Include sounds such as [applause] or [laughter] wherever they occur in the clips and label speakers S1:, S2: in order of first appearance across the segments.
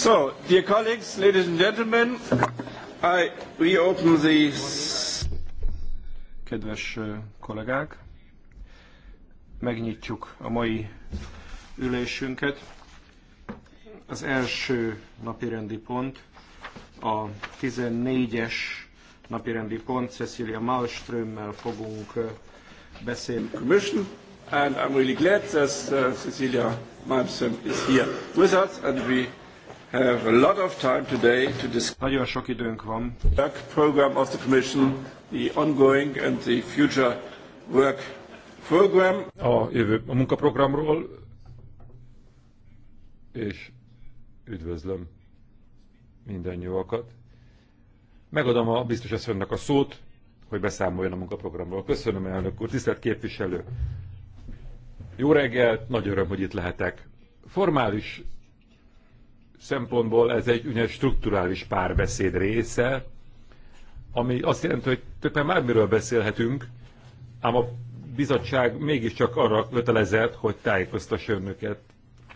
S1: So, dear colleagues, ladies and gentlemen, I reopen the... Kedves kollégák, megnyitjuk a mai ülésünket. Az első napirendi pont a 14-es napirendi pont, Cecilia Malmströmmel fogunk beszélni. Commission, and I'm really glad that uh, Cecilia Malmström is here with us and we have a lot of time today to discuss Nagyon sok időnk van. program of the Commission, the ongoing and the future work program.
S2: A jövő a
S1: munkaprogramról
S2: és üdvözlöm nyúlakat. Megadom a biztos asszonynak a szót, hogy beszámoljon a munkaprogramról. Köszönöm, elnök úr, tisztelt képviselő! Jó reggelt, nagy öröm, hogy itt lehetek. Formális szempontból ez egy ugye, strukturális párbeszéd része, ami azt jelenti, hogy többen már miről beszélhetünk, ám a bizottság mégiscsak arra kötelezett, hogy tájékoztassa önöket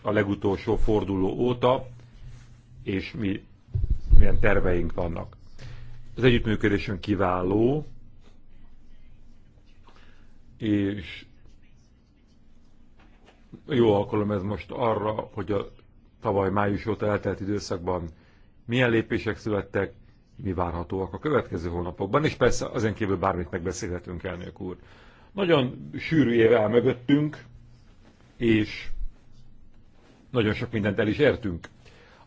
S2: a legutolsó forduló óta, és mi, milyen terveink vannak. Az együttműködésünk kiváló, és jó alkalom ez most arra, hogy a tavaly május óta eltelt időszakban milyen lépések születtek, mi várhatóak a következő hónapokban, és persze az kívül bármit megbeszélhetünk, elnök úr. Nagyon sűrű éve áll mögöttünk, és nagyon sok mindent el is értünk.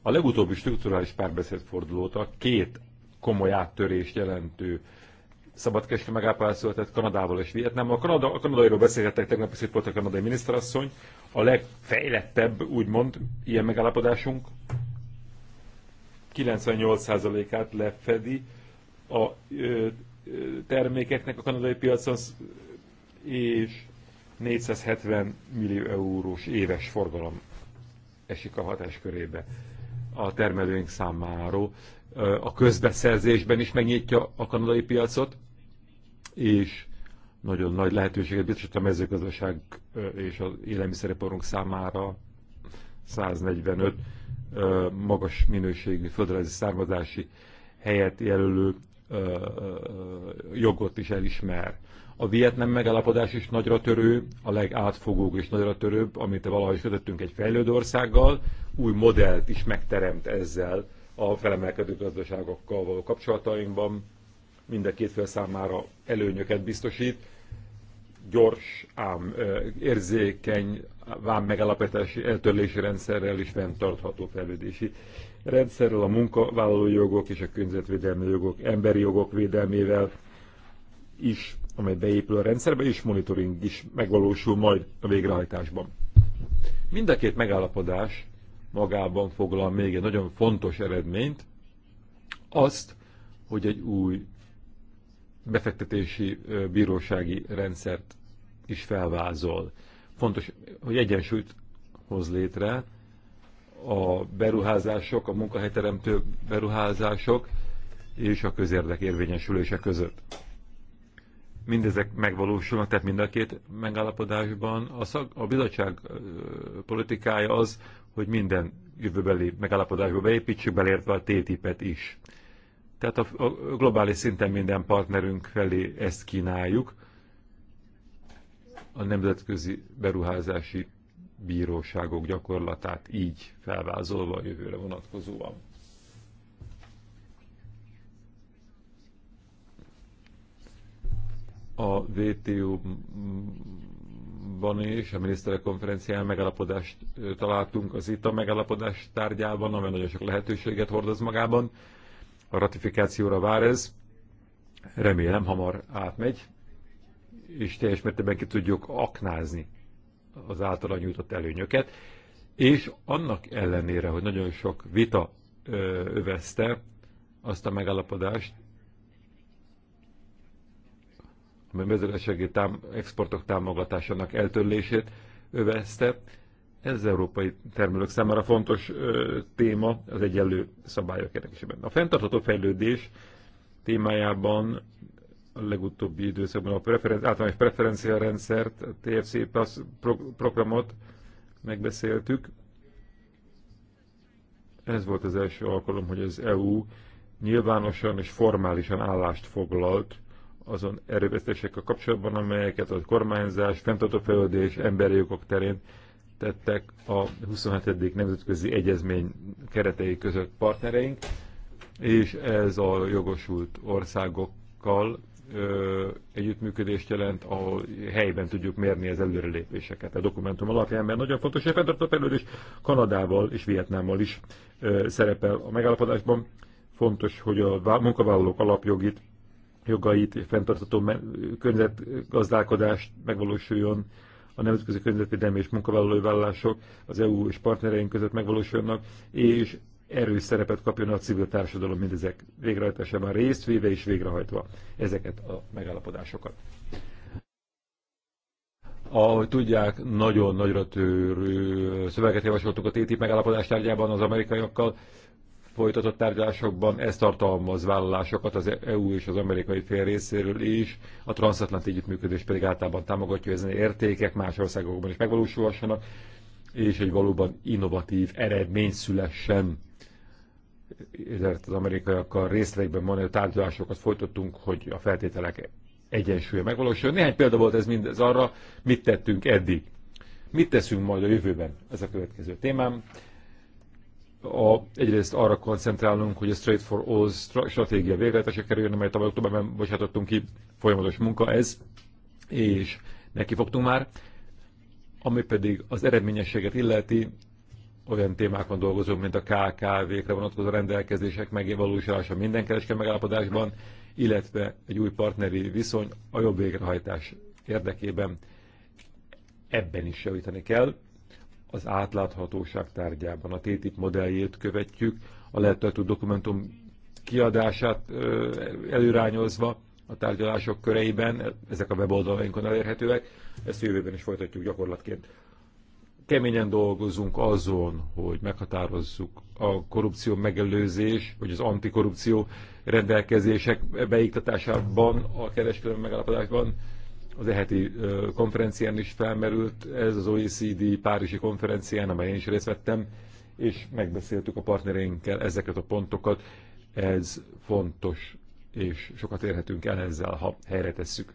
S2: A legutóbbi strukturális párbeszéd fordulóta két komoly áttörést jelentő szabadkereskedelmi megállapodás született Kanadával és Vietnámmal. A, Kanada, a kanadairól beszélhettek, tegnap is itt volt a kanadai miniszterasszony. A legfejlettebb, úgymond, ilyen megállapodásunk 98%-át lefedi a ö, ö, termékeknek a kanadai piacon, és 470 millió eurós éves forgalom esik a körébe a termelőink számára a közbeszerzésben is megnyitja a kanadai piacot, és nagyon nagy lehetőséget biztosít a mezőgazdaság és az élelmiszeriparunk számára 145 magas minőségű földrajzi származási helyet jelölő jogot is elismer. A Vietnam megállapodás is nagyra törő, a legátfogóbb és nagyra törőbb, amit valaha is kötöttünk egy fejlődő országgal, új modellt is megteremt ezzel a felemelkedő gazdaságokkal való kapcsolatainkban mind a két fél számára előnyöket biztosít, gyors, ám érzékeny, vám megállapítási eltörlési rendszerrel is fenntartható fejlődési rendszerrel, a munkavállalói jogok és a környezetvédelmi jogok, emberi jogok védelmével is, amely beépül a rendszerbe, és monitoring is megvalósul majd a végrehajtásban. Mind a két megállapodás magában foglal még egy nagyon fontos eredményt, azt, hogy egy új befektetési bírósági rendszert is felvázol. Fontos, hogy egyensúlyt hoz létre a beruházások, a munkahelyteremtő beruházások és a közérdek érvényesülése között. Mindezek megvalósulnak, tehát mind a két megállapodásban. A, szag, a bizottság politikája az, hogy minden jövőbeli megállapodásba beépítsük, belértve a TTIP-et is. Tehát a, a globális szinten minden partnerünk felé ezt kínáljuk. A nemzetközi beruházási bíróságok gyakorlatát így felvázolva a jövőre vonatkozóan. A WTO-ban és a miniszterek konferencián megállapodást találtunk az itt a megállapodás tárgyában, amely nagyon sok lehetőséget hordoz magában a ratifikációra vár ez, remélem hamar átmegy, és teljes mértékben ki tudjuk aknázni az általa nyújtott előnyöket, és annak ellenére, hogy nagyon sok vita övezte azt a megállapodást, amely mezőgazdasági tám exportok támogatásának eltörlését övezte, ez az európai termelők számára fontos ö, téma az egyenlő szabályok érdekében. A fenntartható fejlődés témájában a legutóbbi időszakban a preferen- általános rendszert, a TFC Plus pro, programot megbeszéltük. Ez volt az első alkalom, hogy az EU nyilvánosan és formálisan állást foglalt azon erővesztésekkel kapcsolatban, amelyeket a kormányzás, fenntartó fejlődés, emberi jogok terén tettek a 27. nemzetközi egyezmény keretei között partnereink, és ez a jogosult országokkal ö, együttműködést jelent, ahol helyben tudjuk mérni az előrelépéseket. A dokumentum alapján, mert nagyon fontos, hogy a fejlődés Kanadával és Vietnámmal is ö, szerepel a megállapodásban. Fontos, hogy a munkavállalók alapjogit, jogait, fenntartató környezetgazdálkodást megvalósuljon, a nemzetközi környezetvédelmi és munkavállalói vállalások az EU és partnereink között megvalósulnak, és erős szerepet kapjon a civil társadalom mindezek végrehajtásában részt véve és végrehajtva ezeket a megállapodásokat. Ahogy tudják, nagyon nagyra törő szöveget javasoltuk a TTIP megállapodás tárgyában az amerikaiakkal, folytatott tárgyalásokban ez tartalmaz vállalásokat az EU és az amerikai fél részéről is, a transatlanti együttműködés pedig általában támogatja, hogy ezen értékek más országokban is megvalósulhassanak, és egy valóban innovatív eredmény szülessen. Ezért az amerikaiakkal részlegben van, tárgyalásokat folytattunk, hogy a feltételek egyensúlya megvalósuljon. Néhány példa volt ez mindez arra, mit tettünk eddig. Mit teszünk majd a jövőben? Ez a következő témám a, egyrészt arra koncentrálunk, hogy a Straight for All stratégia végletese kerüljön, mert tavaly októberben bocsátottunk ki, folyamatos munka ez, és neki fogtunk már, ami pedig az eredményességet illeti, olyan témákon dolgozunk, mint a KKV-kre vonatkozó rendelkezések megvalósulása minden kereskedelmi megállapodásban, illetve egy új partneri viszony a jobb végrehajtás érdekében. Ebben is javítani kell, az átláthatóság tárgyában a TTIP modelljét követjük, a lehetőtő dokumentum kiadását előrányozva a tárgyalások köreiben, ezek a weboldalainkon elérhetőek, ezt jövőben is folytatjuk gyakorlatként. Keményen dolgozunk azon, hogy meghatározzuk a korrupció megelőzés, vagy az antikorrupció rendelkezések beiktatásában, a kereskedelmi megállapodásban, az eheti konferencián is felmerült, ez az OECD Párizsi konferencián, amelyen is részt vettem, és megbeszéltük a partnereinkkel ezeket a pontokat. Ez fontos, és sokat érhetünk el ezzel, ha helyre tesszük.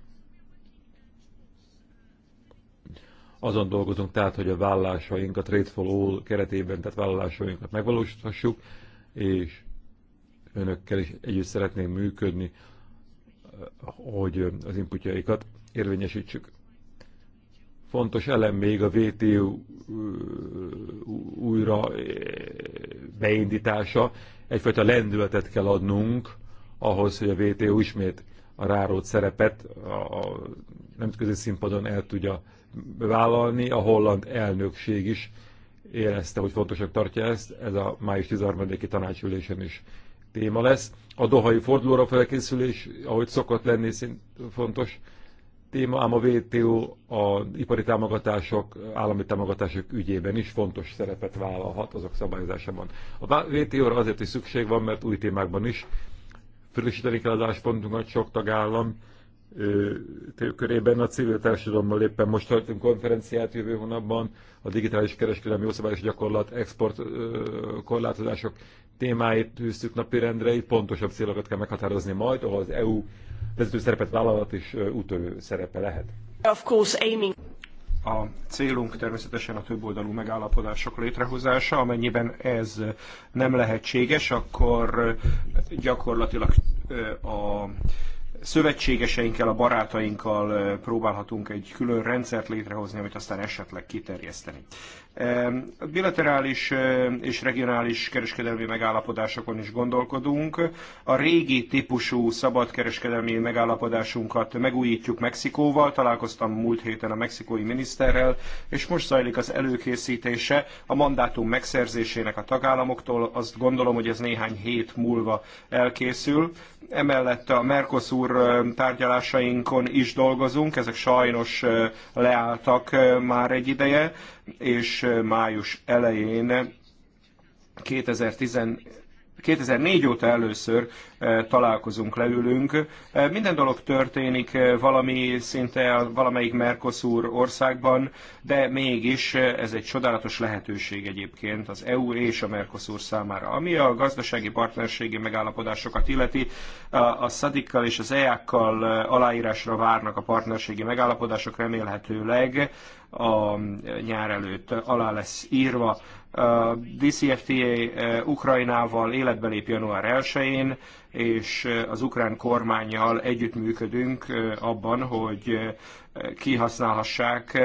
S2: Azon dolgozunk tehát, hogy a vállalásainkat Trade for All keretében, tehát vállalásainkat megvalósíthassuk, és önökkel is együtt szeretnénk működni, hogy az inputjaikat érvényesítsük. Fontos elem még a VTU újra beindítása. Egyfajta lendületet kell adnunk ahhoz, hogy a VTU ismét a rárót szerepet a nemzetközi színpadon el tudja vállalni. A holland elnökség is érezte, hogy fontosak tartja ezt. Ez a május 13-i tanácsülésen is téma lesz. A dohai fordulóra felkészülés, ahogy szokott lenni, szint fontos téma, ám a WTO a ipari támogatások, állami támogatások ügyében is fontos szerepet vállalhat azok szabályozásában. A WTO-ra azért is szükség van, mert új témákban is frissíteni kell az álláspontunkat sok tagállam körében a civil társadalommal éppen most tartunk konferenciát jövő hónapban, a digitális kereskedelmi jószabályos gyakorlat, export korlátozások témáit tűztük napirendre, itt pontosabb célokat kell meghatározni majd, ahol az EU
S1: vezető szerepet vállalhat és útörő szerepe lehet. Of course, aiming. A célunk természetesen a többoldalú megállapodások létrehozása, amennyiben ez nem lehetséges, akkor gyakorlatilag a szövetségeseinkkel, a barátainkkal próbálhatunk egy külön rendszert létrehozni, amit aztán esetleg kiterjeszteni. A bilaterális és regionális kereskedelmi megállapodásokon is gondolkodunk. A régi típusú kereskedelmi megállapodásunkat megújítjuk Mexikóval. Találkoztam múlt héten a mexikói miniszterrel, és most zajlik az előkészítése a mandátum megszerzésének a tagállamoktól. Azt gondolom, hogy ez néhány hét múlva elkészül. Emellett a Mercosur tárgyalásainkon is dolgozunk, ezek sajnos leálltak már egy ideje és május elején 2010 2004 óta először e, találkozunk, leülünk. E, minden dolog történik e, valami szinte valamelyik Mercosur országban, de mégis ez egy csodálatos lehetőség egyébként az EU és a Mercosur számára. Ami a gazdasági partnerségi megállapodásokat illeti, a szadikkal és az EAK-kal aláírásra várnak a partnerségi megállapodások remélhetőleg a nyár előtt alá lesz írva a DCFTA e, Ukrajnával életbe lép január 1-én, és e, az ukrán kormányjal együttműködünk e, abban, hogy kihasználhassák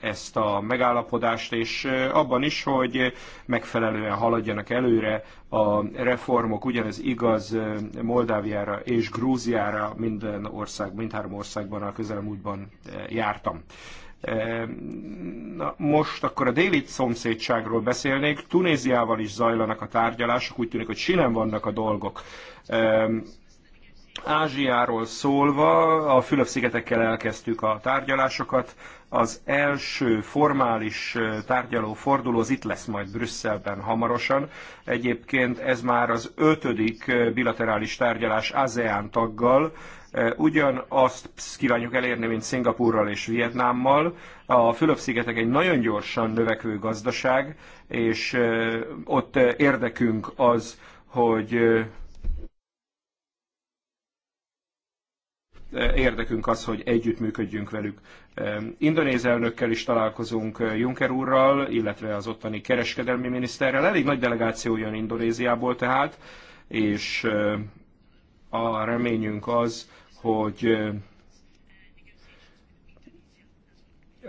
S1: ezt a megállapodást, és abban is, hogy megfelelően haladjanak előre a reformok, ugyanez igaz Moldáviára és Grúziára, minden ország, mindhárom országban a közelmúltban jártam. Na, most akkor a déli szomszédságról beszélnék. Tunéziával is zajlanak a tárgyalások, úgy tűnik, hogy sinem vannak a dolgok. Ázsiáról szólva, a Fülöp-szigetekkel elkezdtük a tárgyalásokat. Az első formális tárgyaló forduló az itt lesz majd Brüsszelben hamarosan. Egyébként ez már az ötödik bilaterális tárgyalás ASEAN taggal. Ugyanazt kívánjuk elérni, mint Szingapúrral és Vietnámmal. A Fülöp-szigetek egy nagyon gyorsan növekvő gazdaság, és ott érdekünk az, hogy érdekünk az, hogy együttműködjünk velük. Indonéz elnökkel is találkozunk Juncker úrral, illetve az ottani kereskedelmi miniszterrel. Elég nagy delegáció jön Indonéziából tehát, és a reményünk az, hogy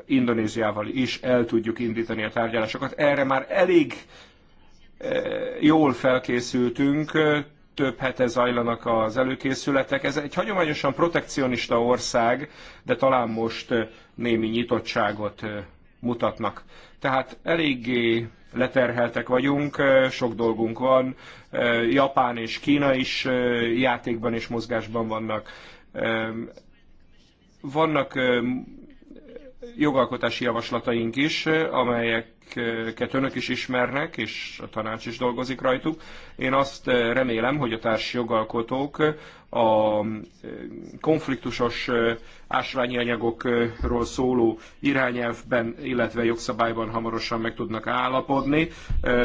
S1: Indonéziával is el tudjuk indítani a tárgyalásokat. Erre már elég jól felkészültünk, több hete zajlanak az előkészületek. Ez egy hagyományosan protekcionista ország, de talán most némi nyitottságot mutatnak. Tehát eléggé leterheltek vagyunk, sok dolgunk van, Japán és Kína is játékban és mozgásban vannak. Vannak jogalkotási javaslataink is, amelyek amiket önök is ismernek, és a tanács is dolgozik rajtuk. Én azt eh, remélem, hogy a társi jogalkotók a eh, konfliktusos eh, ásványi anyagokról szóló irányelvben, illetve jogszabályban hamarosan meg tudnak állapodni.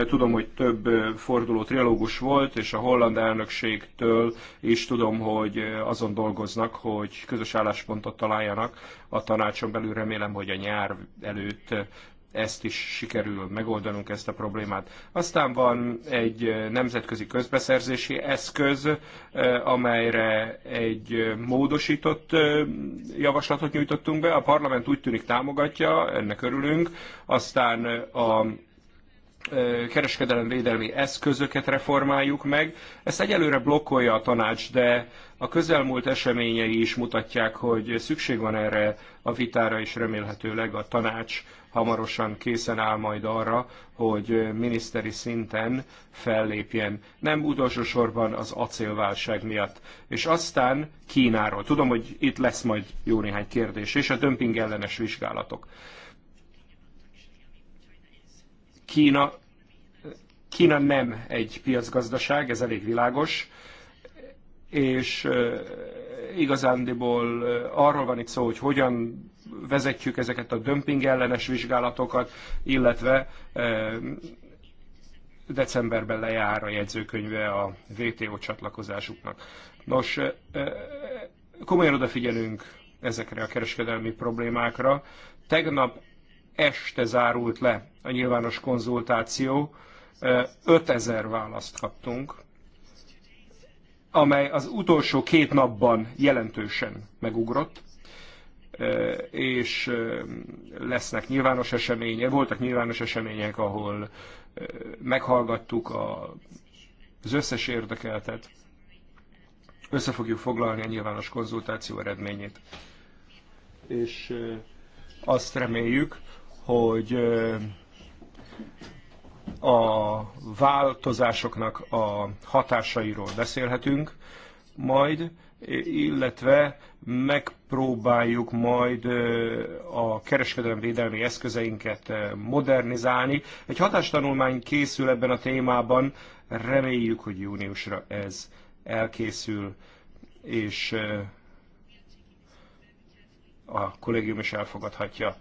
S1: Tudom, hogy több forduló trilógus volt, és a holland elnökségtől is tudom, hogy azon dolgoznak, hogy közös álláspontot találjanak a tanácson belül. Remélem, hogy a nyár előtt ezt is sikerül megoldanunk, ezt a problémát. Aztán van egy nemzetközi közbeszerzési eszköz, amelyre egy módosított javaslatot nyújtottunk be. A parlament úgy tűnik támogatja, ennek örülünk. Aztán a kereskedelemvédelmi eszközöket reformáljuk meg. Ezt egyelőre blokkolja a tanács, de a közelmúlt eseményei is mutatják, hogy szükség van erre a vitára, és remélhetőleg a tanács hamarosan készen áll majd arra, hogy miniszteri szinten fellépjen, nem utolsó sorban az acélválság miatt. És aztán Kínáról. Tudom, hogy itt lesz majd jó néhány kérdés, és a dömping ellenes vizsgálatok. Kína, Kína nem egy piacgazdaság, ez elég világos, és eh, igazándiból eh, arról van itt szó, hogy hogyan vezetjük ezeket a dömping ellenes vizsgálatokat, illetve eh, decemberben lejár a jegyzőkönyve a VTO csatlakozásuknak. Nos, eh, eh, komolyan odafigyelünk ezekre a kereskedelmi problémákra. Tegnap este zárult le a nyilvános konzultáció, 5000 választ kaptunk, amely az utolsó két napban jelentősen megugrott és lesznek nyilvános események, voltak nyilvános események, ahol meghallgattuk a, az összes érdekeltet, össze fogjuk foglalni a nyilvános konzultáció eredményét. És azt reméljük, hogy a változásoknak a hatásairól beszélhetünk, majd, illetve megpróbáljuk majd a kereskedelem védelmi eszközeinket modernizálni. Egy hatástanulmány készül ebben a témában, reméljük, hogy júniusra ez elkészül, és a kollégium is elfogadhatja.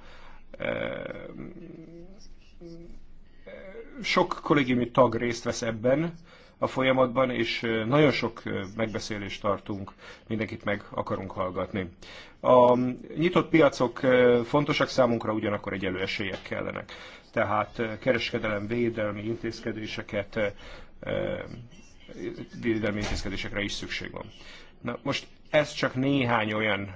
S1: Sok kollégiumi tag részt vesz ebben, a folyamatban, és nagyon sok megbeszélést tartunk, mindenkit meg akarunk hallgatni. A nyitott piacok fontosak számunkra, ugyanakkor egyelő esélyek kellenek. Tehát kereskedelem védelmi intézkedéseket, védelmi intézkedésekre is szükség van. Na most ez csak néhány olyan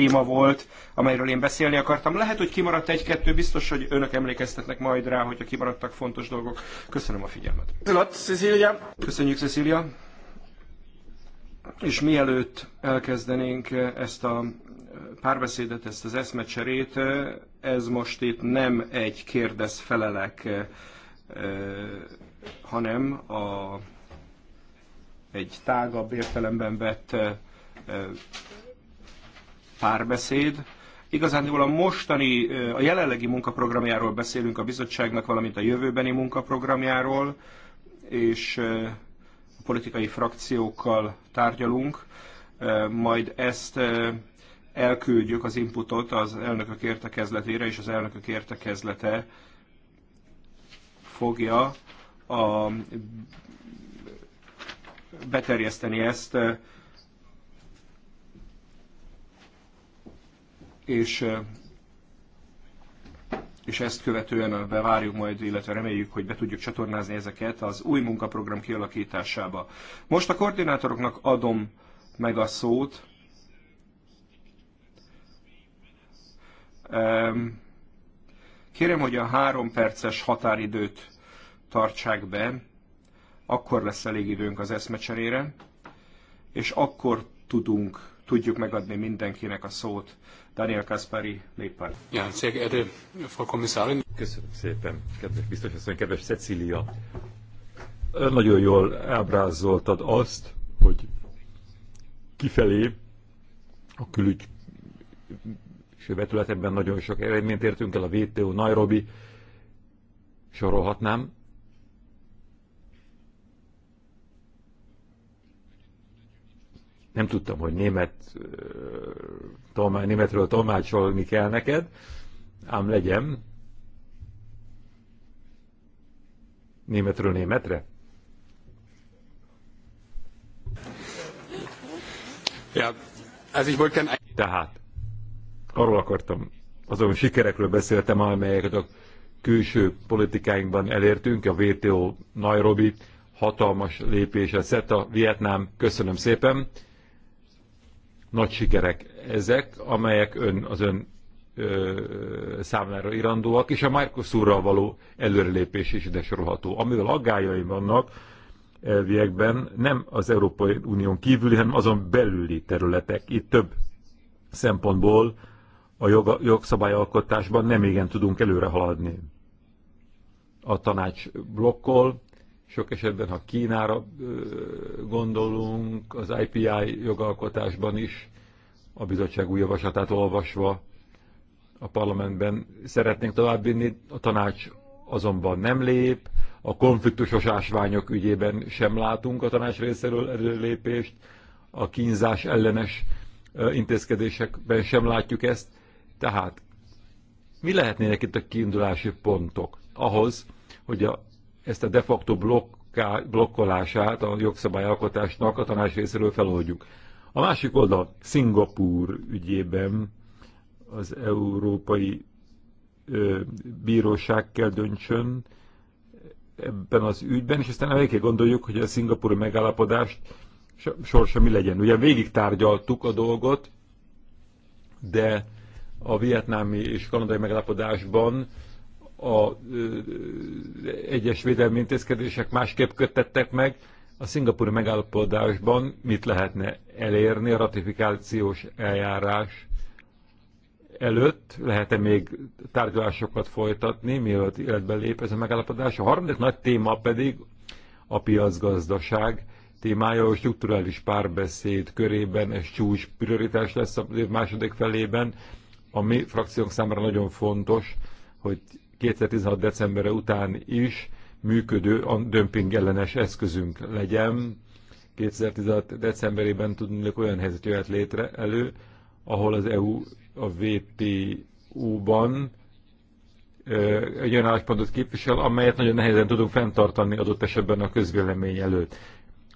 S1: téma volt, amelyről én beszélni akartam. Lehet, hogy kimaradt egy-kettő, biztos, hogy önök emlékeztetnek majd rá, hogyha kimaradtak fontos dolgok. Köszönöm a figyelmet. Köszönjük, Cecilia. És mielőtt elkezdenénk ezt a párbeszédet, ezt az eszmecserét, ez most itt nem egy kérdez-felelek, hanem a, egy tágabb értelemben vett párbeszéd. Igazán a mostani, a jelenlegi munkaprogramjáról beszélünk a bizottságnak, valamint a jövőbeni munkaprogramjáról, és a politikai frakciókkal tárgyalunk. Majd ezt elküldjük az inputot az elnökök értekezletére, és az elnökök értekezlete fogja a beterjeszteni ezt és eh, és ezt követően eh, bevárjuk majd, illetve reméljük, hogy be tudjuk csatornázni ezeket az új munkaprogram kialakításába. Most a koordinátoroknak adom meg a szót. Kérem, hogy a három perces határidőt tartsák be, akkor lesz elég időnk az eszmecserére, és akkor tudunk, tudjuk megadni mindenkinek a szót. Daniel Kaspari, néppárt.
S2: Ja, sehr geehrte Frau Kommissarin. Köszönöm szépen, kedves biztos asszony, kedves Cecília. Ön nagyon jól ábrázoltad azt, hogy kifelé a külügy és vetületekben nagyon sok eredményt értünk el, a VTO, Nairobi, sorolhatnám. Nem tudtam, hogy német tolmány, németről tolmácsolni kell neked, ám legyen. Németről németre? Ja, ez is volt Tehát, arról akartam, azon sikerekről beszéltem, amelyeket a külső politikáinkban elértünk, a WTO Nairobi hatalmas lépés, a CETA, Vietnám, köszönöm szépen. Nagy sikerek ezek, amelyek ön, az ön ö, számlára irandóak, és a microsoft való előrelépés is ide sorolható. Amivel aggájaim vannak, elviekben nem az Európai Unión kívüli, hanem azon belüli területek. Itt több szempontból a jog, jogszabályalkotásban nem igen tudunk előre haladni. A tanács blokkol, sok esetben, ha Kínára gondolunk, az IPI jogalkotásban is, a bizottság új javaslatát olvasva a parlamentben szeretnénk továbbvinni, a tanács azonban nem lép, a konfliktusos ásványok ügyében sem látunk a tanács részéről előlépést, a kínzás ellenes intézkedésekben sem látjuk ezt. Tehát mi lehetnének itt a kiindulási pontok ahhoz, hogy a ezt a de facto blokká, blokkolását a jogszabályalkotásnak a tanács részéről feloldjuk. A másik oldal Szingapúr ügyében az Európai ö, Bíróság kell döntsön ebben az ügyben, és aztán elég gondoljuk, hogy a szingapúri megállapodást sorsa mi legyen. Ugye végig tárgyaltuk a dolgot, de a vietnámi és kanadai megállapodásban a egyes védelmi intézkedések másképp kötettek meg. A szingapúri megállapodásban mit lehetne elérni a ratifikációs eljárás előtt? Lehet-e még tárgyalásokat folytatni, mielőtt életbe lép ez a megállapodás? A harmadik nagy téma pedig a piacgazdaság témája, a strukturális párbeszéd körében ez csúcs prioritás lesz a második felében. ami frakciónk számára nagyon fontos, hogy 2016. decemberre után is működő dömping ellenes eszközünk legyen. 2016. decemberében tudnék olyan helyzet jöhet létre elő, ahol az EU a VTU-ban egy olyan álláspontot képvisel, amelyet nagyon nehezen tudunk fenntartani adott esetben a közvélemény előtt.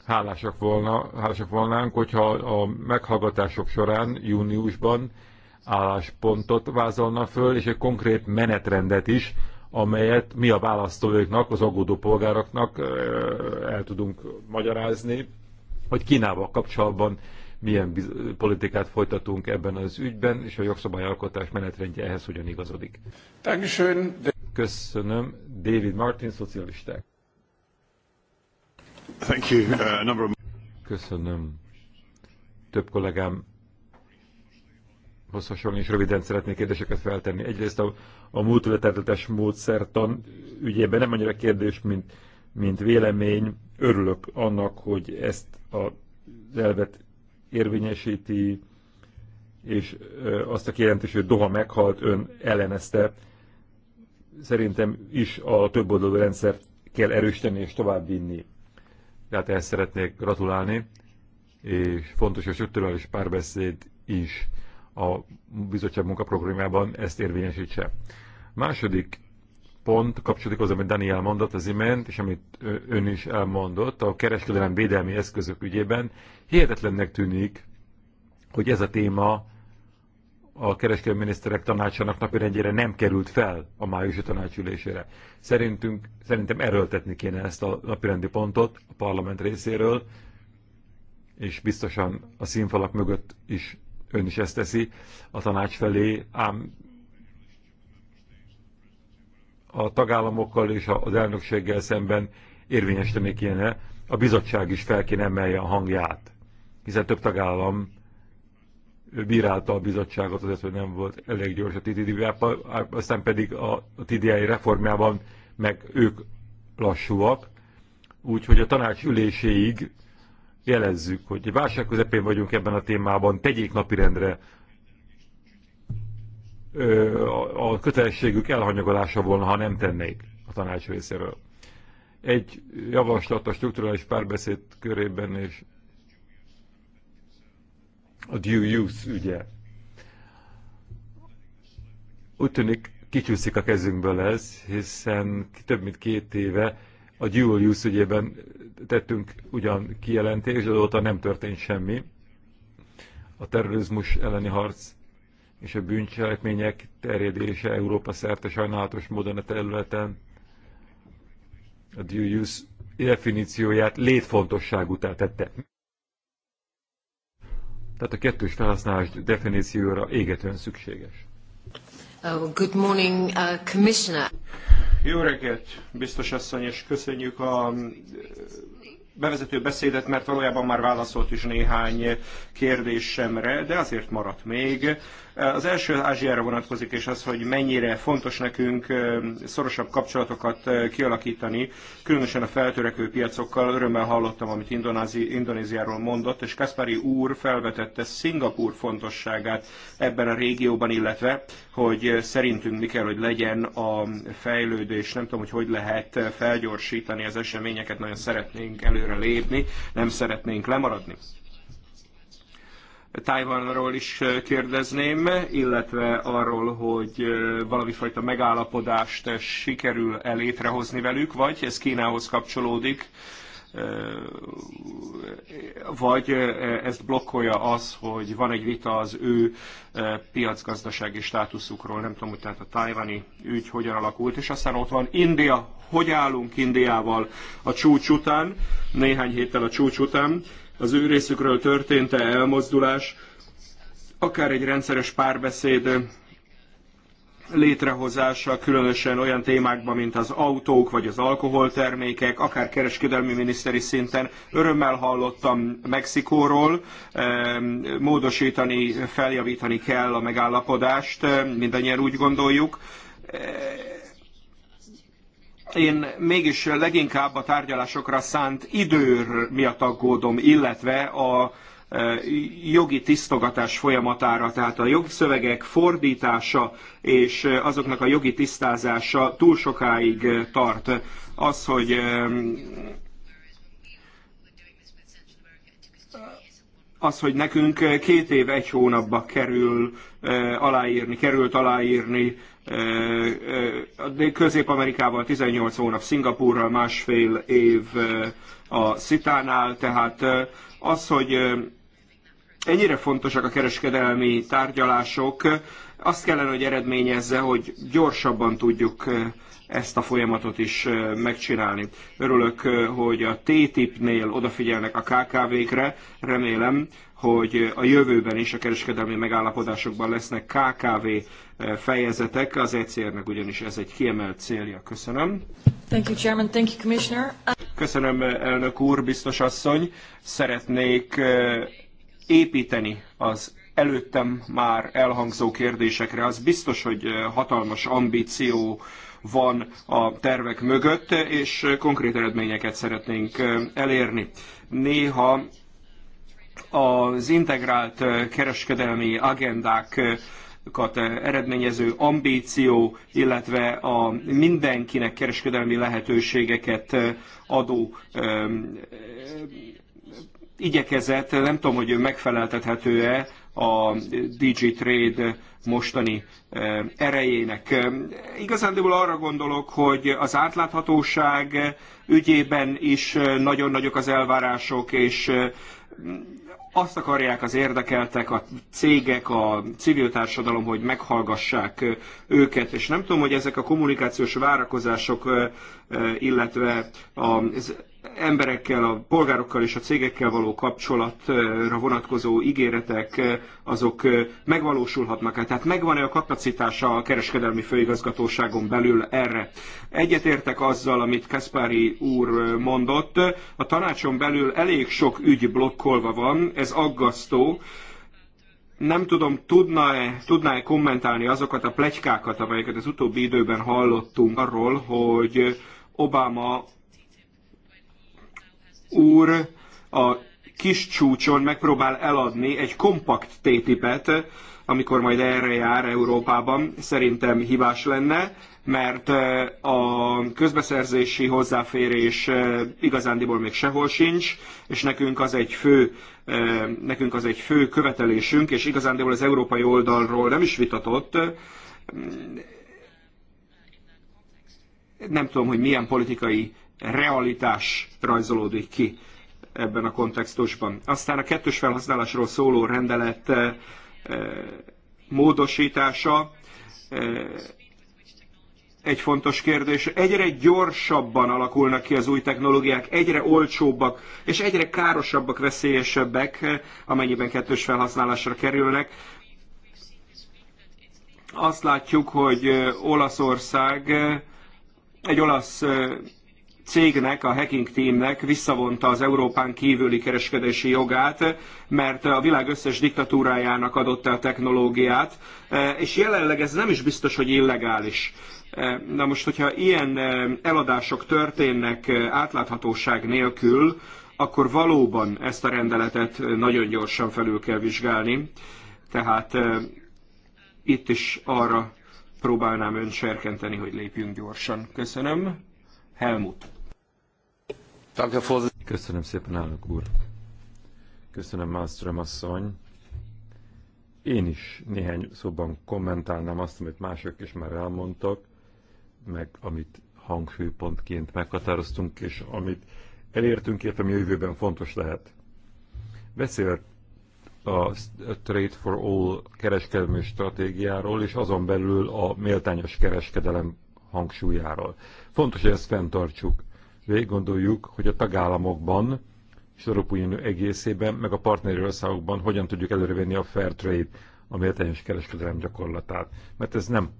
S2: Hálásak, volna, hálásak volnánk, hogyha a meghallgatások során júniusban álláspontot vázolna föl, és egy konkrét menetrendet is, amelyet mi a választóiknak, az aggódó polgároknak el tudunk magyarázni, hogy Kínával kapcsolatban milyen politikát folytatunk ebben az ügyben, és a jogszabályalkotás menetrendje ehhez hogyan igazodik. Köszönöm. David Martin, szocialisták. Thank you. Uh, number of... Köszönöm. Több kollégám hasonlóan is röviden szeretnék kérdéseket feltenni. Egyrészt a, a múltületetetes módszertan ügyében nem annyira kérdés, mint, mint vélemény. Örülök annak, hogy ezt az elvet érvényesíti, és azt a kijelentést, hogy Doha meghalt, ön ellenezte. Szerintem is a több oldalú rendszert kell erősíteni és vinni. Tehát ehhez szeretnék gratulálni, és fontos a is párbeszéd is a bizottság munkaprogramjában ezt érvényesítse. Második pont kapcsolódik az, amit Daniel mondott az imént, és amit ön is elmondott, a kereskedelem védelmi eszközök ügyében. Hihetetlennek tűnik, hogy ez a téma a kereskedelmi miniszterek tanácsának napirendjére nem került fel a májusi tanácsülésére. Szerintünk, szerintem erőltetni kéne ezt a napirendi pontot a parlament részéről, és biztosan a színfalak mögött is ön is ezt teszi a tanács felé, ám a tagállamokkal és az elnökséggel szemben érvényesíteni kéne, a bizottság is fel kéne emelje a hangját, hiszen több tagállam bírálta a bizottságot azért, hogy nem volt elég gyors a tdi aztán pedig a, a TDI reformjában meg ők lassúak, úgyhogy a tanács üléséig jelezzük, hogy válság közepén vagyunk ebben a témában, tegyék napirendre a kötelességük elhanyagolása volna, ha nem tennék a tanács részéről. Egy javaslat a strukturális párbeszéd körében és a due use ügye. Úgy tűnik, kicsúszik a kezünkből ez, hiszen több mint két éve a dual use ügyében tettünk ugyan kijelentést, de azóta nem történt semmi. A terrorizmus elleni harc és a bűncselekmények terjedése Európa szerte sajnálatos módon a területen a due definícióját létfontosságútá tette. Tehát a kettős felhasználás definícióra égetően szükséges.
S3: Oh, good morning, uh, Commissioner.
S1: Jó reggelt, biztos asszony, és köszönjük a bevezető beszédet, mert valójában már válaszolt is néhány kérdésemre, de azért maradt még. Az első Ázsiára vonatkozik, és az, hogy mennyire fontos nekünk szorosabb kapcsolatokat kialakítani, különösen a feltörekvő piacokkal. Örömmel hallottam, amit Indonázi, Indonéziáról mondott, és Kaspari úr felvetette Szingapúr fontosságát ebben a régióban, illetve, hogy szerintünk mi kell, hogy legyen a fejlődés. Nem tudom, hogy hogy lehet felgyorsítani az eseményeket, nagyon szeretnénk elő előre lépni, nem szeretnénk lemaradni. Tájvanról is kérdezném, illetve arról, hogy valami fajta megállapodást sikerül-e létrehozni velük, vagy ez Kínához kapcsolódik, vagy ezt blokkolja az, hogy van egy vita az ő piacgazdasági státuszukról, nem tudom, hogy tehát a tájvani ügy hogyan alakult, és aztán ott van India, hogy állunk Indiával a csúcs után, néhány héttel a csúcs után, az ő részükről történt-e elmozdulás, akár egy rendszeres párbeszéd létrehozása, különösen olyan témákban, mint az autók vagy az alkoholtermékek, akár kereskedelmi miniszteri szinten. Örömmel hallottam Mexikóról, módosítani, feljavítani kell a megállapodást, mindannyian úgy gondoljuk. Én mégis leginkább a tárgyalásokra szánt idő miatt aggódom, illetve a jogi tisztogatás folyamatára, tehát a jogszövegek fordítása és azoknak a jogi tisztázása túl sokáig tart. Az, hogy az, hogy nekünk két év, egy hónapba kerül aláírni, került aláírni Közép-Amerikával 18 hónap, Szingapúrral másfél év a Szitánál, tehát az, hogy ennyire fontosak a kereskedelmi tárgyalások, azt kellene, hogy eredményezze, hogy gyorsabban tudjuk eh, ezt a folyamatot is eh, megcsinálni. Örülök, eh, hogy a TTIP-nél odafigyelnek a KKV-kre, remélem, hogy a jövőben is a kereskedelmi megállapodásokban lesznek KKV fejezetek, az ECR-nek ugyanis ez egy kiemelt célja. Köszönöm.
S3: Thank you, Chairman. Thank you, Commissioner.
S1: Köszönöm, elnök úr, biztos asszony. Szeretnék építeni az előttem már elhangzó kérdésekre. Az biztos, hogy eh, hatalmas ambíció van a tervek mögött, és konkrét eredményeket szeretnénk eh, elérni. Néha az integrált eh, kereskedelmi agendák eredményező ambíció, illetve a mindenkinek kereskedelmi lehetőségeket adó igyekezett, nem tudom, hogy megfeleltethető-e a DG Trade mostani e, erejének. Igazándiból arra gondolok, hogy az átláthatóság ügyében is nagyon nagyok az elvárások, és e, azt akarják az érdekeltek, a cégek, a civil társadalom, hogy meghallgassák őket, és nem tudom, hogy ezek a kommunikációs várakozások, e, illetve az emberekkel, a polgárokkal és a cégekkel való kapcsolatra vonatkozó ígéretek, eh, azok eh, megvalósulhatnak-e? Tehát megvan-e a kapacitása a kereskedelmi főigazgatóságon belül erre? Egyetértek azzal, amit Kaspári úr eh, mondott. A tanácson belül elég sok ügy blokkolva van, ez aggasztó. Nem tudom, tudná e tudná-e kommentálni azokat a plegykákat, amelyeket az utóbbi időben hallottunk arról, hogy Obama úr a kis csúcson megpróbál eladni egy kompakt tétipet, amikor majd erre jár Európában, szerintem hibás lenne, mert eh, a közbeszerzési hozzáférés eh, igazándiból még sehol sincs, és nekünk az egy fő, eh, nekünk az egy fő követelésünk, és igazándiból az európai oldalról nem is vitatott, nem tudom, hogy milyen politikai realitás rajzolódik ki ebben a kontextusban. Aztán a kettős felhasználásról szóló rendelet eh, eh, módosítása eh, egy fontos kérdés. Egyre gyorsabban alakulnak ki az új technológiák, egyre olcsóbbak, és egyre károsabbak, veszélyesebbek, amennyiben kettős felhasználásra kerülnek. Azt látjuk, hogy Olaszország egy olasz cégnek, a hacking teamnek visszavonta az Európán kívüli kereskedési jogát, mert a világ összes diktatúrájának adott el technológiát, eh, és jelenleg ez nem is biztos, hogy illegális. Eh, na most, hogyha ilyen eh, eladások történnek átláthatóság nélkül, akkor valóban ezt a rendeletet nagyon gyorsan felül kell vizsgálni. Tehát itt is arra próbálnám önt serkenteni, hogy lépjünk gyorsan. Köszönöm. Helmut.
S2: Köszönöm szépen, elnök úr. Köszönöm, Mászterem asszony. Én is néhány szóban kommentálnám azt, amit mások is már elmondtak, meg amit hangfőpontként meghatároztunk, és amit elértünk, illetve ami a jövőben fontos lehet. Beszélt a Trade for All kereskedelmi stratégiáról, és azon belül a méltányos kereskedelem hangsúlyáról. Fontos, hogy ezt fenntartsuk. Végig gondoljuk, hogy a tagállamokban és az Európai Unió egészében, meg a partneri országokban hogyan tudjuk előrevenni a fair trade, a méltányos kereskedelem gyakorlatát. Mert ez nem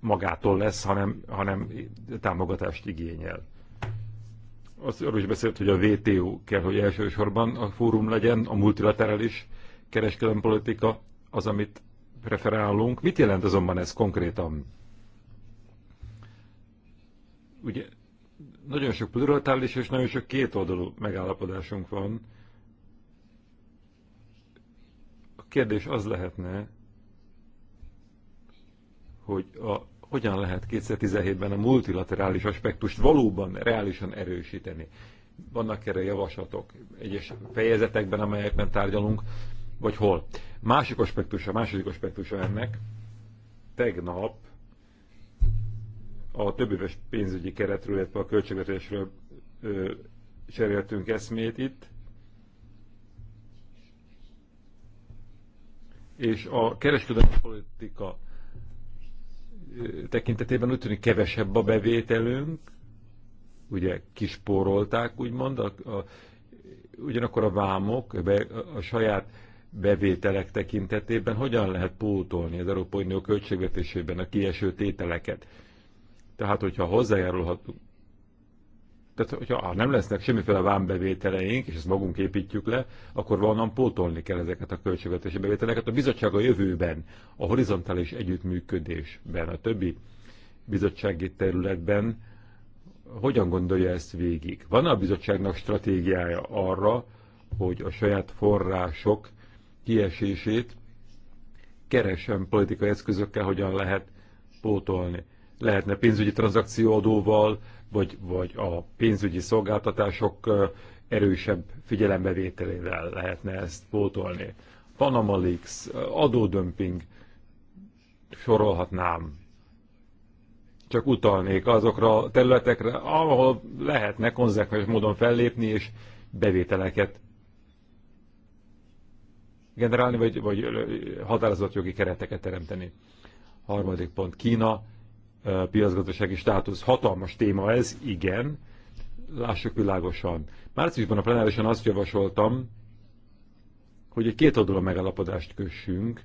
S2: magától lesz, hanem, hanem támogatást igényel. Az arról is beszélt, hogy a WTO kell, hogy elsősorban a fórum legyen, a multilaterális kereskedelmi politika az, amit preferálunk. Mit jelent azonban ez konkrétan? ugye nagyon sok pluratális és nagyon sok kétoldalú megállapodásunk van. A kérdés az lehetne, hogy a, hogyan lehet 2017-ben a multilaterális aspektust valóban reálisan erősíteni. Vannak erre javaslatok egyes fejezetekben, amelyekben tárgyalunk, vagy hol. Másik aspektusa, második aspektusa ennek, tegnap a többéves pénzügyi keretről, illetve a költségvetésről ö, cseréltünk eszmét itt, és a kereskedelmi politika tekintetében úgy tűnik kevesebb a bevételünk, ugye kisporolták, úgymond, a, a, ugyanakkor a vámok a, a saját bevételek tekintetében hogyan lehet pótolni az Európai Unió költségvetésében a kieső tételeket tehát, hogyha hozzájárulhatunk, tehát, hogyha nem lesznek semmiféle vámbevételeink, és ezt magunk építjük le, akkor valonnan pótolni kell ezeket a költségvetési bevételeket. A bizottság a jövőben, a horizontális együttműködésben, a többi bizottsági területben hogyan gondolja ezt végig? Van -e a bizottságnak stratégiája arra, hogy a saját források kiesését keresen politikai eszközökkel hogyan lehet pótolni? lehetne pénzügyi tranzakcióadóval, vagy, vagy a pénzügyi szolgáltatások erősebb figyelembevételével lehetne ezt pótolni. Panama Leaks, adódömping, sorolhatnám. Csak utalnék azokra a területekre, ahol lehetne konzekvens módon fellépni és bevételeket generálni, vagy, vagy határozott jogi kereteket teremteni. Harmadik pont, Kína piacgazdasági státusz. Hatalmas téma ez, igen, lássuk világosan. Márciusban a plenárisan azt javasoltam, hogy egy két oldalú megállapodást kössünk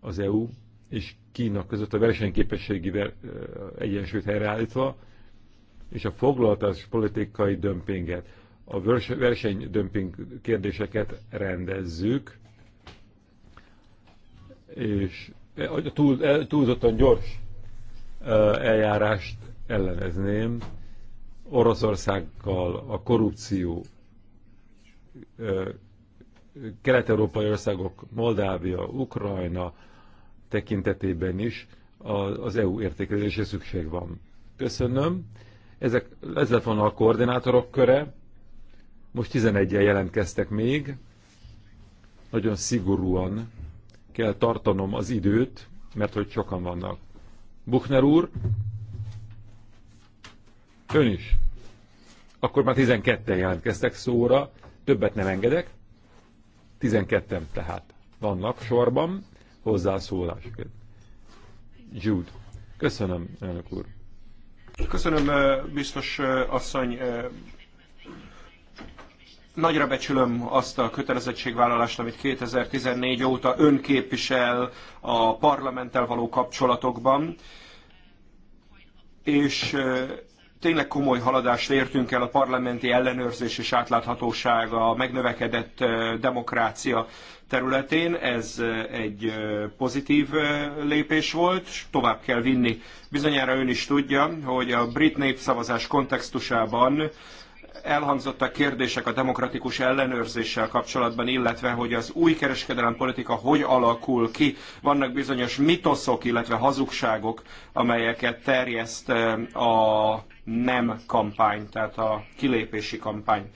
S2: az EU és Kína között a versenyképességi egyensúlyt helyreállítva, és a foglaltás politikai dömpinget, a versenydömping kérdéseket rendezzük, és a túl, túlzottan gyors eljárást ellenezném. Oroszországgal a korrupció kelet-európai országok, Moldávia, Ukrajna tekintetében is az EU értékelésre szükség van. Köszönöm. Ezek, ez lett volna a koordinátorok köre. Most 11-en jelentkeztek még. Nagyon szigorúan kell tartanom az időt, mert hogy sokan vannak. Buchner úr, ön is. Akkor már 12-en jelentkeztek szóra, többet nem engedek. 12-en tehát vannak sorban hozzászólás. Jude. Köszönöm, elnök úr.
S1: Köszönöm, biztos asszony, Nagyra becsülöm azt a kötelezettségvállalást, amit 2014 óta ön képvisel a parlamenttel való kapcsolatokban, és tényleg komoly haladást értünk el a parlamenti ellenőrzés és átláthatóság, a megnövekedett demokrácia területén. Ez egy pozitív lépés volt, tovább kell vinni. Bizonyára ön is tudja, hogy a brit népszavazás kontextusában elhangzottak kérdések a demokratikus ellenőrzéssel kapcsolatban, illetve hogy az új kereskedelem politika hogy alakul ki. Vannak bizonyos mitoszok, illetve hazugságok, amelyeket terjeszt a nem kampány, tehát a kilépési kampány.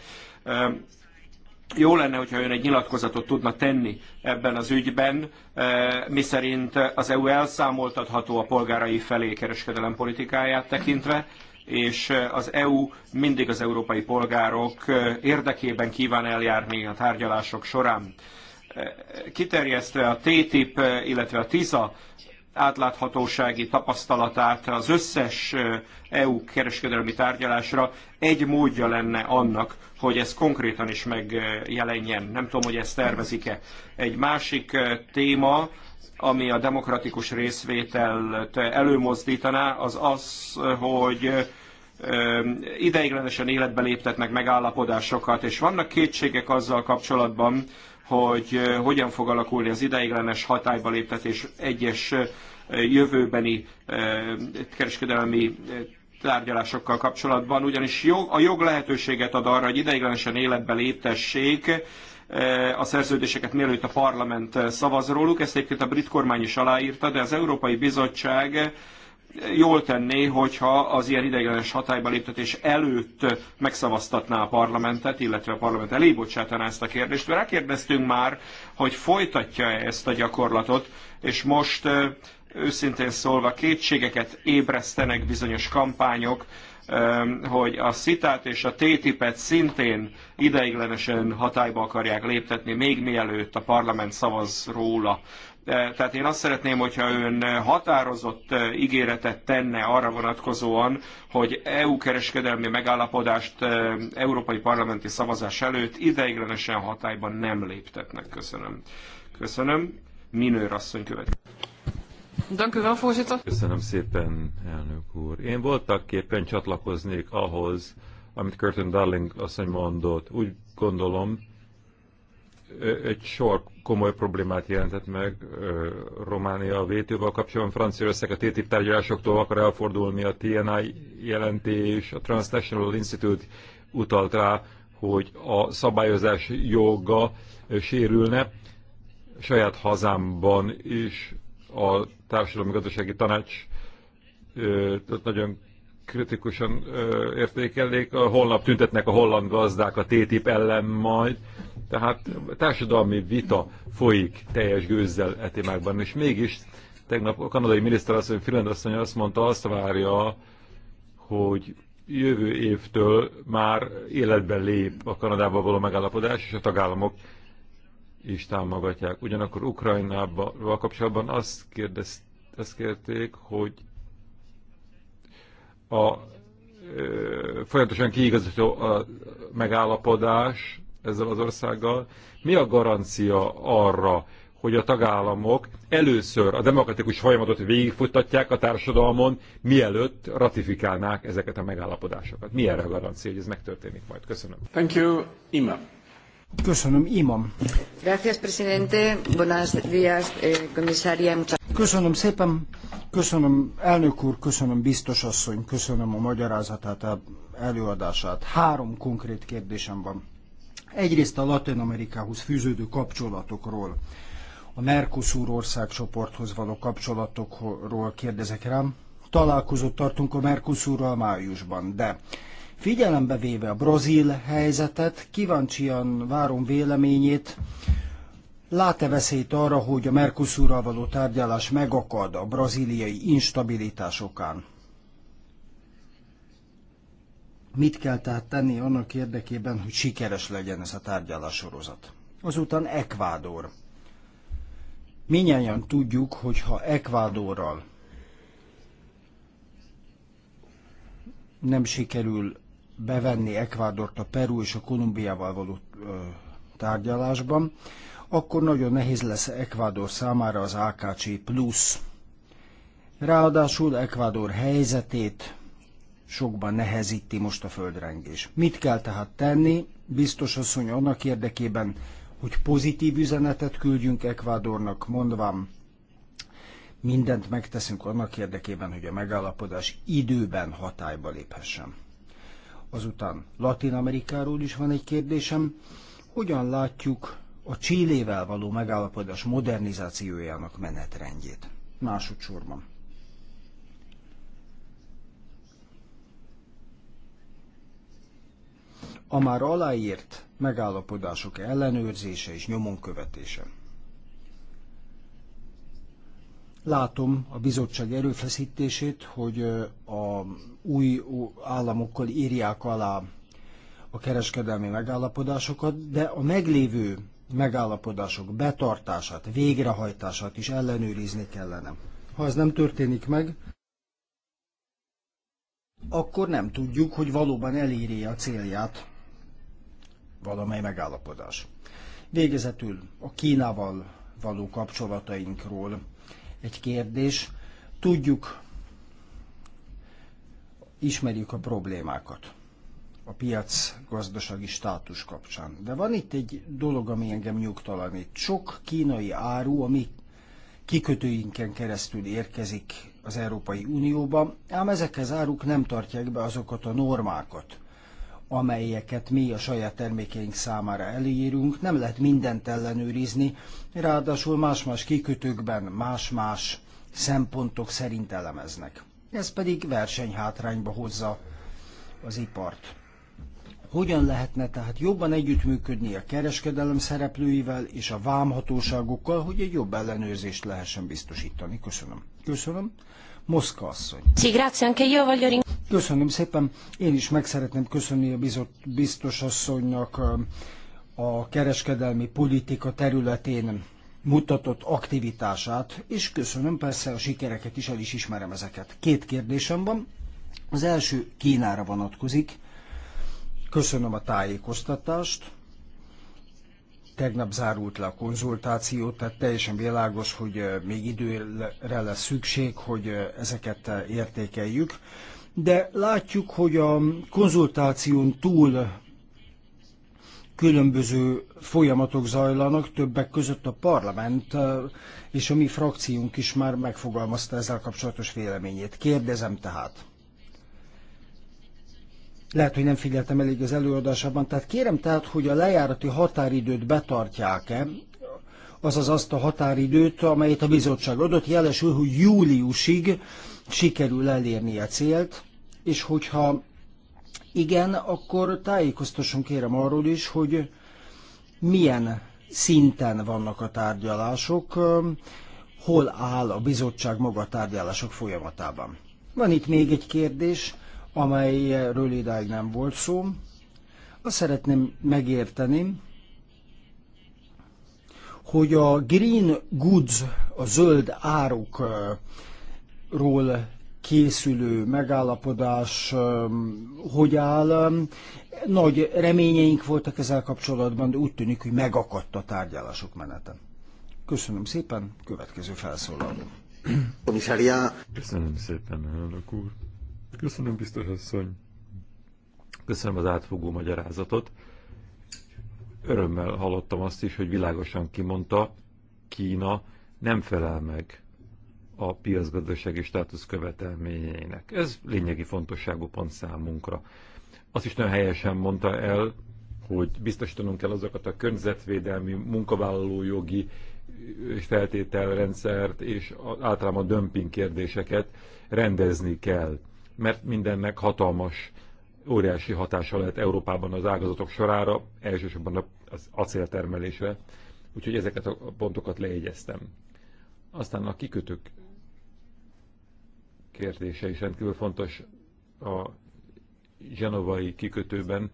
S1: Jó lenne, hogyha ön egy nyilatkozatot tudna tenni ebben az ügyben, miszerint az EU elszámoltatható a polgárai felé kereskedelem politikáját tekintve, és az EU mindig az európai polgárok érdekében kíván eljárni a tárgyalások során. Kiterjesztve a TTIP, illetve a TISA átláthatósági tapasztalatát az összes EU kereskedelmi tárgyalásra egy módja lenne annak, hogy ez konkrétan is megjelenjen. Nem tudom, hogy ezt tervezik-e. Egy másik téma ami a demokratikus részvételt előmozdítaná, az az, hogy ideiglenesen életbe léptetnek megállapodásokat, és vannak kétségek azzal kapcsolatban, hogy hogyan fog alakulni az ideiglenes hatályba léptetés egyes jövőbeni kereskedelmi tárgyalásokkal kapcsolatban, ugyanis a jog lehetőséget ad arra, hogy ideiglenesen életbe léptessék Eh, a szerződéseket, mielőtt a parlament eh, szavaz róluk. Ezt egyébként a brit kormány is aláírta, de az Európai Bizottság eh, jól tenné, hogyha az ilyen ideiglenes hatályba léptetés előtt megszavaztatná a parlamentet, illetve a parlament elé bocsátaná ezt a kérdést. Rákérdeztünk már, hogy folytatja -e ezt a gyakorlatot, és most őszintén szólva kétségeket ébresztenek bizonyos kampányok, hogy a szitát és a TTIP-et szintén ideiglenesen hatályba akarják léptetni, még mielőtt a parlament szavaz róla. Tehát én azt szeretném, hogyha ön határozott ígéretet tenne arra vonatkozóan, hogy EU kereskedelmi megállapodást európai parlamenti szavazás előtt ideiglenesen hatályban nem léptetnek. Köszönöm. Köszönöm. Minőr asszony következik.
S3: Dank u wel, voorzitter. Köszönöm
S2: szépen, elnök úr. Én voltak éppen csatlakoznék ahhoz, amit Curtin Darling asszony mondott. Úgy gondolom, egy sor komoly problémát jelentett meg Románia a vétővel kapcsolatban, kapcsolatban. Franciaország a TTIP tárgyalásoktól akar elfordulni, a TNI jelentés, a Transnational Institute utalt rá, hogy a szabályozás joga sérülne. Saját hazámban is a társadalmi gazdasági tanács nagyon kritikusan értékelik. A holnap tüntetnek a holland gazdák a TTIP ellen majd. Tehát társadalmi vita folyik teljes gőzzel e témákban, és mégis tegnap a kanadai miniszterasszony, Finland asszony azt mondta, azt várja, hogy jövő évtől már életben lép a kanadában való megállapodás, és a tagállamok is támogatják. Ugyanakkor Ukrajnával kapcsolatban azt, kérdezt, azt kérték, hogy a ö, folyamatosan kiigazító a megállapodás ezzel az országgal. Mi a garancia arra, hogy a tagállamok először a demokratikus folyamatot végigfuttatják a társadalmon, mielőtt ratifikálnák ezeket a megállapodásokat. Mi erre a garancia, hogy ez megtörténik majd? Köszönöm.
S3: Thank you, Ima. Köszönöm, Imam. Gracias, presidente. Buenos días, eh, Köszönöm szépen. Köszönöm, elnök úr, köszönöm, biztos asszony, köszönöm a magyarázatát, előadását. Három konkrét kérdésem van. Egyrészt a Latin Amerikához fűződő kapcsolatokról, a Mercosur országcsoporthoz való kapcsolatokról kérdezek rám. Találkozott tartunk a Mercosurral májusban, de Figyelembe véve a brazil helyzetet, kíváncsian várom véleményét, lát-e veszélyt arra, hogy a Mercosurral való tárgyalás megakad a braziliai instabilitásokán? Mit kell tehát tenni annak érdekében, hogy sikeres legyen ez a tárgyalás sorozat? Azután Ekvádor. Minnyáján tudjuk, hogy ha Ekvádorral nem sikerül bevenni Ekvádort a Peru és a Kolumbiával való tárgyalásban, akkor nagyon nehéz lesz Ekvádor számára az AKC plusz. Ráadásul Ekvádor helyzetét sokban nehezíti most a földrengés. Mit kell tehát tenni? Biztos asszony annak érdekében, hogy pozitív üzenetet küldjünk Ekvádornak, mondvám, mindent megteszünk annak érdekében, hogy a megállapodás időben hatályba léphessen. Azután Latin Amerikáról is van egy kérdésem. Hogyan látjuk a Csillével való megállapodás modernizációjának menetrendjét? Másodszorban. A már aláírt megállapodások ellenőrzése és nyomon követése. Látom a bizottság erőfeszítését, hogy a új államokkal írják alá a kereskedelmi megállapodásokat, de a meglévő megállapodások betartását, végrehajtását is ellenőrizni kellene. Ha ez nem történik meg, akkor nem tudjuk, hogy valóban eléri a célját valamely megállapodás. Végezetül a Kínával való kapcsolatainkról egy kérdés. Tudjuk, ismerjük a problémákat a piac gazdasági státus kapcsán. De van itt egy dolog, ami engem nyugtalanít. Sok kínai áru, ami kikötőinken keresztül érkezik az Európai Unióba, ám ezek az áruk nem tartják be azokat a normákat, amelyeket mi a saját termékeink számára elírunk. Nem lehet mindent ellenőrizni, ráadásul más-más kikötőkben más-más szempontok szerint elemeznek. Ez pedig versenyhátrányba hozza az ipart. Hogyan lehetne tehát jobban együttműködni a kereskedelem szereplőivel és a vámhatóságokkal, hogy egy jobb ellenőrzést lehessen biztosítani? Köszönöm. Köszönöm. Moszka asszony. Köszönöm szépen. Én is meg szeretném köszönni a biztos asszonynak a kereskedelmi politika területén mutatott aktivitását, és köszönöm persze a sikereket is, el is ismerem ezeket. Két kérdésem van. Az első Kínára vonatkozik. Köszönöm a tájékoztatást Tegnap zárult le a konzultáció, tehát teljesen világos, hogy még időre lesz szükség, hogy ezeket értékeljük. De látjuk, hogy a konzultáción túl különböző folyamatok zajlanak, többek között a parlament és a mi frakciónk is már megfogalmazta ezzel kapcsolatos véleményét. Kérdezem tehát, lehet, hogy nem figyeltem elég az előadásában. Tehát kérem tehát, hogy a lejárati határidőt betartják-e, azaz azt a határidőt, amelyet a bizottság adott, jelesül, hogy júliusig sikerül elérni a célt, és hogyha igen, akkor tájékoztasson kérem arról is, hogy milyen szinten vannak a tárgyalások, hol áll a bizottság maga a tárgyalások folyamatában. Van itt még egy kérdés, amelyről idáig nem volt szó. Azt szeretném megérteni, hogy a green goods, a zöld árukról készülő megállapodás hogy áll. Nagy reményeink voltak ezzel kapcsolatban, de úgy tűnik, hogy megakadt a tárgyalások menete. Köszönöm szépen, következő felszólaló.
S2: Köszönöm szépen, elnök úr. Köszönöm, biztos asszony. Köszönöm az átfogó magyarázatot. Örömmel hallottam azt is, hogy világosan kimondta, Kína nem felel meg a piacgazdasági státusz követelményeinek. Ez lényegi fontosságú pont számunkra. Azt is nagyon helyesen mondta el, hogy biztosítanunk kell azokat a környezetvédelmi, munkavállalójogi feltételrendszert és általában a dömping kérdéseket rendezni kell mert mindennek hatalmas, óriási hatása lehet Európában az ágazatok sorára, elsősorban az acéltermelésre, úgyhogy ezeket a pontokat leégyeztem. Aztán a kikötők kérdése is rendkívül fontos. A genovai kikötőben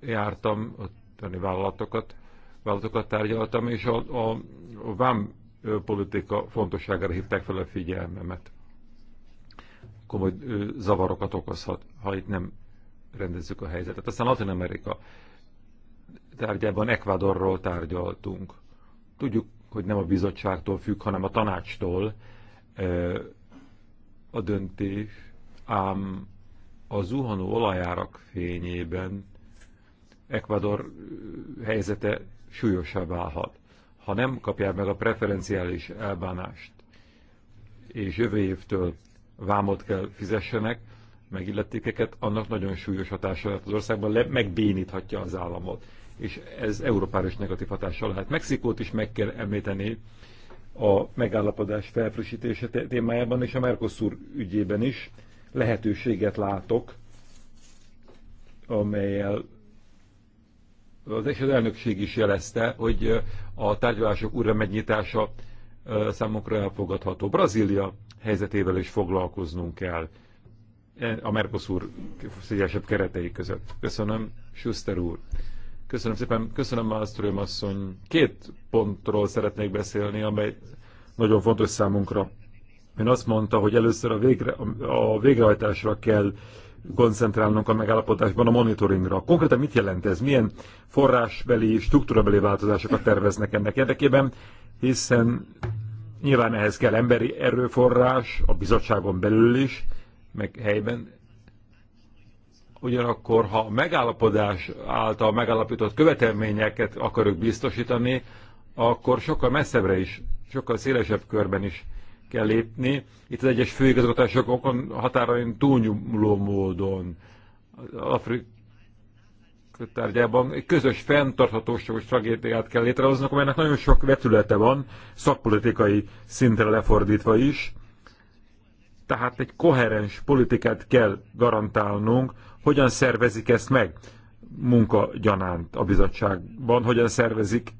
S2: jártam, ottani vállalatokat, vállalatokat tárgyaltam, és a, a, a vám politika fontosságára hívták fel a figyelmemet komoly zavarokat okozhat, ha itt nem rendezzük a helyzetet. Aztán Latin Amerika tárgyában Ekvadorról tárgyaltunk. Tudjuk, hogy nem a bizottságtól függ, hanem a tanácstól a döntés, ám a zuhanó olajárak fényében Ekvador helyzete súlyosabb válhat. Ha nem kapják meg a preferenciális elbánást, és jövő évtől vámot kell fizessenek, meg illetékeket, annak nagyon súlyos hatása lehet az országban, le, megbéníthatja az államot. És ez Európára is negatív hatással lehet. Mexikót is meg kell említeni a megállapodás felfrissítése témájában, és a Mercosur ügyében is lehetőséget látok, amelyel az, és az elnökség is jelezte, hogy a tárgyalások újra megnyitása számunkra elfogadható. Brazília helyzetével is foglalkoznunk kell e, a Mercosur szélesebb keretei között. Köszönöm, Schuster úr. Köszönöm szépen, köszönöm Malmström asszony. Két pontról szeretnék beszélni, amely nagyon fontos számunkra. Ön azt mondta, hogy először a, végre, a végrehajtásra kell koncentrálnunk a megállapodásban a monitoringra. Konkrétan mit jelent ez? Milyen forrásbeli, struktúrabeli változásokat terveznek ennek érdekében? Hiszen Nyilván ehhez kell emberi erőforrás, a bizottságon belül is, meg helyben. Ugyanakkor, ha a megállapodás által megállapított követelményeket akarjuk biztosítani, akkor sokkal messzebbre is, sokkal szélesebb körben is kell lépni. Itt az egyes főigazgatások okon határain túlnyúló módon. Az Afrik tárgyában egy közös fenntarthatóságos tragédiát kell létrehoznunk, amelynek nagyon sok vetülete van, szakpolitikai szintre lefordítva is. Tehát egy koherens politikát kell garantálnunk, hogyan szervezik ezt meg munkagyanánt a bizottságban, hogyan szervezik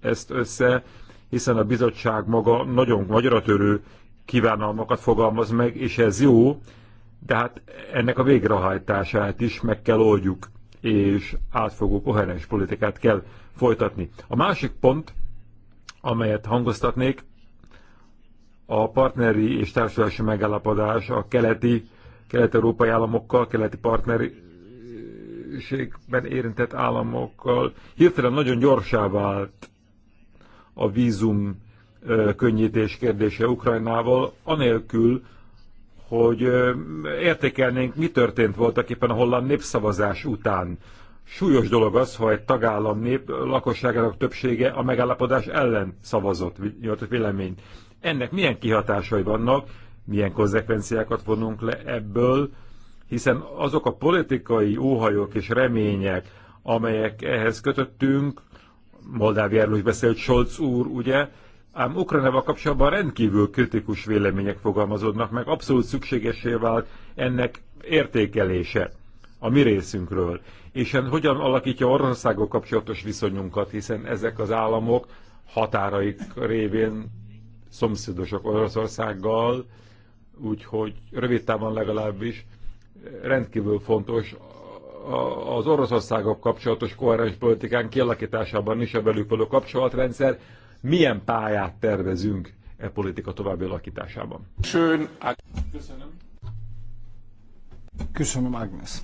S2: ezt össze, hiszen a bizottság maga nagyon magyarra törő kívánalmakat fogalmaz meg, és ez jó, de hát ennek a végrehajtását is meg kell oldjuk és átfogó koherens politikát kell folytatni. A másik pont, amelyet hangoztatnék, a partneri és társulási megállapodás a keleti, kelet-európai államokkal, keleti partnerségben érintett államokkal hirtelen nagyon gyorsá vált a vízum könnyítés kérdése Ukrajnával, anélkül, hogy értékelnénk, mi történt voltak éppen a holland népszavazás után. Súlyos dolog az, ha egy tagállam nép lakosságának többsége a megállapodás ellen szavazott, nyújtott véleményt. Ennek milyen kihatásai vannak, milyen konzekvenciákat vonunk le ebből, hiszen azok a politikai óhajok és remények, amelyek ehhez kötöttünk, Moldáviáról is beszélt Scholz úr, ugye, Ám Ukrajnával kapcsolatban rendkívül kritikus vélemények fogalmazódnak meg, abszolút szükségesé vált ennek értékelése a mi részünkről, és hát hogyan alakítja országok kapcsolatos viszonyunkat, hiszen ezek az államok határaik révén szomszédosok Oroszországgal, úgyhogy rövid távon legalábbis rendkívül fontos az Oroszországok kapcsolatos koherens politikán kialakításában is a velük való kapcsolatrendszer, milyen pályát tervezünk e politika további alakításában. Köszönöm.
S1: Köszönöm, Agnes.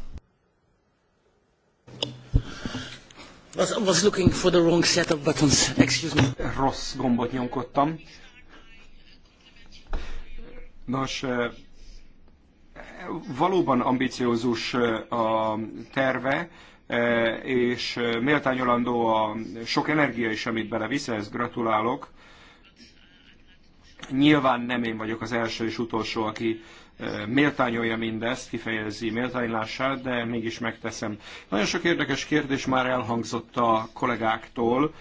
S1: Was, was looking for the wrong set of buttons. Excuse me. Rossz gombot nyomkodtam. Nos, valóban ambiciózus a terve, E, és e, méltányolandó a sok energia is, amit belevisz, ezt gratulálok. Nyilván nem én vagyok az első és utolsó, aki e, méltányolja mindezt, kifejezi méltánylását, de mégis megteszem. Nagyon sok érdekes kérdés már elhangzott a kollégáktól,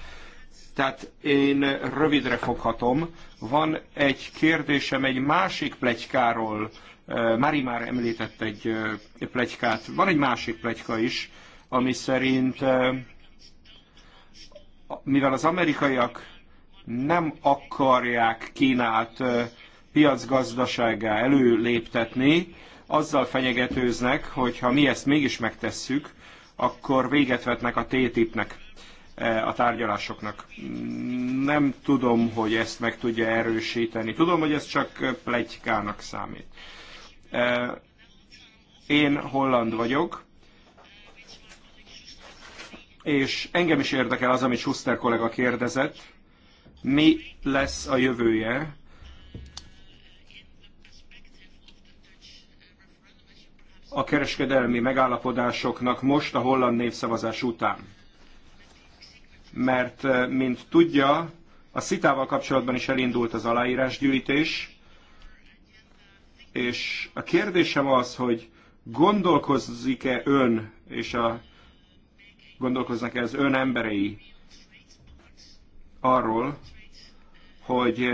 S1: tehát én rövidre foghatom. Van egy kérdésem egy másik plegykáról, Mári már említett egy plegykát, van egy másik plegyka is, ami szerint mivel az amerikaiak nem akarják Kínát piacgazdasággá előléptetni, azzal fenyegetőznek, hogy ha mi ezt mégis megtesszük, akkor véget vetnek a TTIP-nek, a tárgyalásoknak. Nem tudom, hogy ezt meg tudja erősíteni. Tudom, hogy ez csak plegykának számít. Én holland vagyok, és engem is érdekel az, amit Schuster kollega kérdezett, mi lesz a jövője a kereskedelmi megállapodásoknak most a holland népszavazás után. Mert, eh, mint tudja, a szitával kapcsolatban is elindult az aláírásgyűjtés, és a kérdésem az, hogy gondolkozik-e ön és a gondolkoznak ez ön emberei arról, hogy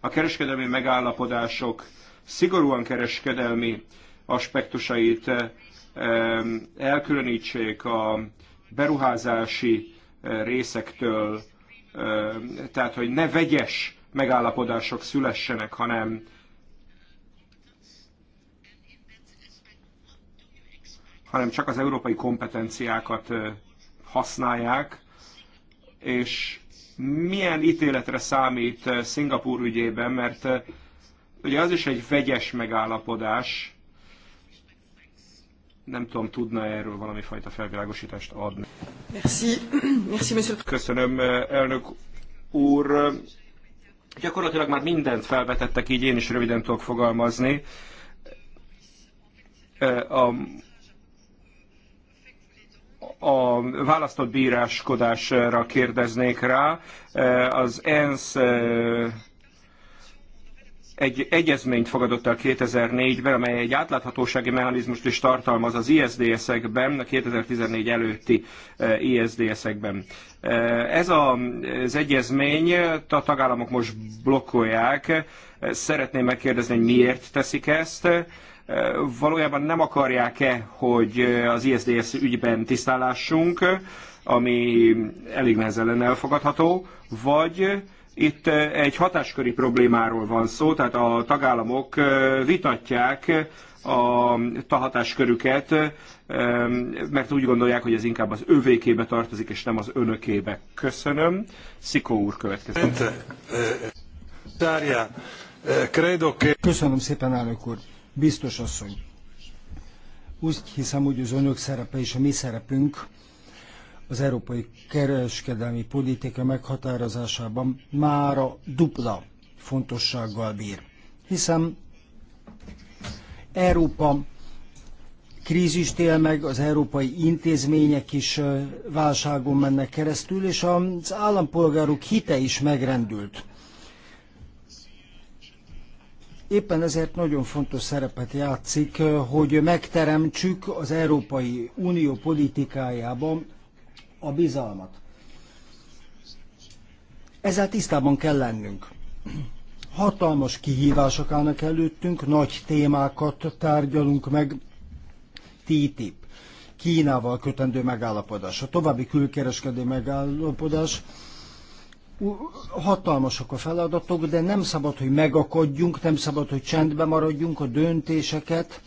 S1: a kereskedelmi megállapodások szigorúan kereskedelmi aspektusait elkülönítsék a beruházási részektől, tehát hogy ne vegyes megállapodások szülessenek, hanem hanem csak az európai kompetenciákat használják, és milyen ítéletre számít Szingapúr ügyében, mert ugye az is egy vegyes megállapodás, nem tudom, tudna -e erről valami fajta felvilágosítást adni. Merci. Merci, monsieur. Köszönöm, elnök úr. Gyakorlatilag már mindent felvetettek, így én is röviden tudok fogalmazni. A a választott bíráskodásra kérdeznék rá. E, az ENSZ e, egy egyezményt fogadott el 2004-ben, amely egy átláthatósági mechanizmust is tartalmaz az ISDS-ekben, a 2014 előtti e, ISDS-ekben. Ez a, az egyezmény, a tagállamok most blokkolják, szeretném megkérdezni, hogy miért teszik ezt, valójában nem akarják-e, hogy az ISDS ügyben tisztállásunk, ami elég nehezen lenne elfogadható, vagy itt egy hatásköri problémáról van szó, tehát a tagállamok vitatják a hatáskörüket, mert úgy gondolják, hogy ez inkább az övékébe tartozik, és nem az önökébe. Köszönöm. Szikó úr következik. Eh, eh,
S3: eh, Köszönöm szépen, elnök úr. Biztos asszony, úgy hiszem, hogy az önök szerepe és a mi szerepünk az európai kereskedelmi politika meghatározásában már a dupla fontossággal bír. Hiszen Európa krízist él meg, az európai intézmények is válságon mennek keresztül, és az állampolgárok hite is megrendült. Éppen ezért nagyon fontos szerepet játszik, eh, hogy megteremtsük az Európai Unió politikájában a bizalmat. Ezzel tisztában kell lennünk. Hatalmas kihívások állnak előttünk, nagy témákat tárgyalunk meg. TTIP, Kínával kötendő megállapodás, a további külkereskedő megállapodás, hatalmasak a feladatok, de nem szabad, hogy megakadjunk, nem szabad, hogy csendbe maradjunk, a döntéseket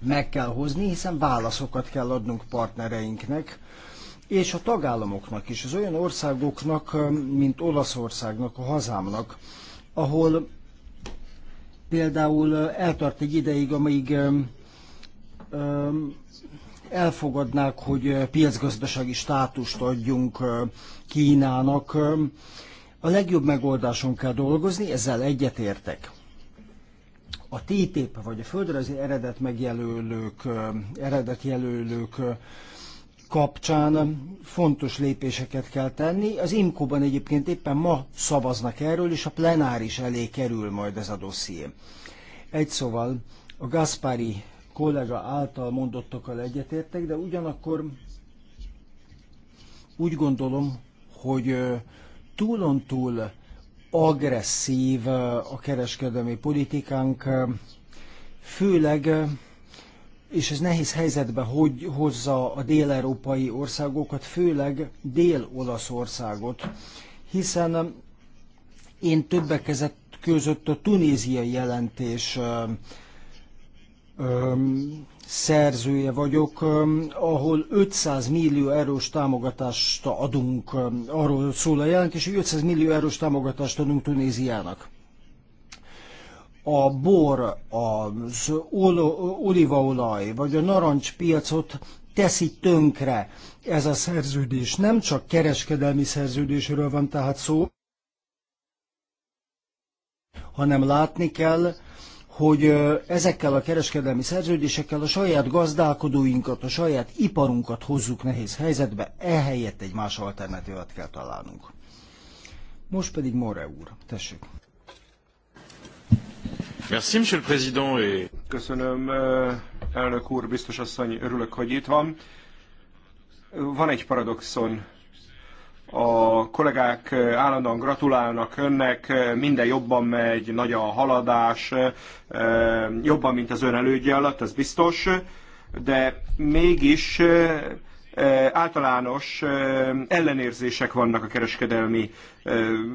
S3: meg kell hozni, hiszen válaszokat kell adnunk partnereinknek, és a tagállamoknak is, az olyan országoknak, mint Olaszországnak, a hazámnak, ahol például eltart egy ideig, amíg elfogadnák, hogy piacgazdasági státust adjunk Kínának. A legjobb megoldáson kell dolgozni, ezzel egyetértek. A TTIP, vagy a földrajzi eredet megjelölők, eredetjelölők kapcsán fontos lépéseket kell tenni. Az IMCO-ban egyébként éppen ma szavaznak erről, és a plenáris elé kerül majd ez a dosszié. Egy szóval a Gaspari kollega által mondottakkal egyetértek, de ugyanakkor úgy gondolom, hogy túlontúl agresszív a kereskedelmi politikánk, főleg, és ez nehéz helyzetbe hogy hozza a dél-európai országokat, főleg dél-olaszországot, hiszen én többek között a tunéziai jelentés szerzője vagyok, ahol 500 millió eurós támogatást adunk, arról szól a jelentés, hogy 500 millió eurós támogatást adunk Tunéziának. A bor, az olívaolaj vagy a narancspiacot teszi tönkre ez a szerződés. Nem csak kereskedelmi szerződésről van tehát szó, hanem látni kell, hogy ezekkel a kereskedelmi szerződésekkel a saját gazdálkodóinkat, a saját iparunkat hozzuk nehéz helyzetbe, ehelyett egy más alternatívát kell találnunk. Most pedig More úr, tessék.
S1: Merci, monsieur le président. Et... Köszönöm, elnök úr, biztos asszony, örülök, hogy itt van. Van egy paradoxon a kollégák eh, állandóan gratulálnak önnek, eh, minden jobban megy, nagy a haladás, eh, jobban, mint az ön elődje alatt, ez biztos, de mégis általános ellenérzések vannak a kereskedelmi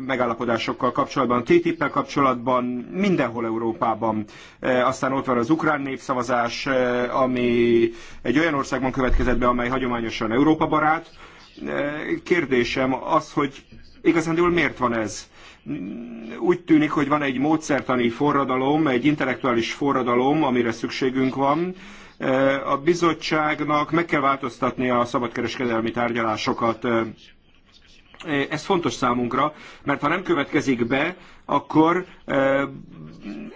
S1: megállapodásokkal kapcsolatban, TTIP-pel kapcsolatban, mindenhol Európában. Aztán ott van az ukrán népszavazás, ami egy olyan országban következett be, amely hagyományosan Európa barát, Kérdésem az, hogy igazándiból miért van ez? Úgy tűnik, hogy van egy módszertani forradalom, egy intellektuális forradalom, amire szükségünk van. A bizottságnak meg kell változtatnia a szabadkereskedelmi tárgyalásokat ez fontos számunkra, mert ha nem következik be, akkor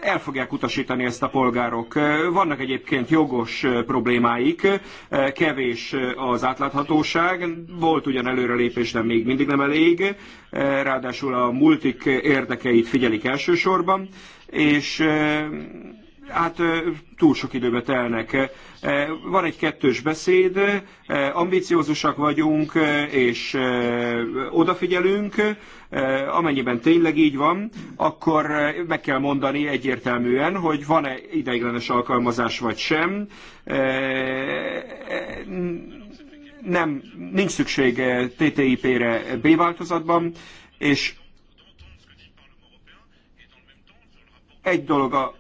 S1: el fogják utasítani ezt a polgárok. Vannak egyébként jogos problémáik, kevés az átláthatóság, volt ugyan előrelépés, de még mindig nem elég, ráadásul a multik érdekeit figyelik elsősorban, és hát túl sok időbe telnek. Van egy kettős beszéd, ambiciózusak vagyunk, és odafigyelünk, Amennyiben tényleg így van, akkor meg kell mondani egyértelműen, hogy van-e ideiglenes alkalmazás vagy sem. Nem, nincs szükség TTIP-re B változatban, és egy dolog a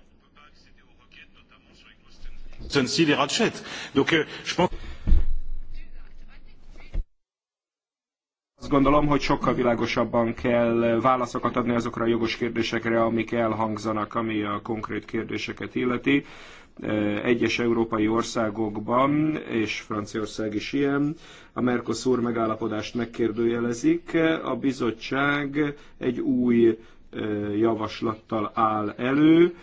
S1: Azt gondolom, hogy sokkal világosabban kell válaszokat adni azokra a jogos kérdésekre, amik elhangzanak, ami a konkrét kérdéseket illeti. Egyes európai országokban, és Franciaország is ilyen, a Mercosur megállapodást megkérdőjelezik. A bizottság egy új javaslattal áll elő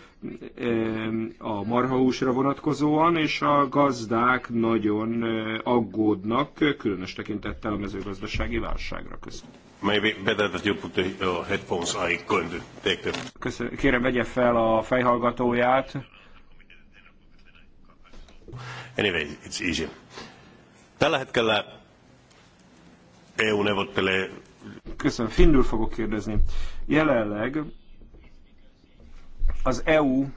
S1: a marhahúsra vonatkozóan, és a gazdák nagyon aggódnak, különös tekintettel a mezőgazdasági válságra. Köszönöm.
S3: Maybe better that you put the uh, headphones, I going to
S1: take them. Köszönöm. Kérem, vegye fel a fejhallgatóját.
S2: Anyway, it's easy. Tällä hetkellä
S1: EU neuvottelee Köszönöm, finnül fogok kérdezni. Jelenleg az EU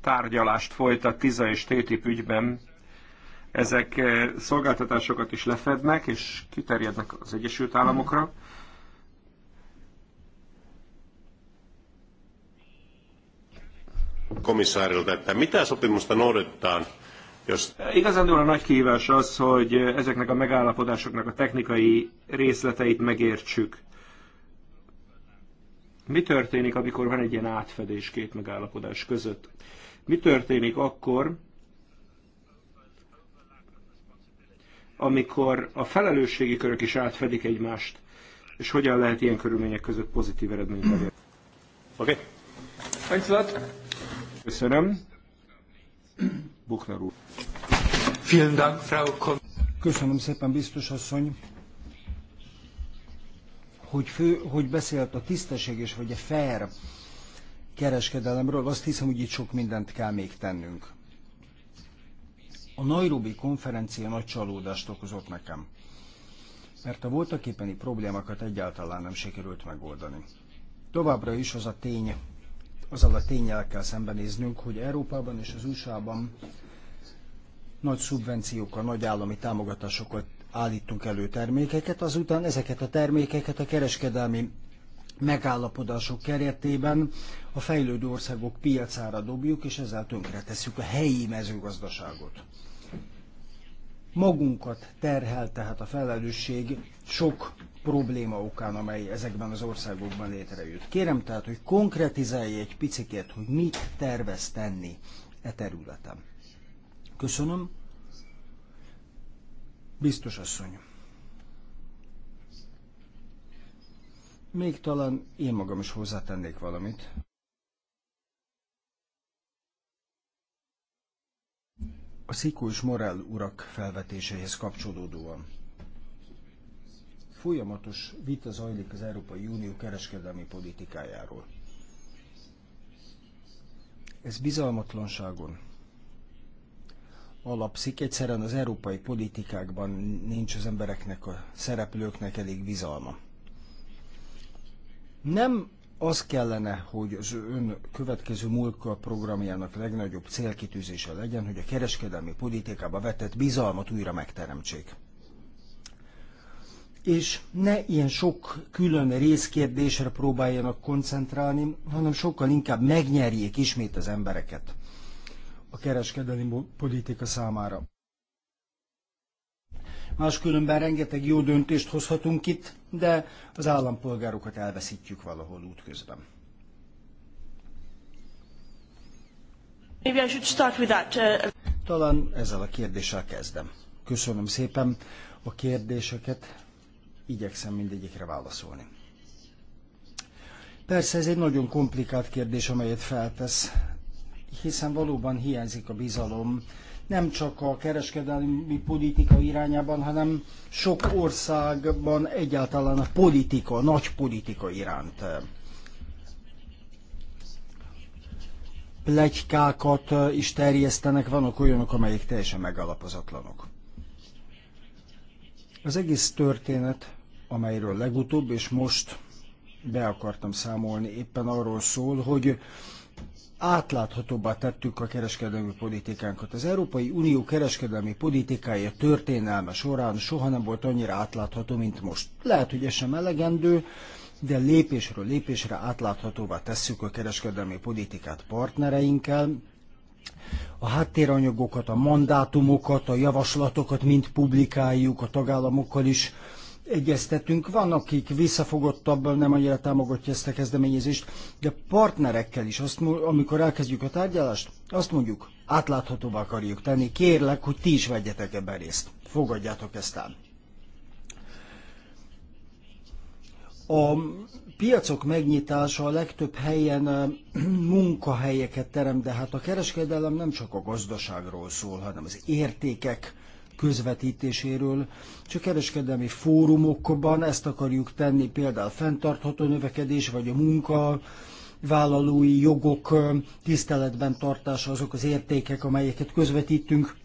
S1: tárgyalást folytat TISA és TTIP ügyben. Ezek eh, szolgáltatásokat is lefednek, és kiterjednek az Egyesült Államokra. Komissaarilla, että mitä sopimusta noudatetaan Just. Igazán a nagy kihívás az, hogy ezeknek a megállapodásoknak a technikai részleteit megértsük. Mi történik, amikor van egy ilyen átfedés két megállapodás között? Mi történik akkor, amikor a felelősségi körök is átfedik egymást, és hogyan lehet ilyen körülmények között pozitív eredményt elérni?
S3: Oké. Okay.
S1: Köszönöm. Buchner úr.
S3: Köszönöm szépen, biztos asszony, hogy, fő, hogy beszélt a tisztességes vagy a fair kereskedelemről, azt hiszem, hogy itt sok mindent kell még tennünk. A Nairobi konferencia nagy csalódást okozott nekem, mert a voltaképpeni problémákat egyáltalán nem sikerült megoldani. Továbbra is az a tény azzal a tényel kell szembenéznünk, hogy Európában és az USA-ban nagy szubvenciókkal, nagy állami támogatásokat állítunk elő termékeket, azután ezeket a termékeket a kereskedelmi megállapodások keretében a fejlődő országok piacára dobjuk, és ezzel tönkretesszük a helyi mezőgazdaságot. Magunkat terhel tehát a felelősség sok probléma okán, amely ezekben az országokban létrejött. Kérem tehát, hogy konkretizálj egy picit, hogy mit tervez tenni e területen. Köszönöm. Biztos asszony. Még talán én magam is hozzátennék valamit. A Szikó és urak felvetéséhez kapcsolódóan folyamatos vita zajlik az Európai Unió kereskedelmi politikájáról. Ez bizalmatlanságon alapszik. Egyszerűen az európai politikákban nincs az embereknek, a szereplőknek elég bizalma. Nem az kellene, hogy az ön következő múlka programjának legnagyobb célkitűzése legyen, hogy a kereskedelmi politikába vetett bizalmat újra megteremtsék és ne ilyen sok külön részkérdésre próbáljanak koncentrálni, hanem sokkal inkább megnyerjék ismét az embereket a kereskedelmi politika számára. Máskülönben rengeteg jó döntést hozhatunk itt, de az állampolgárokat elveszítjük valahol útközben. Maybe I should start with that. Uh, Talán ezzel a kérdéssel kezdem. Köszönöm szépen a kérdéseket igyekszem mindegyikre válaszolni. Persze ez egy nagyon komplikált kérdés, amelyet feltesz, hiszen valóban hiányzik a bizalom, nem csak a kereskedelmi politika irányában, hanem sok országban egyáltalán a politika, a nagy politika iránt. Plegykákat is terjesztenek, vannak olyanok, amelyek teljesen megalapozatlanok. Az egész történet amelyről legutóbb, és most be akartam számolni, éppen arról szól, hogy átláthatóbbá tettük a kereskedelmi politikánkat. Az Európai Unió kereskedelmi politikája történelme során soha nem volt annyira átlátható, mint most. Lehet, hogy ez sem elegendő, de lépésről lépésre átláthatóvá tesszük a kereskedelmi politikát partnereinkkel, a háttéranyagokat, a mandátumokat, a javaslatokat mind publikáljuk a tagállamokkal is, egyeztetünk. Van, akik visszafogottabban nem annyira támogatja ezt a kezdeményezést, de partnerekkel is, azt, amikor elkezdjük a tárgyalást, azt mondjuk, átláthatóvá akarjuk tenni. Kérlek, hogy ti is vegyetek ebben részt. Fogadjátok ezt el. A piacok megnyitása a legtöbb helyen [clears throat] munkahelyeket terem, de hát a kereskedelem nem csak a gazdaságról szól, hanem az értékek, közvetítéséről, Csak kereskedelmi fórumokban ezt akarjuk tenni, például fenntartható növekedés, vagy a munka, vállalói jogok tiszteletben tartása, azok az értékek, amelyeket közvetítünk.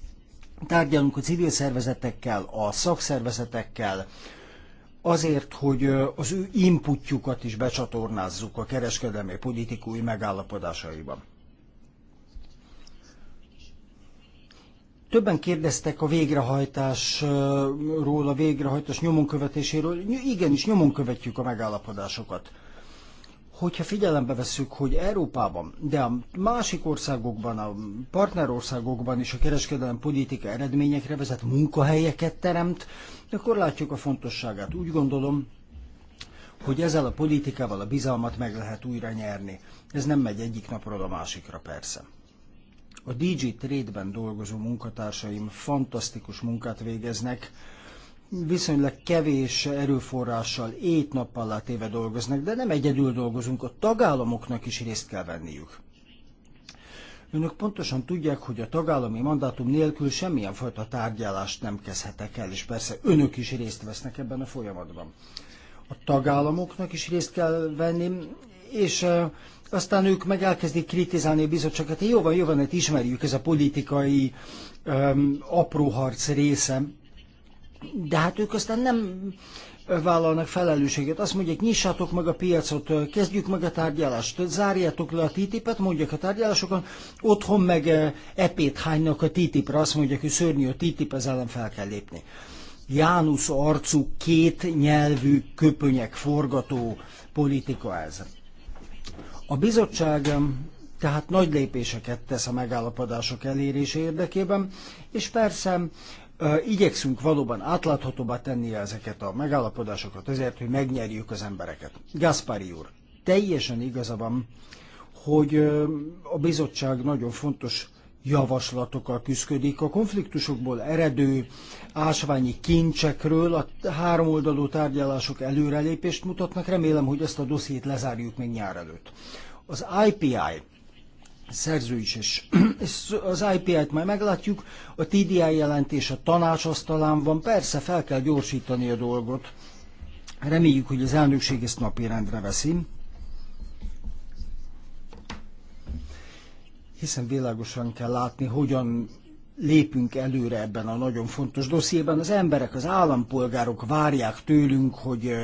S3: Tárgyalunk a civil szervezetekkel, a szakszervezetekkel, azért, hogy az ő inputjukat is becsatornázzuk a kereskedelmi politikai megállapodásaiban. Többen kérdeztek a végrehajtásról, a végrehajtás nyomonkövetéséről. Igenis, nyomon követjük a megállapodásokat. Hogyha figyelembe veszük, hogy Európában, de a másik országokban, a partnerországokban is a kereskedelem politika eredményekre vezet, munkahelyeket teremt, akkor látjuk a fontosságát. Úgy gondolom, hogy ezzel a politikával a bizalmat meg lehet újra nyerni. Ez nem megy egyik napról a másikra persze. A DG Trade-ben dolgozó munkatársaim fantasztikus munkát végeznek, viszonylag kevés erőforrással, ét nappal téve dolgoznak, de nem egyedül dolgozunk, a tagállamoknak is részt kell venniük. Önök pontosan tudják, hogy a tagállami mandátum nélkül semmilyen fajta tárgyalást nem kezdhetek el, és persze önök is részt vesznek ebben a folyamatban. A tagállamoknak is részt kell venni, és aztán ők meg elkezdik kritizálni a bizottságot. Jó van, jó van, hát ismerjük, ez a politikai um, apró harc része. De hát ők aztán nem vállalnak felelősséget. Azt mondják, nyissátok meg a piacot, kezdjük meg a tárgyalást, zárjátok le a TTIP-et, mondják a tárgyalásokon, otthon meg epét hánynak a TTIP-re, azt mondják, hogy szörnyű a TTIP, ez ellen fel kell lépni. Jánusz arcú, két nyelvű köpönyek forgató politika ez. A bizottság tehát nagy lépéseket tesz a megállapodások elérése érdekében, és persze igyekszünk valóban átláthatóbbá tenni ezeket a megállapodásokat azért, hogy megnyerjük az embereket. Gaspari úr, teljesen igaza van, hogy a bizottság nagyon fontos javaslatokkal küzdik. A konfliktusokból eredő ásványi kincsekről a háromoldalú tárgyalások előrelépést mutatnak, remélem, hogy ezt a dossziét lezárjuk még nyár előtt. Az IPI is, és az IPI-t majd meglátjuk, a TDI jelentés a tanácsasztalán van, persze fel kell gyorsítani a dolgot. Reméljük, hogy az elnökség ezt rendre veszi, hiszen világosan kell látni, hogyan lépünk előre ebben a nagyon fontos dossziében. Az emberek, az állampolgárok várják tőlünk, hogy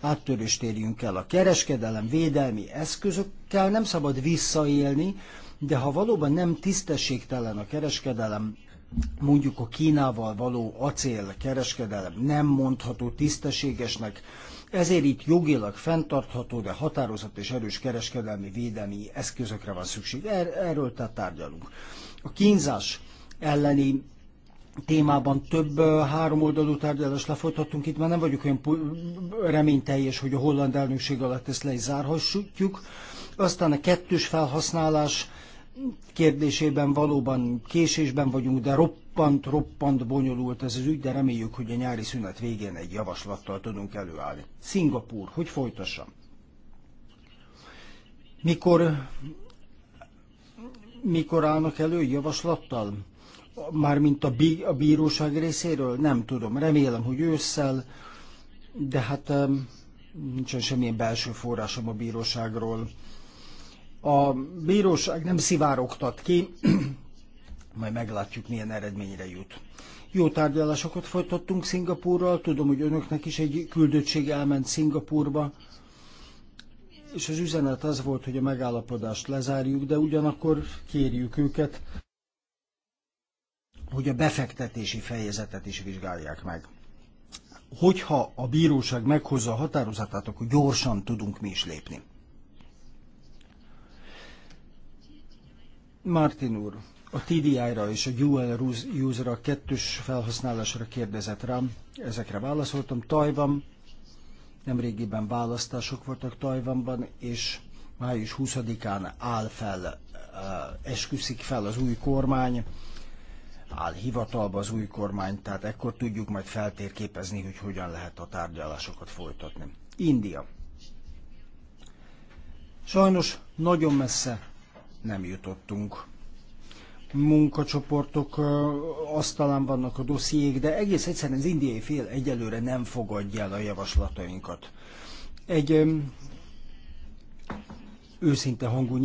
S3: áttörést érjünk el a kereskedelem védelmi eszközökkel, nem szabad visszaélni, de ha valóban nem tisztességtelen a kereskedelem, mondjuk a Kínával való acél kereskedelem nem mondható tisztességesnek, ezért itt jogilag fenntartható, de határozott és erős kereskedelmi védelmi eszközökre van szükség. Er-, erről tehát tárgyalunk. A kínzás elleni témában több háromoldalú tárgyalást lefolytattunk itt, mert nem vagyok olyan reményteljes, hogy a holland elnökség alatt ezt le is zárhassuk. Aztán a kettős felhasználás kérdésében valóban késésben vagyunk, de ropp roppant, roppant bonyolult ez az ügy, de reméljük, hogy a nyári szünet végén egy javaslattal tudunk előállni. Szingapúr, hogy folytassam? Mikor, mikor állnak elő javaslattal? Mármint a, bí, a bíróság részéről? Nem tudom, remélem, hogy ősszel, de hát nincsen semmilyen belső forrásom a bíróságról. A bíróság nem szivárogtat ki, majd meglátjuk, milyen eredményre jut. Jó tárgyalásokat folytattunk Szingapúrral, tudom, hogy önöknek is egy küldöttség elment Szingapúrba, és az üzenet az volt, hogy a megállapodást lezárjuk, de ugyanakkor kérjük őket, hogy a befektetési fejezetet is vizsgálják meg. Hogyha a bíróság meghozza a határozatát, akkor gyorsan tudunk mi is lépni. Martin úr, a TDI-ra és a dual user ra kettős felhasználásra kérdezett rám, ezekre válaszoltam. Tajvan, nemrégiben választások voltak Tajvanban, és május 20-án áll fel, eh, esküszik fel az új kormány, áll hivatalba az új kormány, tehát ekkor tudjuk majd feltérképezni, hogy hogyan lehet a tárgyalásokat folytatni. India. Sajnos nagyon messze nem jutottunk munkacsoportok asztalán vannak a dossziék, de egész egyszerűen az indiai fél egyelőre nem fogadja el a javaslatainkat. Egy őszinte hangú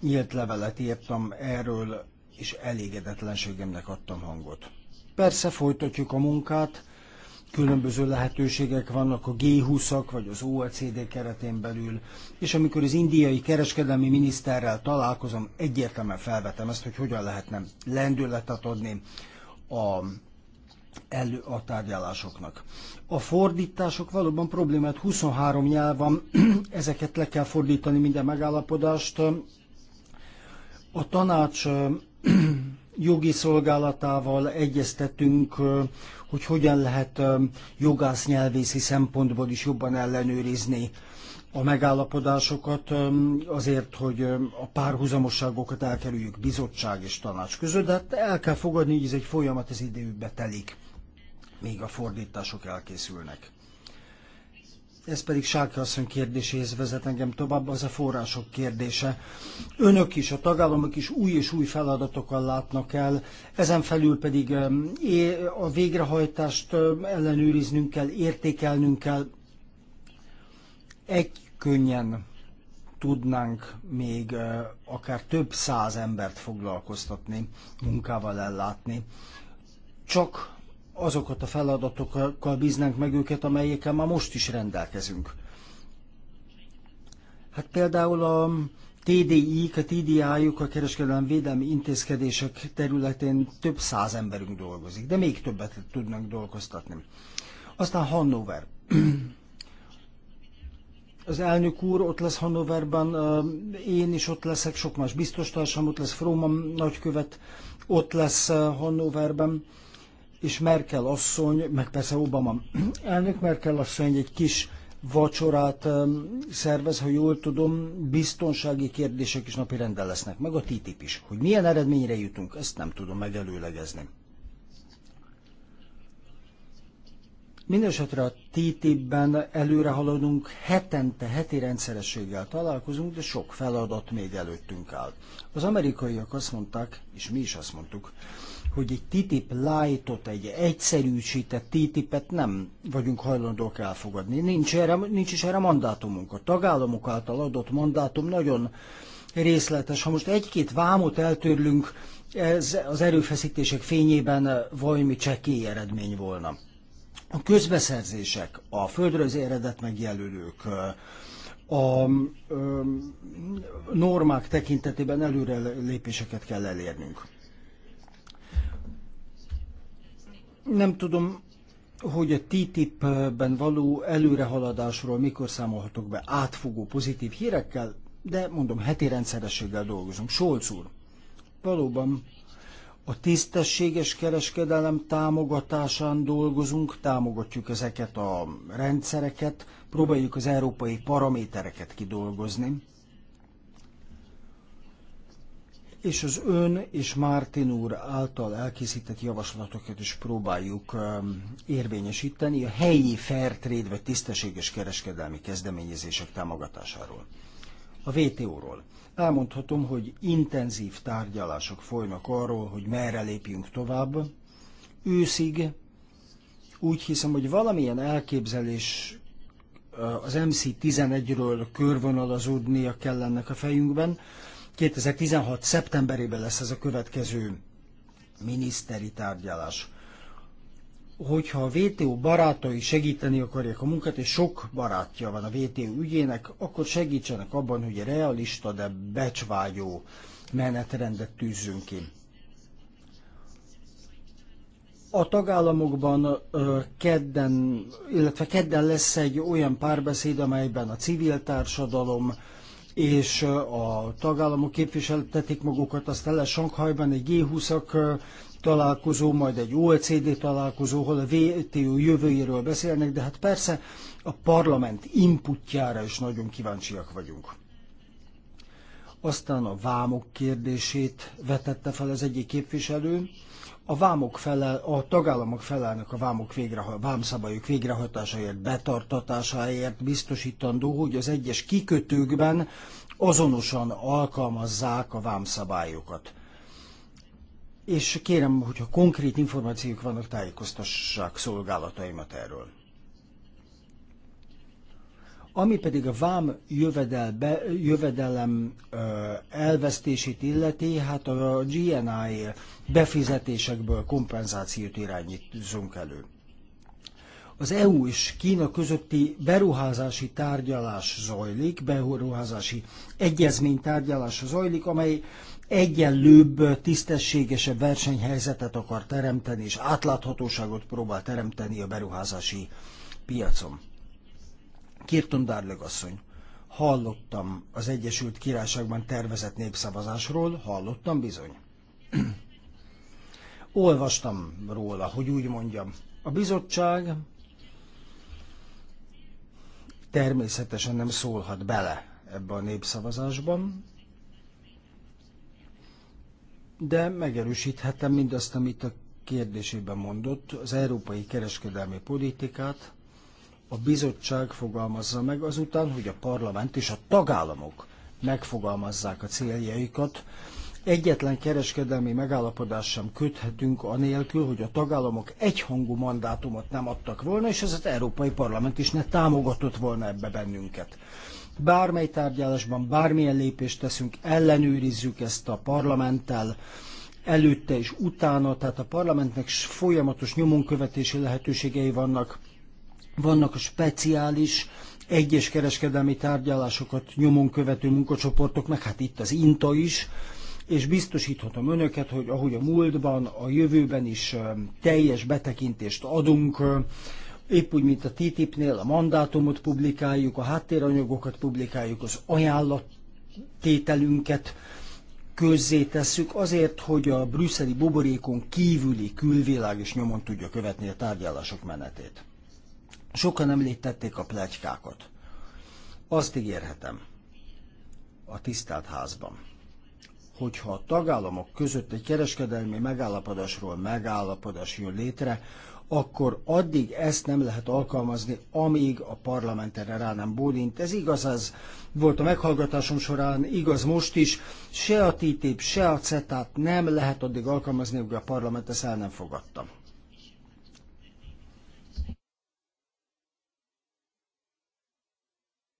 S3: nyílt levelet írtam erről, és elégedetlenségemnek adtam hangot. Persze folytatjuk a munkát, különböző lehetőségek vannak a G20-ak vagy az OECD keretén belül, és amikor az indiai kereskedelmi miniszterrel találkozom, egyértelműen felvetem ezt, hogy hogyan lehetne lendületet adni a elő a tárgyalásoknak. A fordítások valóban problémát 23 nyelv van, [clears throat] ezeket le kell fordítani minden megállapodást. A tanács [clears throat] jogi szolgálatával egyeztetünk, hogy hogyan lehet jogásznyelvészi szempontból is jobban ellenőrizni a megállapodásokat azért, hogy a párhuzamosságokat elkerüljük bizottság és tanács között, de hát el kell fogadni, hogy ez egy folyamat, ez időbe telik, még a fordítások elkészülnek ez pedig Sárki asszony kérdéséhez vezet engem tovább, az a források kérdése. Önök is, a tagállamok is új és új feladatokkal látnak el, ezen felül pedig a végrehajtást ellenőriznünk kell, értékelnünk kell. Egy könnyen tudnánk még akár több száz embert foglalkoztatni, munkával ellátni. Csak azokat a feladatokkal bíznánk meg őket, amelyekkel már most is rendelkezünk. Hát például a tdi a TDI-juk, a kereskedelmi védelmi intézkedések területén több száz emberünk dolgozik, de még többet tudnak dolgoztatni. Aztán Hannover. [clears throat] Az elnök úr ott lesz Hannoverben, én is ott leszek, sok más biztos társam ott lesz, Froman nagykövet ott lesz Hannoverben és Merkel asszony, meg persze Obama elnök Merkel asszony egy kis vacsorát szervez, ha jól tudom, biztonsági kérdések is napirenden lesznek, meg a TTIP is. Hogy milyen eredményre jutunk, ezt nem tudom megelőlegezni. Mindenesetre a TTIP-ben előre haladunk, hetente, heti rendszerességgel találkozunk, de sok feladat még előttünk áll. Az amerikaiak azt mondták, és mi is azt mondtuk, hogy egy TTIP lightot, egy egyszerűsített TTIP-et nem vagyunk hajlandók elfogadni. Nincs, erre, nincs is erre mandátumunk. A tagállamok által adott mandátum nagyon részletes. Ha most egy-két vámot eltörlünk, ez az erőfeszítések fényében valami csekély eredmény volna. A közbeszerzések, a földrajzi eredet megjelölők, a um, normák tekintetében előre lépéseket kell elérnünk. Nem tudom, hogy a TTIP-ben való előrehaladásról mikor számolhatok be átfogó pozitív hírekkel, de mondom, heti rendszerességgel dolgozunk. Solc úr, valóban a tisztességes kereskedelem támogatásán dolgozunk, támogatjuk ezeket a rendszereket, próbáljuk az európai paramétereket kidolgozni és az ön és Mártin úr által elkészített javaslatokat is próbáljuk um, érvényesíteni a helyi fair trade vagy tisztességes kereskedelmi kezdeményezések támogatásáról. A vto ról Elmondhatom, hogy intenzív tárgyalások folynak arról, hogy merre lépjünk tovább. Őszig úgy hiszem, hogy valamilyen elképzelés uh, az MC11-ről körvonalazódnia kell ennek a fejünkben, 2016. szeptemberében lesz ez a következő miniszteri tárgyalás. Hogyha a VTO barátai segíteni akarják a munkát, és sok barátja van a VTO ügyének, akkor segítsenek abban, hogy realista, de becsvágyó menetrendet tűzzünk ki. A tagállamokban kedden, illetve kedden lesz egy olyan párbeszéd, amelyben a civil társadalom, és a tagállamok képviseltetik magukat, aztán lesz Sankhajban egy G20-ak találkozó, majd egy OECD találkozó, hol a WTO jövőjéről beszélnek, de hát persze a parlament inputjára is nagyon kíváncsiak vagyunk. Aztán a vámok kérdését vetette fel az egyik képviselő, a vámok felel, a tagállamok felelnek a vámok végre, vámszabályok végrehajtásáért, betartatásáért biztosítandó, hogy az egyes kikötőkben azonosan alkalmazzák a vámszabályokat. És kérem, hogyha konkrét információk vannak, tájékoztassák szolgálataimat erről. Ami pedig a vám be, jövedelem elvesztését illeti, hát a GNI befizetésekből kompenzációt irányítunk elő. Az EU és Kína közötti beruházási tárgyalás zajlik, beruházási egyezmény tárgyalása zajlik, amely egyenlőbb, tisztességesebb versenyhelyzetet akar teremteni, és átláthatóságot próbál teremteni a beruházási piacon. Kirton Darleg asszony. Hallottam az Egyesült Királyságban tervezett népszavazásról, hallottam bizony. [clears throat] Olvastam róla, hogy úgy mondjam. A bizottság természetesen nem szólhat bele ebbe a népszavazásban, de megerősíthetem mindazt, amit a kérdésében mondott, az európai kereskedelmi politikát a bizottság fogalmazza meg azután, hogy a parlament és a tagállamok megfogalmazzák a céljaikat. Egyetlen kereskedelmi megállapodást sem köthetünk anélkül, hogy a tagállamok egyhangú mandátumot nem adtak volna, és ez az Európai Parlament is ne támogatott volna ebbe bennünket. Bármely tárgyalásban bármilyen lépést teszünk, ellenőrizzük ezt a parlamenttel, előtte és utána, tehát a parlamentnek folyamatos nyomonkövetési lehetőségei vannak, vannak a speciális egyes kereskedelmi tárgyalásokat nyomon követő munkacsoportok, meg hát itt az INTA is, és biztosíthatom önöket, hogy ahogy a múltban, a jövőben is teljes betekintést adunk, épp úgy, mint a TTIP-nél a mandátumot publikáljuk, a háttéranyagokat publikáljuk, az ajánlattételünket közzétesszük azért, hogy a brüsszeli buborékon kívüli külvilág is nyomon tudja követni a tárgyalások menetét. Sokan említették a plegykákat. Azt ígérhetem a tisztelt házban, hogyha a tagállamok között egy kereskedelmi megállapodásról megállapodás jön létre, akkor addig ezt nem lehet alkalmazni, amíg a parlament erre rá nem bólint. Ez igaz, ez volt a meghallgatásom során, igaz most is, se a TTIP, se a CETA-t nem lehet addig alkalmazni, amíg a parlament ezt el nem fogadta.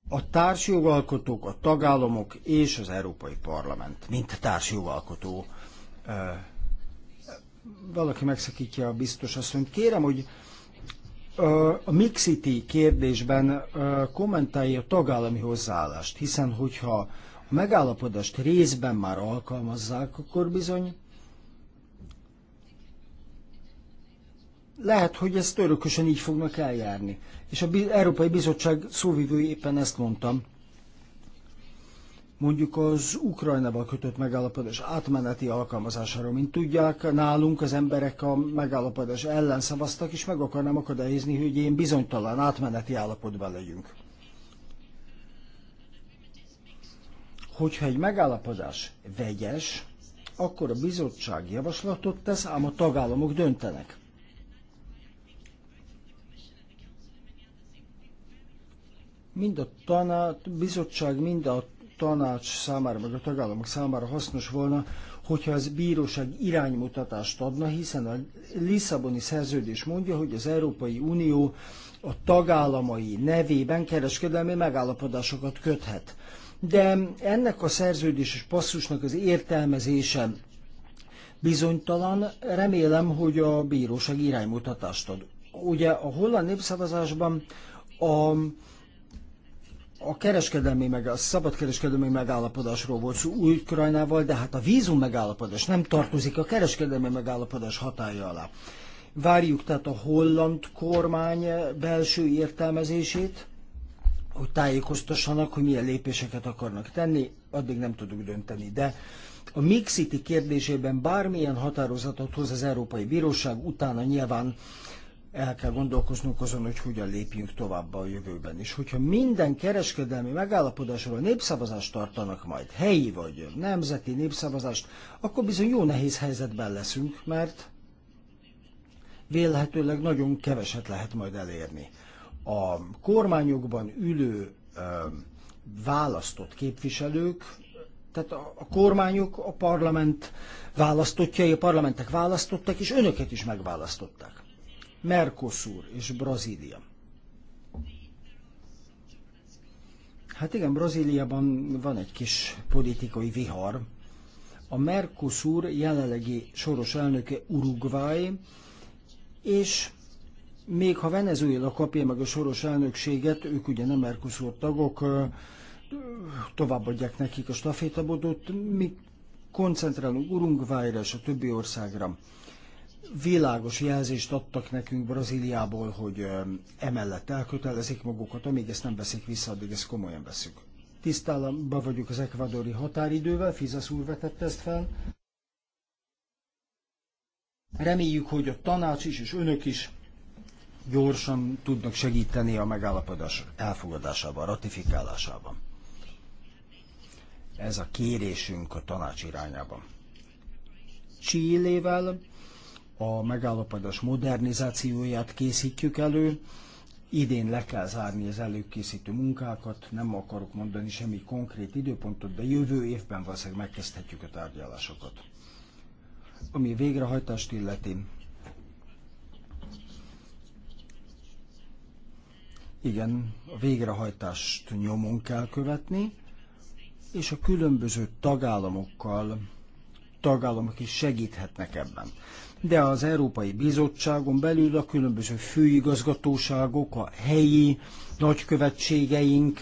S3: a társjogalkotók, a tagállamok és az Európai Parlament, mint társjogalkotó. Valaki megszakítja a biztos asszonyt. Kérem, hogy a Mixity kérdésben kommentálja a tagállami hozzáállást, hiszen hogyha a megállapodást részben már alkalmazzák, akkor bizony lehet, hogy ezt örökösen így fognak eljárni és az Európai Bizottság szóvivői éppen ezt mondtam. Mondjuk az Ukrajnával kötött megállapodás átmeneti alkalmazásáról, mint tudják, nálunk az emberek a megállapodás ellen szavaztak, és meg akarnám akadályozni, hogy ilyen bizonytalan átmeneti állapotban legyünk. Hogyha egy megállapodás vegyes, akkor a bizottság javaslatot tesz, ám a tagállamok döntenek. mind a tanács, bizottság, mind a tanács számára, meg a tagállamok számára hasznos volna, hogyha az bíróság iránymutatást adna, hiszen a Lisszaboni szerződés mondja, hogy az Európai Unió a tagállamai nevében kereskedelmi megállapodásokat köthet. De ennek a szerződéses passzusnak az értelmezése bizonytalan, remélem, hogy a bíróság iránymutatást ad. Ugye a holland népszavazásban a a kereskedelmi, meg a szabadkereskedelmi megállapodásról volt szó új Ukrajnával, de hát a vízum megállapodás nem tartozik a kereskedelmi megállapodás hatája alá. Várjuk tehát a holland kormány belső értelmezését, hogy tájékoztassanak, hogy milyen lépéseket akarnak tenni, addig nem tudunk dönteni. De a Mixiti kérdésében bármilyen határozatot hoz az Európai Bíróság, utána nyilván el kell gondolkoznunk azon, hogy hogyan lépjünk tovább a jövőben. És hogyha minden kereskedelmi megállapodásról népszavazást tartanak majd, helyi vagy nemzeti népszavazást, akkor bizony jó nehéz helyzetben leszünk, mert vélhetőleg nagyon keveset lehet majd elérni. A kormányokban ülő ö, választott képviselők, tehát a, a kormányok, a parlament választottjai, a parlamentek választottak, és önöket is megválasztották. Mercosur és Brazília. Hát igen, Brazíliában van egy kis politikai vihar. A Mercosur jelenlegi soros elnöke Uruguay, és még ha Venezuela kapja meg a soros elnökséget, ők ugye nem Mercosur tagok, továbbadják nekik a stafétabodot, mi koncentrálunk Uruguayra és a többi országra világos jelzést adtak nekünk Brazíliából, hogy emellett elkötelezik magukat, amíg ezt nem veszik vissza, addig ezt komolyan veszük. Tisztában vagyunk az ekvadori határidővel, Fizasz úr vetett ezt fel. Reméljük, hogy a tanács is és önök is gyorsan tudnak segíteni a megállapodás elfogadásában, ratifikálásában. Ez a kérésünk a tanács irányában. Csillével a megállapodás modernizációját készítjük elő. Idén le kell zárni az előkészítő munkákat, nem akarok mondani semmi konkrét időpontot, de jövő évben valószínűleg megkezdhetjük a tárgyalásokat. Ami végrehajtást illeti, igen, a végrehajtást nyomon kell követni, és a különböző tagállamokkal tagállamok is segíthetnek ebben de az Európai Bizottságon belül a különböző főigazgatóságok, a helyi nagykövetségeink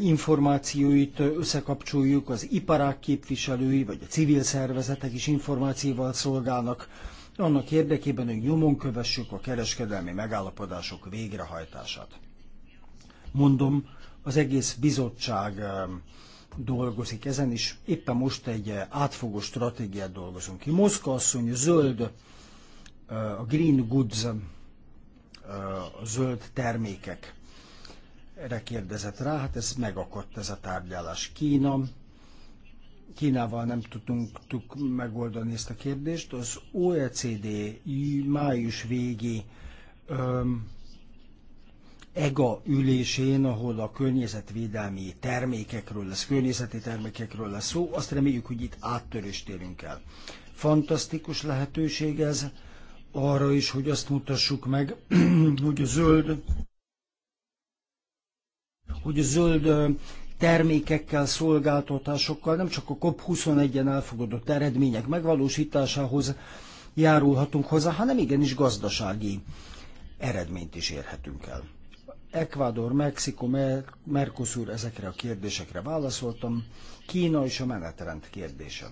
S3: információit összekapcsoljuk, az iparák képviselői vagy a civil szervezetek is információval szolgálnak, annak érdekében, hogy nyomon kövessük a kereskedelmi megállapodások végrehajtását. Mondom, az egész bizottság dolgozik ezen, és éppen most egy eh, átfogó stratégiát dolgozunk ki. Moszkva asszony zöld, eh, a green goods, eh, a zöld termékek erre kérdezett rá, hát ez megakadt ez a tárgyalás. Kína, Kínával nem tudtunk megoldani ezt a kérdést. Az OECD május végi öm, EGA ülésén, ahol a környezetvédelmi termékekről lesz, környezeti termékekről lesz szó, azt reméljük, hogy itt áttörést érünk el. Fantasztikus lehetőség ez arra is, hogy azt mutassuk meg, [clears throat] hogy a zöld hogy a zöld termékekkel, szolgáltatásokkal nem csak a COP21-en elfogadott eredmények megvalósításához járulhatunk hozzá, hanem igenis gazdasági eredményt is érhetünk el. Ecuador, Mexiko, Mercosur, ezekre a kérdésekre válaszoltam. Kína és a menetrend kérdése.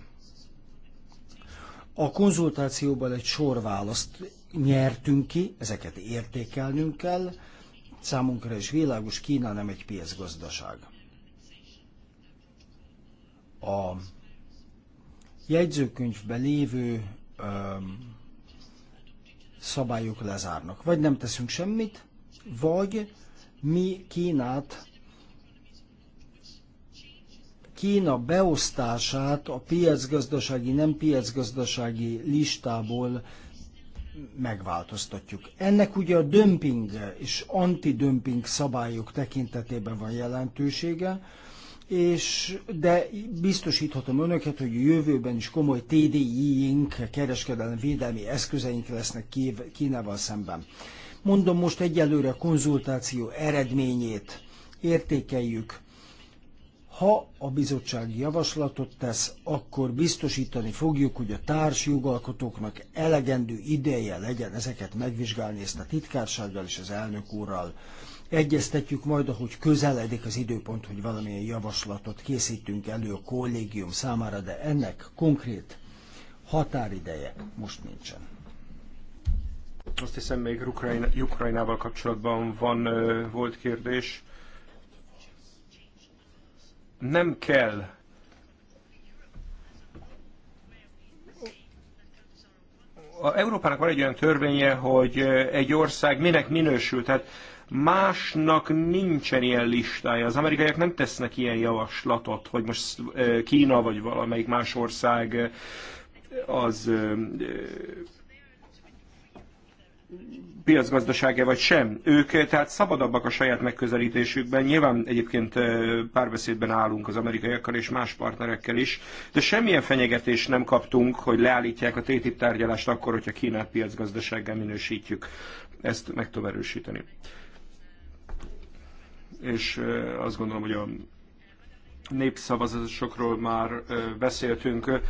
S3: A konzultációban egy sor választ nyertünk ki, ezeket értékelnünk kell. Számunkra is világos, Kína nem egy piacgazdaság. A jegyzőkönyvben lévő öm, szabályok lezárnak. Vagy nem teszünk semmit, vagy mi Kínát Kína beosztását a piacgazdasági, nem piacgazdasági listából megváltoztatjuk. Ennek ugye a dömping és antidömping szabályok tekintetében van jelentősége, és de biztosíthatom önöket, hogy a jövőben is komoly TDI-ink, kereskedelmi védelmi eszközeink lesznek Kínával szemben. Mondom most egyelőre a konzultáció eredményét értékeljük. Ha a bizottság javaslatot tesz, akkor biztosítani fogjuk, hogy a társ jogalkotóknak elegendő ideje legyen ezeket megvizsgálni, ezt a titkársággal és az elnök úrral. Egyeztetjük majd, ahogy közeledik az időpont, hogy valamilyen javaslatot készítünk elő a kollégium számára, de ennek konkrét határideje most nincsen.
S1: Azt hiszem még Ukrajna, Ukrajnával kapcsolatban van, volt kérdés. Nem kell a Európának van egy olyan törvénye, hogy egy ország minek minősül. Tehát másnak nincsen ilyen listája. Az amerikaiak nem tesznek ilyen javaslatot, hogy most Kína vagy valamelyik más ország az piacgazdasága vagy sem. Ők eh, tehát szabadabbak a saját megközelítésükben. Nyilván egyébként eh, párbeszédben állunk az amerikaiakkal és más partnerekkel is, de semmilyen fenyegetést nem kaptunk, hogy leállítják a TTIP tárgyalást akkor, hogyha Kínát piacgazdasággal minősítjük. Ezt meg tudom erősíteni. És eh, azt gondolom, hogy a népszavazásokról már beszéltünk.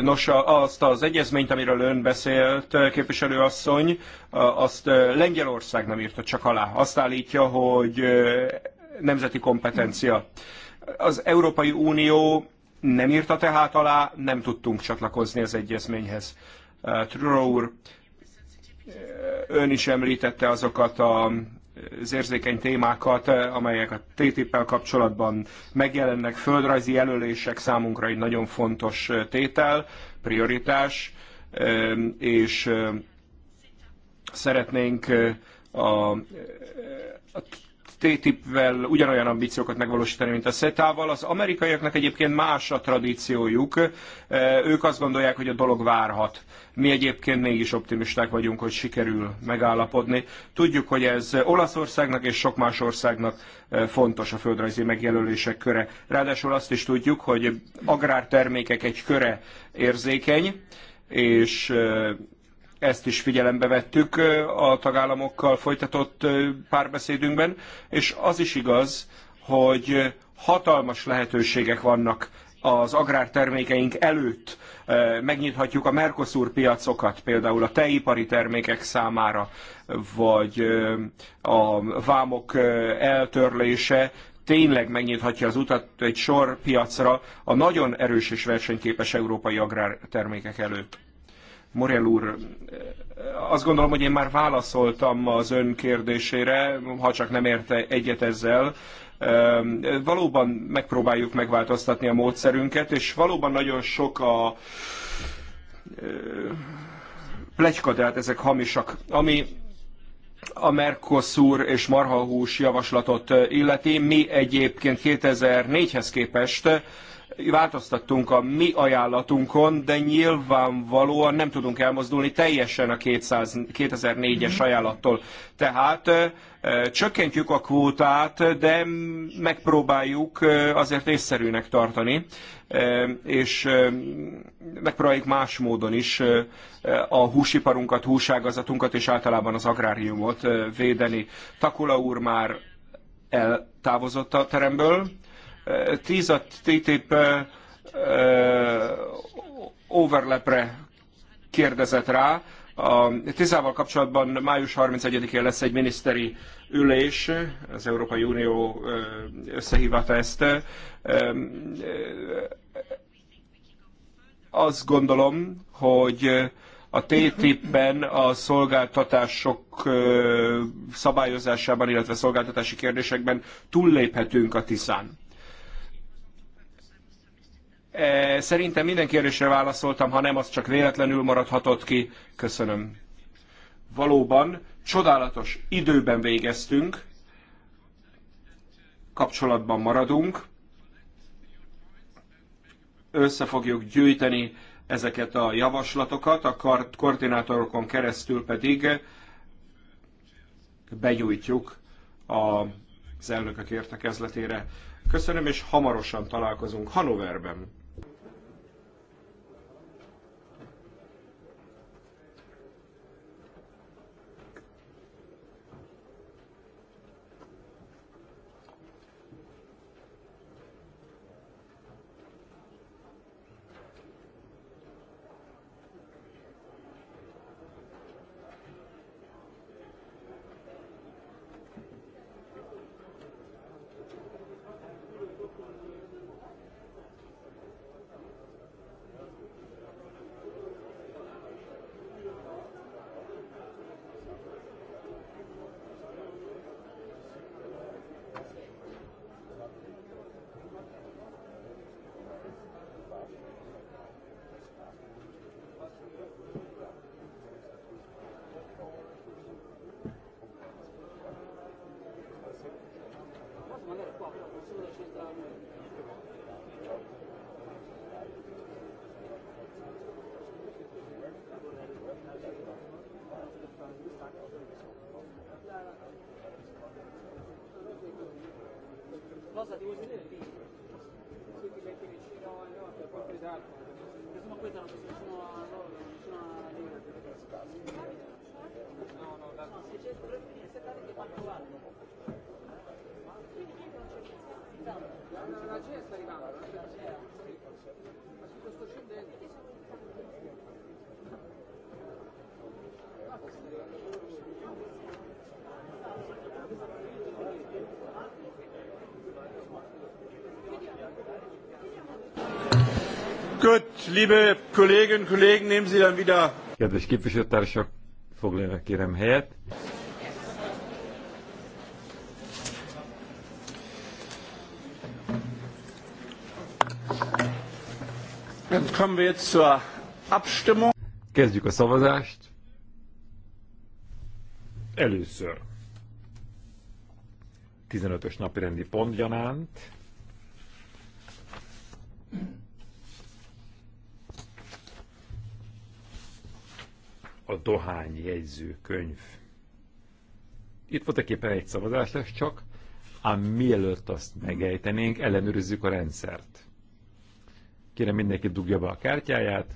S1: Nos, azt az egyezményt, amiről ön beszélt, képviselőasszony, azt Lengyelország nem írta csak alá. Azt állítja, hogy nemzeti kompetencia. Az Európai Unió nem írta tehát alá, nem tudtunk csatlakozni az egyezményhez. Trudeau úr, ön is említette azokat a az érzékeny témákat, amelyek a TTIP-el kapcsolatban megjelennek. Földrajzi jelölések számunkra egy nagyon fontos tétel, prioritás, és szeretnénk a, TTIP-vel ugyanolyan ambíciókat megvalósítani, mint a SETA-val. Az amerikaiaknak egyébként más a tradíciójuk. E, ők azt gondolják, hogy a dolog várhat. Mi egyébként mégis optimisták vagyunk, hogy sikerül megállapodni. Tudjuk, hogy ez Olaszországnak és sok más országnak e, fontos a földrajzi megjelölések köre. Ráadásul azt is tudjuk, hogy agrártermékek egy köre érzékeny, és e, ezt is figyelembe vettük a tagállamokkal folytatott párbeszédünkben, és az is igaz, hogy hatalmas lehetőségek vannak az agrártermékeink előtt megnyithatjuk a Mercosur piacokat, például a teipari termékek számára, vagy a vámok eltörlése tényleg megnyithatja az utat egy sor piacra a nagyon erős és versenyképes európai agrártermékek előtt. Morel úr, azt gondolom, hogy én már válaszoltam az ön kérdésére, ha csak nem érte egyet ezzel. Valóban megpróbáljuk megváltoztatni a módszerünket, és valóban nagyon sok a plegyka, tehát ezek hamisak, ami a Mercosur és marhahús javaslatot illeti. Mi egyébként 2004-hez képest változtattunk a mi ajánlatunkon, de nyilvánvalóan nem tudunk elmozdulni teljesen a 2004-es mhm. ajánlattól. Tehát csökkentjük a kvótát, de megpróbáljuk azért észszerűnek tartani, és megpróbáljuk más módon is a húsiparunkat, húságazatunkat és általában az agráriumot védeni. Takula úr már eltávozott a teremből Tíz a TTIP overlapre kérdezett rá. A Tizával kapcsolatban május 31-én lesz egy miniszteri ülés, az Európai Unió összehívata ezt. Azt gondolom, hogy a TTIP-ben a szolgáltatások szabályozásában, illetve szolgáltatási kérdésekben túlléphetünk a Tiszán. Eh, szerintem minden kérdésre válaszoltam, ha nem, az csak véletlenül maradhatott ki. Köszönöm. Valóban csodálatos időben végeztünk, kapcsolatban maradunk, össze fogjuk gyűjteni ezeket a javaslatokat, a koordinátorokon keresztül pedig benyújtjuk az elnökök értekezletére. Köszönöm, és hamarosan találkozunk Hannoverben. liebe Kolleginnen und Kollegen, nehmen Sie dann wieder. Kedves képviselőtársak,
S2: foglalják kérem helyet.
S1: Dann kommen wir jetzt zur Abstimmung.
S2: Kezdjük a szavazást. Először 15-ös napirendi pont gyanánt. a dohány könyv. Itt volt éppen egy szavazás lesz csak, ám mielőtt azt megejtenénk, ellenőrizzük a rendszert. Kérem mindenki dugja be a kártyáját,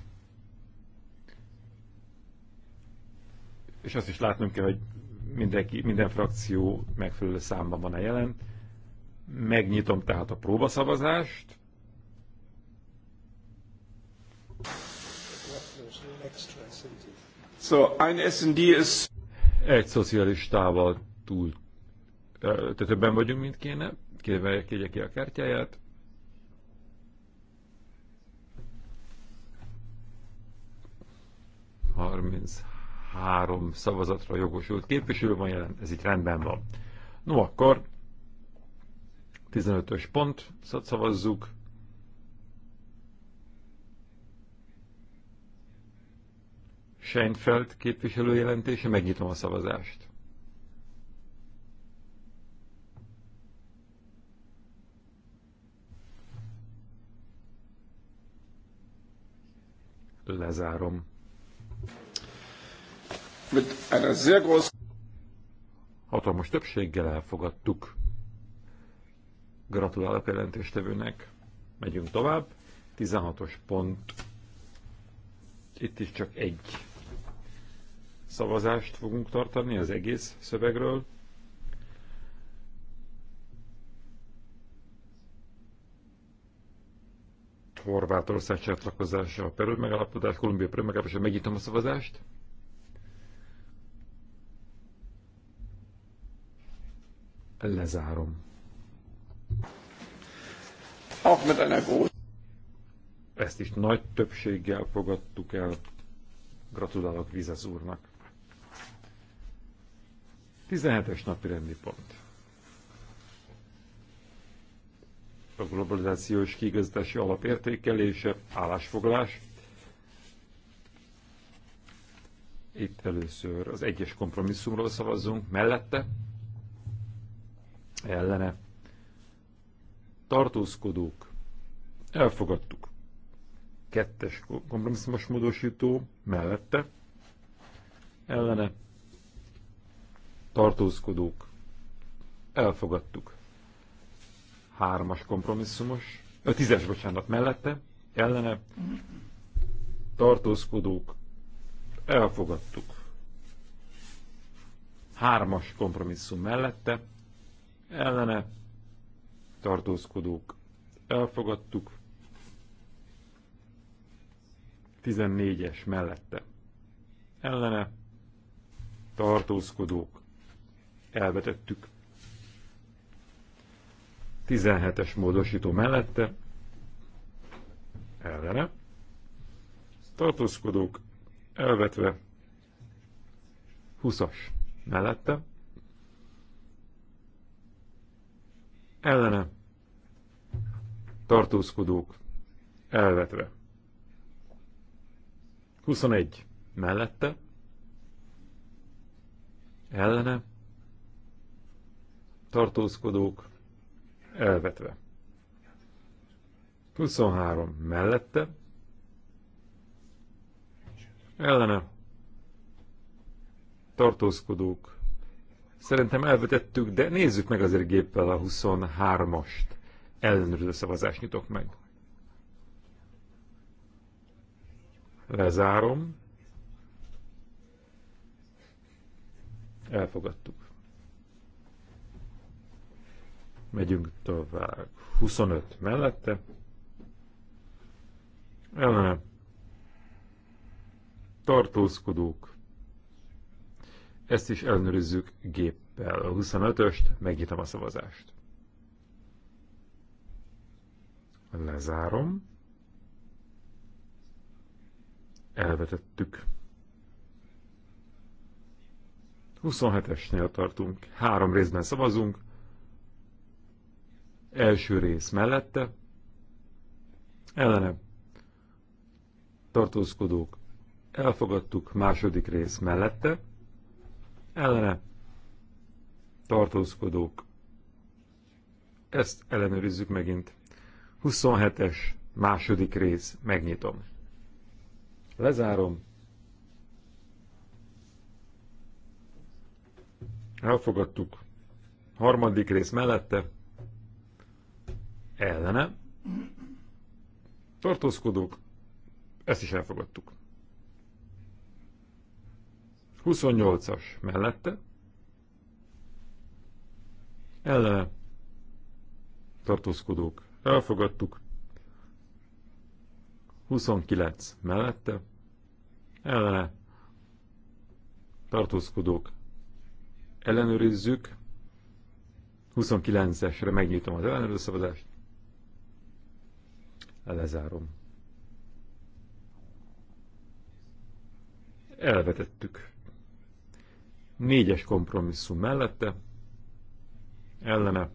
S2: és azt is látnunk kell, hogy mindenki, minden frakció megfelelő számban van a jelen. Megnyitom tehát a próbaszavazást. Extra. So, ein SD is... Egy szocialistával túl, tehát többen vagyunk, mint kéne. Kérve kérje ki a
S1: kártyáját.
S2: Harminc három szavazatra jogosult képviselő van jelen, ez itt rendben van. No akkor, 15-ös pont, szavazzuk. Seinfeld képviselő jelentése, megnyitom a szavazást. Lezárom. Hatalmas többséggel elfogadtuk. Gratulálok jelentéstevőnek. Megyünk tovább. 16-os pont. Itt is csak egy szavazást fogunk tartani az egész szövegről. Horvátország csatlakozása a Peru megállapodás, Kolumbia Peru megállapodása, megnyitom a szavazást. Lezárom. Ezt is nagy többséggel fogadtuk el. Gratulálok Vizes úrnak. 17-es napi rendi pont. A globalizációs kiigazítási alapértékelése, állásfoglás. Itt először az egyes kompromisszumról szavazzunk, mellette, ellene, tartózkodók, elfogadtuk. Kettes kompromisszumos módosító, mellette, ellene, tartózkodók, elfogadtuk. Hármas kompromisszumos, a tízes, bocsánat, mellette, ellene, tartózkodók, elfogadtuk. Hármas kompromisszum mellette, ellene, tartózkodók, elfogadtuk. 14-es mellette. Ellene tartózkodók elvetettük. 17-es módosító mellette ellene tartózkodók elvetve 20-as mellette ellene tartózkodók elvetve 21 mellette ellene tartózkodók elvetve. 23 mellette, ellene tartózkodók. Szerintem elvetettük, de nézzük meg azért géppel a 23-ast. Ellenőrző szavazást nyitok meg. Lezárom. Elfogadtuk. Megyünk tovább. 25 mellette. Ellene. Tartózkodók. Ezt is ellenőrizzük géppel. A 25-öst megnyitom a szavazást. Lezárom. Elvetettük. 27-esnél tartunk. Három részben szavazunk. Első rész mellette, ellene tartózkodók elfogadtuk második rész mellette, ellene tartózkodók. Ezt ellenőrizzük megint. 27-es második rész, megnyitom. Lezárom. Elfogadtuk. Harmadik rész mellette, ellene tartózkodók, ezt is elfogadtuk. 28-as mellette ellene tartózkodók, elfogadtuk. 29 mellette ellene tartózkodók, ellenőrizzük. 29-esre megnyitom az ellenőrző szavazást. Lezárom. Elvetettük. Négyes kompromisszum mellette, ellene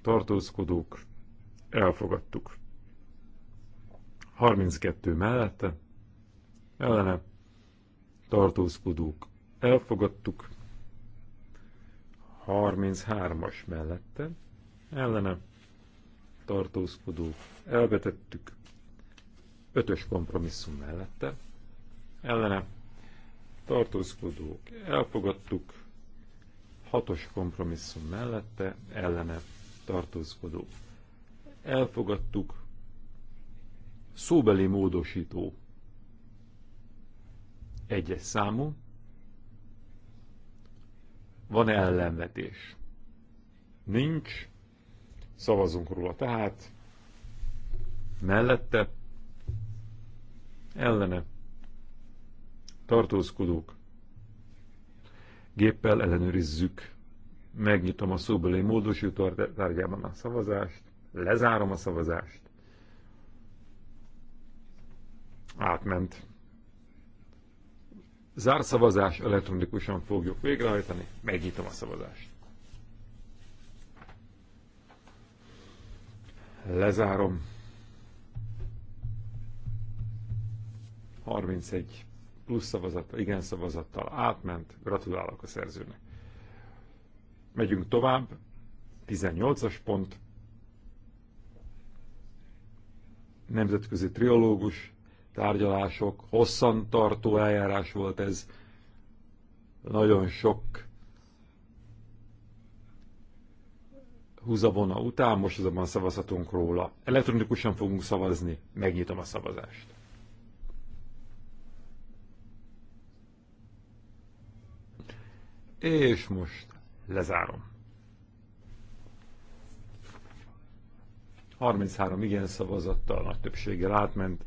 S2: tartózkodók, elfogadtuk. 32 mellette, ellene tartózkodók, elfogadtuk. 33-as mellette, ellene tartózkodó elvetettük ötös kompromisszum mellette, ellene tartózkodók elfogadtuk hatos kompromisszum mellette, ellene tartózkodó elfogadtuk szóbeli módosító egyes számú, van -e ellenvetés? Nincs. Szavazunk róla tehát. Mellette. Ellene. Tartózkodók. Géppel ellenőrizzük. Megnyitom a szóbeli módosító tárgyában a szavazást. Lezárom a szavazást. Átment zárszavazás elektronikusan fogjuk végrehajtani, megnyitom a szavazást. Lezárom. 31 plusz szavazattal, igen szavazattal átment. Gratulálok a szerzőnek. Megyünk tovább. 18-as pont. Nemzetközi triológus tárgyalások, hosszan tartó eljárás volt ez. Nagyon sok húzavona után, most azonban szavazhatunk róla. Elektronikusan fogunk szavazni, megnyitom a szavazást. És most lezárom. 33 igen szavazattal, nagy többséggel átment.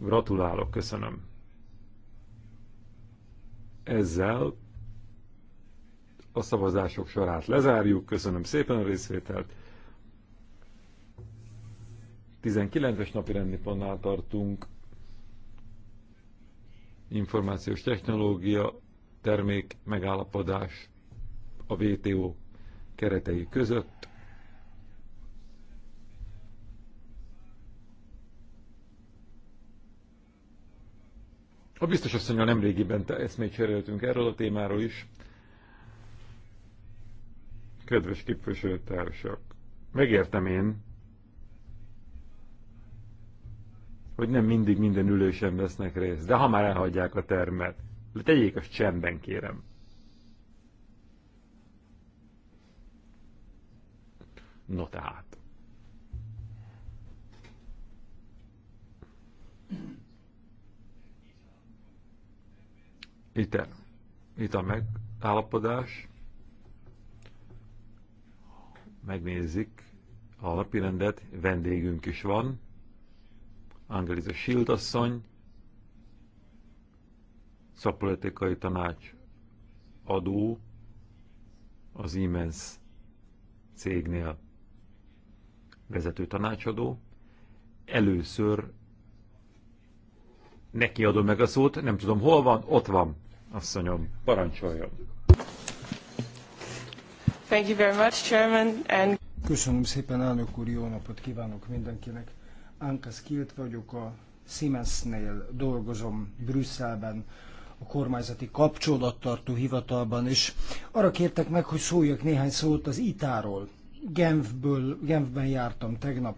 S2: Gratulálok, köszönöm. Ezzel a szavazások sorát lezárjuk. Köszönöm szépen a részvételt. 19-es napi rendi pontnál tartunk. Információs technológia, termék, megállapodás a VTO keretei között. A biztos asszonyal nemrégiben eszmét cseréltünk erről a témáról is. Kedves képviselőtársak, megértem én, hogy nem mindig minden ülősen vesznek részt, de ha már elhagyják a termet, tegyék azt csendben, kérem. No tehát. Itt, itt a megállapodás megnézzük a rendet. vendégünk is van, Angeliza Shield asszony, szakpolitikai tanács adó az imens cégnél vezető tanácsadó. Először neki adom meg a szót, nem tudom hol van, ott van, asszonyom, parancsoljon.
S3: Thank you very much, Chairman, and... Köszönöm szépen, elnök úr, jó napot kívánok mindenkinek. Anka Skilt vagyok, a Siemensnél dolgozom Brüsszelben, a kormányzati kapcsolattartó hivatalban, és arra kértek meg, hogy szóljak néhány szót az ITÁ-ról. Genfből, Genfben jártam tegnap,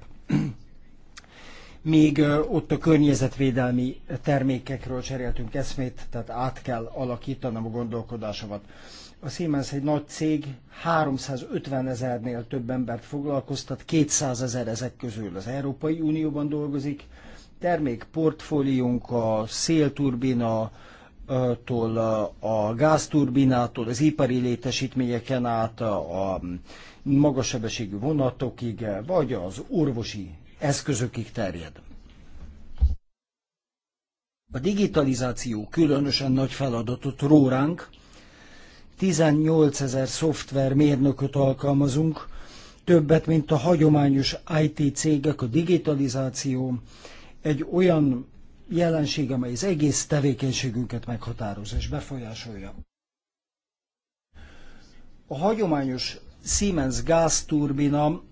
S3: [clears throat] még ott a környezetvédelmi termékekről cseréltünk eszmét, tehát át kell alakítanom a gondolkodásomat. A Siemens egy nagy cég, 350 ezernél több embert foglalkoztat, 200 ezer ezek közül az Európai Unióban dolgozik. Termék portfóliónk a szélturbina, tól a gázturbinától, az ipari létesítményeken át a magasebességű vonatokig, vagy az orvosi eszközökig terjed. A digitalizáció különösen nagy feladatot róránk, ránk, 18 ezer szoftvermérnököt alkalmazunk, többet, mint a hagyományos IT cégek, a digitalizáció egy olyan jelenség, amely az egész tevékenységünket meghatározza és befolyásolja. A hagyományos Siemens gázturbina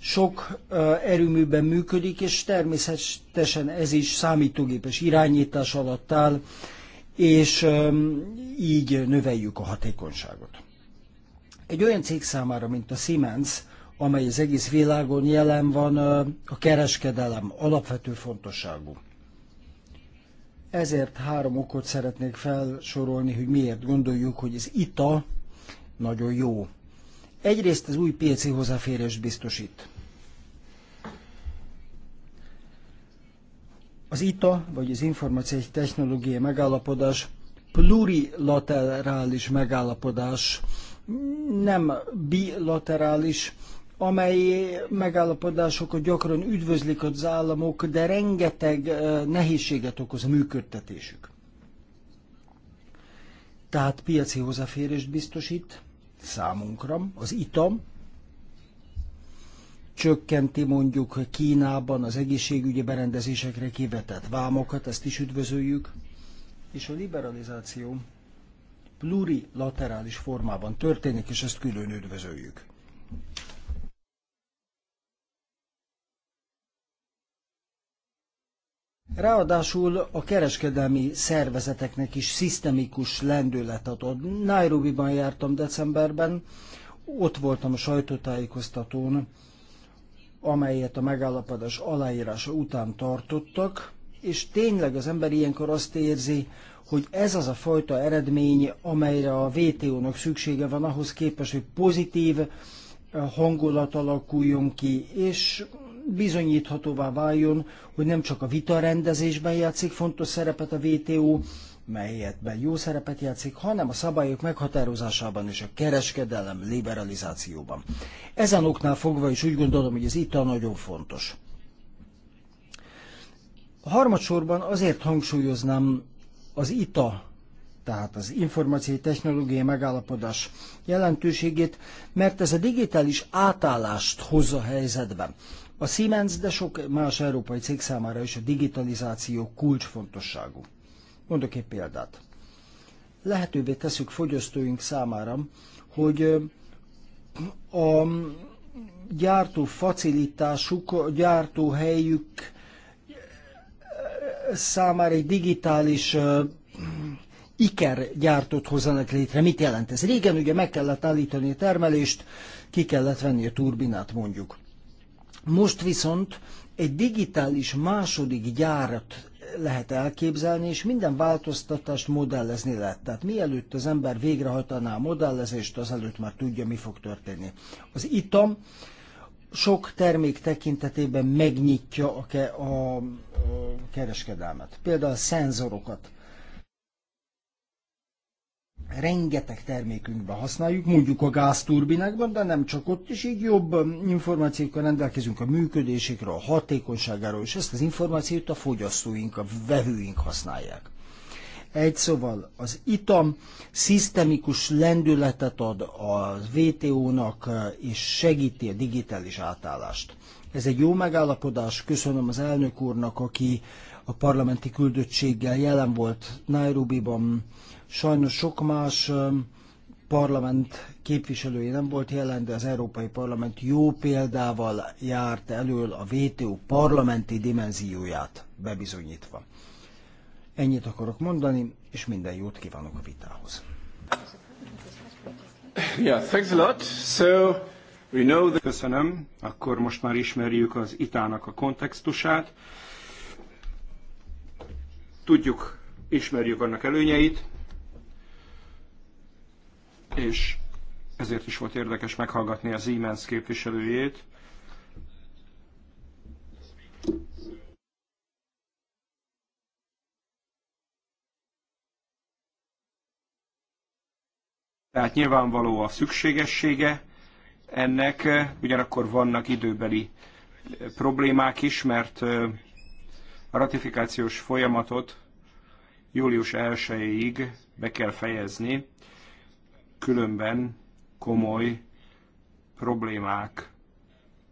S3: sok erőműben működik, és természetesen ez is számítógépes irányítás alatt áll, és így növeljük a hatékonyságot. Egy olyan cég számára, mint a Siemens, amely az egész világon jelen van, a kereskedelem alapvető fontosságú. Ezért három okot szeretnék felsorolni, hogy miért gondoljuk, hogy az ITA nagyon jó. Egyrészt az új piaci hozzáférést biztosít. Az ITA, vagy az Információs Technológiai Megállapodás plurilaterális megállapodás, nem bilaterális, amely megállapodásokat gyakran üdvözlik az államok, de rengeteg eh, nehézséget okoz a működtetésük. Tehát piaci hozzáférést biztosít számunkra az ita csökkenti mondjuk Kínában az egészségügyi berendezésekre kivetett vámokat, ezt is üdvözöljük, és a liberalizáció plurilaterális formában történik, és ezt külön üdvözöljük. Ráadásul a kereskedelmi szervezeteknek is szisztemikus lendület adott. Nairobi-ban jártam decemberben, ott voltam a sajtótájékoztatón, amelyet a megállapodás aláírása után tartottak, és tényleg az ember ilyenkor azt érzi, hogy ez az a fajta eredmény, amelyre a WTO-nak szüksége van ahhoz képest, hogy pozitív eh, hangulat alakuljon ki, és bizonyíthatóvá váljon, hogy nem csak a vitarendezésben játszik fontos szerepet a WTO, melyetben jó szerepet játszik, hanem a szabályok meghatározásában és a kereskedelem liberalizációban. Ezen oknál fogva is úgy gondolom, hogy ez itt a nagyon fontos. A harmadsorban azért hangsúlyoznám az ITA, tehát az információi technológiai megállapodás jelentőségét, mert ez a digitális átállást hozza helyzetben. A Siemens, de sok más európai cég számára is a digitalizáció kulcsfontosságú. Mondok egy példát. Lehetővé teszük fogyasztóink számára, hogy a gyártó facilitásuk, a helyük számára egy digitális ikergyártót hozzanak létre. Mit jelent ez? Régen ugye meg kellett állítani a termelést, ki kellett venni a turbinát mondjuk. Most viszont egy digitális második gyárat lehet elképzelni, és minden változtatást modellezni lehet. Tehát mielőtt az ember végrehajtaná a modellezést, azelőtt már tudja, mi fog történni. Az ITAM sok termék tekintetében megnyitja a, ke- a, a kereskedelmet. Például a szenzorokat rengeteg termékünkben használjuk, mondjuk a gázturbinákban, de nem csak ott, is. így jobb um, információkkal rendelkezünk a működésékről, a hatékonyságáról, és ezt az információt a fogyasztóink, a vevőink használják. Egy szóval az ITAM szisztemikus lendületet ad a VTO-nak, uh, és segíti a digitális átállást. Ez egy jó megállapodás, köszönöm az elnök úrnak, aki a parlamenti küldöttséggel jelen volt Nairobi-ban, Sajnos sok más parlament képviselője nem volt jelen, de az Európai Parlament jó példával járt elől a VTO parlamenti dimenzióját bebizonyítva. Ennyit akarok mondani, és minden jót kívánok a vitához. Yeah,
S1: thanks a lot. So we know that... Köszönöm. Akkor most már ismerjük az itának a kontextusát. Tudjuk, ismerjük annak előnyeit, és ezért is volt érdekes meghallgatni az Siemens képviselőjét. Tehát nyilvánvaló a szükségessége ennek, ugyanakkor vannak időbeli problémák is, mert a ratifikációs folyamatot július 1-ig be kell fejezni, különben komoly problémák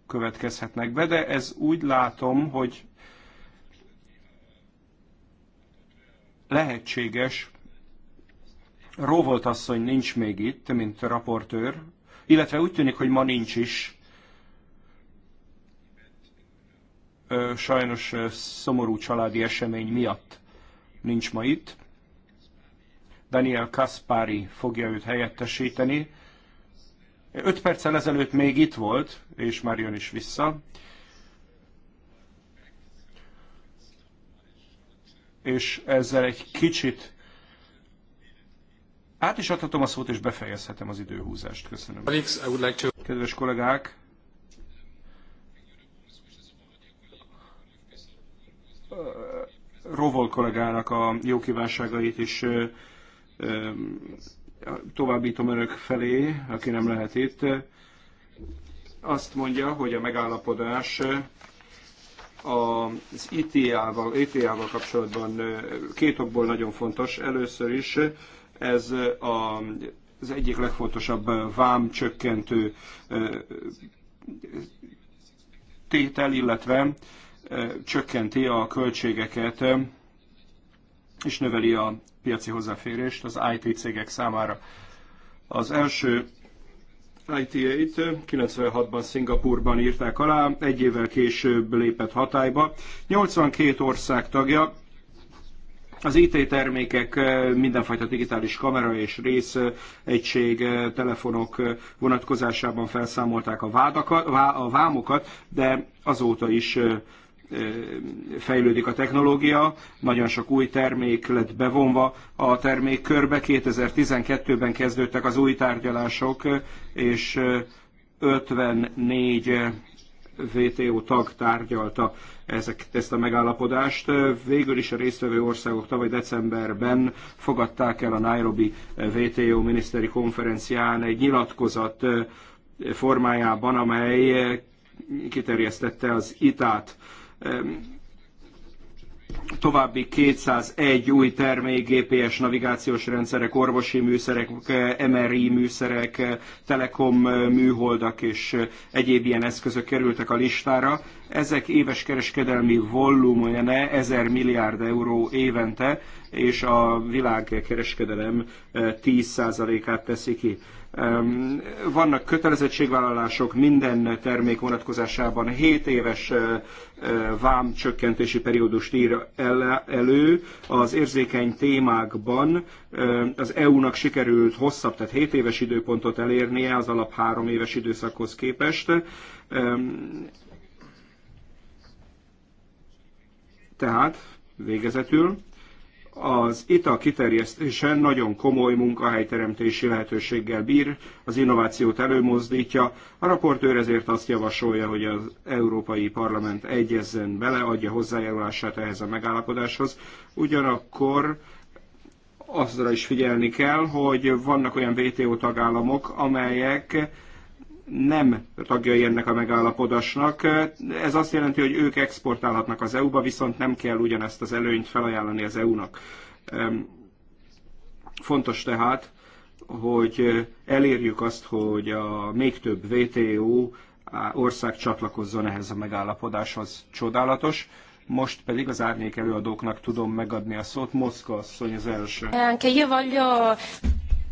S1: következhetnek be, de ez úgy látom, hogy lehetséges, Róvolt asszony nincs még itt, mint raportőr, illetve úgy tűnik, hogy ma nincs is. Sajnos szomorú családi esemény miatt nincs ma itt. Daniel Kaspari fogja őt helyettesíteni. Öt perccel ezelőtt még itt volt, és már jön is vissza. És ezzel egy kicsit át is adhatom a szót, és befejezhetem az időhúzást. Köszönöm. Kedves kollégák, Rovol kollégának a jó kívánságait is továbbítom önök felé, aki nem lehet itt, azt mondja, hogy a megállapodás az ITA-val, ITA-val kapcsolatban két okból nagyon fontos. Először is ez a, az egyik legfontosabb vám csökkentő tétel, illetve csökkenti a költségeket és növeli a piaci hozzáférést az IT cégek számára. Az első IT t 96-ban Szingapurban írták alá, egy évvel később lépett hatályba. 82 ország tagja, az IT termékek, mindenfajta digitális kamera és rész, egység, telefonok vonatkozásában felszámolták a, vádakat, a vámokat, de azóta is fejlődik a technológia, nagyon sok új termék lett bevonva a termékkörbe. 2012-ben kezdődtek az új tárgyalások, és 54 WTO tag tárgyalta ezek, ezt a megállapodást. Végül is a résztvevő országok tavaly decemberben fogadták el a Nairobi WTO miniszteri konferencián egy nyilatkozat formájában, amely kiterjesztette az itát további 201 új termék, GPS navigációs rendszerek, orvosi műszerek, eh, MRI er műszerek, eh, telekom eh, műholdak és egyéb ilyen eszközök kerültek a listára. Ezek éves kereskedelmi volumene 1000 milliárd euró évente, és a világkereskedelem 10%-át teszi ki. Vannak kötelezettségvállalások minden termék vonatkozásában 7 éves eh, eh, vám csökkentési periódust ír elő. Az érzékeny témákban eh, az EU-nak sikerült hosszabb, tehát 7 éves időpontot elérnie az alap 3 éves időszakhoz képest. Tehát végezetül az ITA kiterjesztése nagyon komoly munkahelyteremtési lehetőséggel bír, az innovációt előmozdítja. A raportőr ezért azt javasolja, hogy az Európai Parlament egyezzen bele, adja hozzájárulását ehhez a megállapodáshoz. Ugyanakkor azra is figyelni kell, hogy vannak olyan WTO tagállamok, amelyek nem tagjai ennek a megállapodásnak. Ez azt jelenti, hogy ők exportálhatnak az EU-ba, viszont nem kell ugyanezt az előnyt felajánlani az EU-nak. Fontos tehát, hogy elérjük azt, hogy a még több WTO ország csatlakozzon ehhez a megállapodáshoz. Csodálatos. Most pedig az árnyék előadóknak tudom megadni a szót. Moszka asszony az első.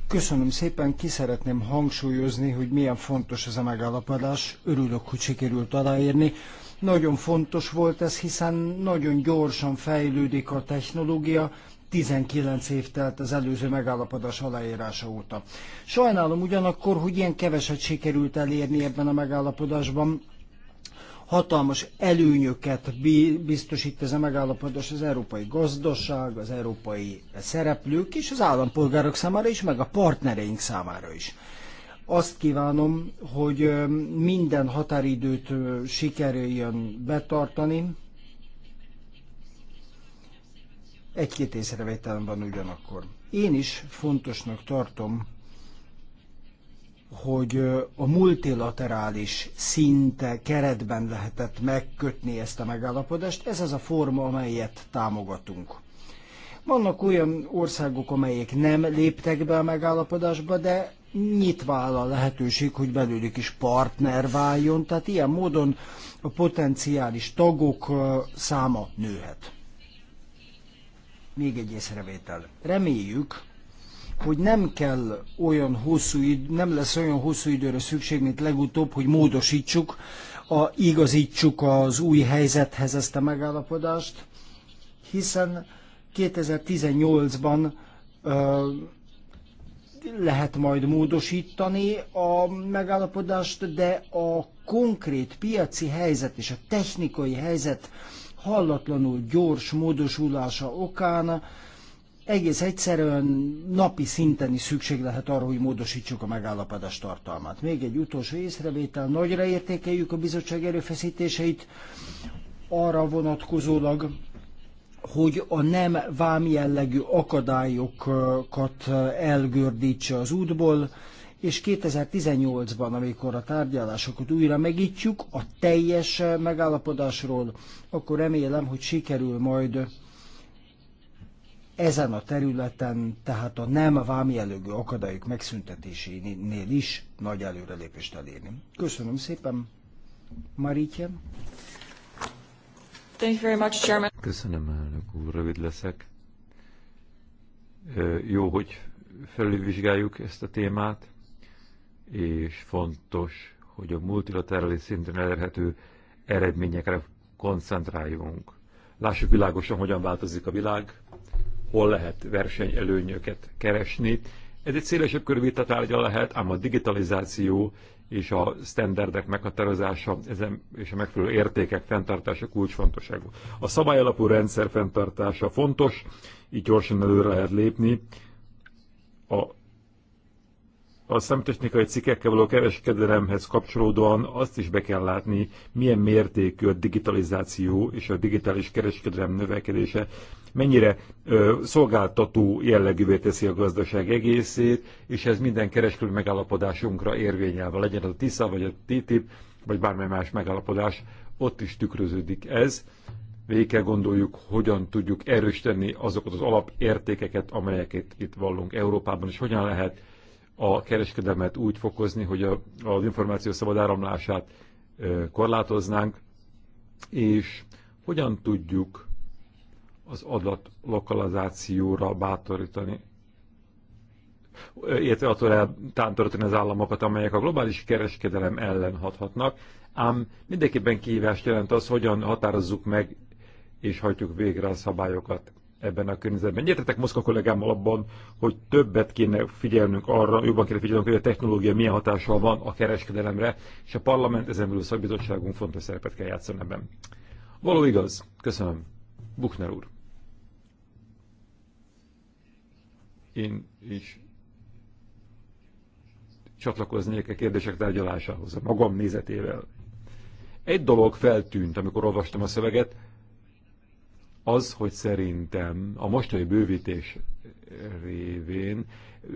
S3: Köszönöm szépen, ki szeretném hangsúlyozni, hogy milyen fontos ez a megállapodás. Örülök, hogy sikerült aláírni. Nagyon fontos volt ez, hiszen nagyon gyorsan fejlődik a technológia, 19 év telt az előző megállapodás aláírása óta. Sajnálom ugyanakkor, hogy ilyen keveset sikerült elérni ebben a megállapodásban, hatalmas előnyöket biztosít ez a megállapodás az európai gazdaság, az európai szereplők és az állampolgárok számára is, meg a partnereink számára is. Azt kívánom, hogy minden határidőt sikerüljön betartani. Egy-két észrevételem van ugyanakkor. Én is fontosnak tartom, hogy a multilaterális szinte keretben lehetett megkötni ezt a megállapodást. Ez az a forma, amelyet támogatunk. Vannak olyan országok, amelyek nem léptek be a megállapodásba, de nyitva áll a lehetőség, hogy belőlük is partner váljon, tehát ilyen módon a potenciális tagok száma nőhet. Még egy észrevétel. Reméljük, hogy nem kell olyan hosszú idő, nem lesz olyan hosszú időre szükség, mint legutóbb, hogy módosítsuk, a, igazítsuk az új helyzethez ezt a megállapodást, hiszen 2018-ban lehet majd módosítani a megállapodást, de a konkrét piaci helyzet és a technikai helyzet hallatlanul gyors módosulása okán egész egyszerűen napi szinten is szükség lehet arra, hogy módosítsuk a megállapodás tartalmát. Még egy utolsó észrevétel, nagyra értékeljük a bizottság erőfeszítéseit arra vonatkozólag, hogy a nem jellegű akadályokat elgördítse az útból, és 2018-ban, amikor a tárgyalásokat újra megítjük a teljes megállapodásról, akkor remélem, hogy sikerül majd ezen a területen, tehát a nem vámjelögő akadályok megszüntetésénél is nagy előrelépést elérni. Köszönöm szépen, Marítje. Thank you very much, Chairman.
S2: Köszönöm, elnök úr, rövid leszek. Jó, hogy felülvizsgáljuk ezt a témát, és fontos, hogy a multilaterális szinten elérhető eredményekre koncentráljunk. Lássuk világosan, hogyan változik a világ, hol lehet versenyelőnyöket keresni. Ez egy szélesebb körű vitatárgya lehet, ám a digitalizáció és a standardek meghatározása ezen, és a megfelelő értékek fenntartása kulcsfontosságú. A szabályalapú rendszer fenntartása fontos, így gyorsan előre lehet lépni. A, a számítástechnikai cikkekkel való kereskedelemhez kapcsolódóan azt is be kell látni, milyen mértékű a digitalizáció és a digitális kereskedelem növekedése mennyire ö, szolgáltató jellegűvé teszi a gazdaság egészét, és ez minden kereskedő megállapodásunkra érvényelve legyen az a TISZA, vagy a TTIP, vagy bármely más megállapodás, ott is tükröződik ez. Végig kell gondoljuk, hogyan tudjuk erősíteni azokat az alapértékeket, amelyeket itt vallunk Európában, és hogyan lehet a kereskedelmet úgy fokozni, hogy a, az információ szabad áramlását ö, korlátoznánk, és hogyan tudjuk az adat lokalizációra bátorítani, Érte attól eltántorítani az államokat, amelyek a globális kereskedelem ellen hathatnak, ám mindenképpen kihívást jelent az, hogyan határozzuk meg és hajtjuk végre a szabályokat ebben a környezetben. Értetek Moszkva kollégámmal abban, hogy többet kéne figyelnünk arra, jobban kéne figyelnünk, hogy a technológia milyen hatással van a kereskedelemre, és a parlament ezen belül szakbizottságunk fontos szerepet kell játszani ebben. Való igaz. Köszönöm. Buchner úr. Én is csatlakoznék a kérdések tárgyalásához, a magam nézetével. Egy dolog feltűnt, amikor olvastam a szöveget, az, hogy szerintem a mostani bővítés révén,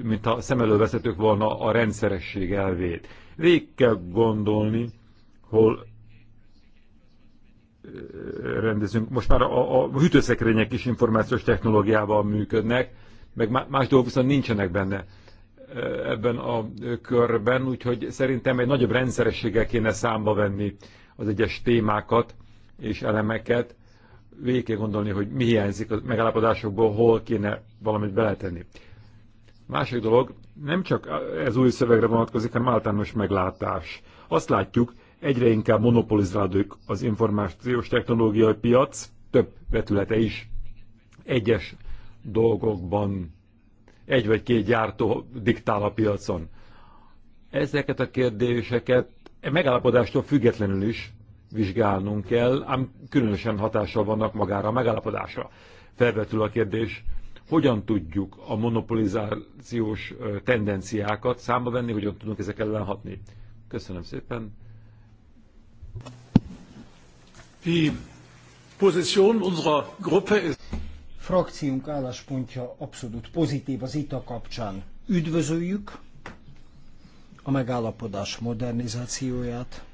S2: mint a szem veszettük volna a rendszeresség elvét. Végig kell gondolni, hol rendezünk. Most már a, a hűtőszekrények is információs technológiával működnek, meg más dolgok viszont nincsenek benne ebben a körben, úgyhogy szerintem egy nagyobb rendszerességgel kéne számba venni az egyes témákat és elemeket, végig kell gondolni, hogy mi hiányzik a megállapodásokból, hol kéne valamit beletenni. Másik dolog, nem csak ez új szövegre vonatkozik, hanem általános meglátás. Azt látjuk, egyre inkább monopolizálódik az információs technológiai piac, több vetülete is. Egyes dolgokban egy vagy két gyártó diktál a piacon. Ezeket a kérdéseket e megállapodástól függetlenül is vizsgálnunk kell, ám különösen hatással vannak magára a megállapodásra. Felvetül a kérdés, hogyan tudjuk a monopolizációs tendenciákat számba venni, hogyan tudunk ezek ellen hatni. Köszönöm szépen. Die Position unserer Gruppe
S3: ist frakciónk álláspontja abszolút pozitív az ITA kapcsán. Üdvözöljük a megállapodás modernizációját.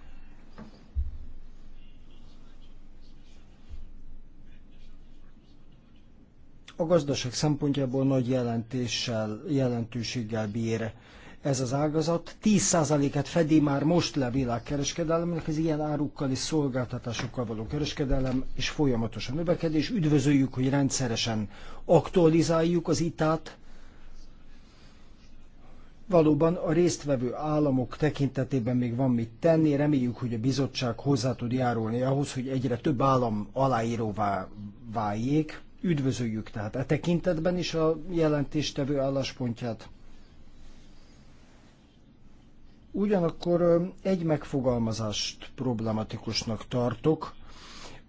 S3: A gazdaság szempontjából nagy jelentéssel, jelentőséggel bír ez az ágazat. 10%-et fedi már most le a világkereskedelemnek az ilyen árukkal és szolgáltatásokkal való kereskedelem, és folyamatosan növekedés. Üdvözöljük, hogy rendszeresen aktualizáljuk az itát. Valóban a résztvevő államok tekintetében még van mit tenni, reméljük, hogy a bizottság hozzá tud járulni ahhoz, hogy egyre több állam aláíróvá váljék. Üdvözöljük tehát e tekintetben is a jelentéstevő álláspontját Ugyanakkor egy megfogalmazást problematikusnak tartok.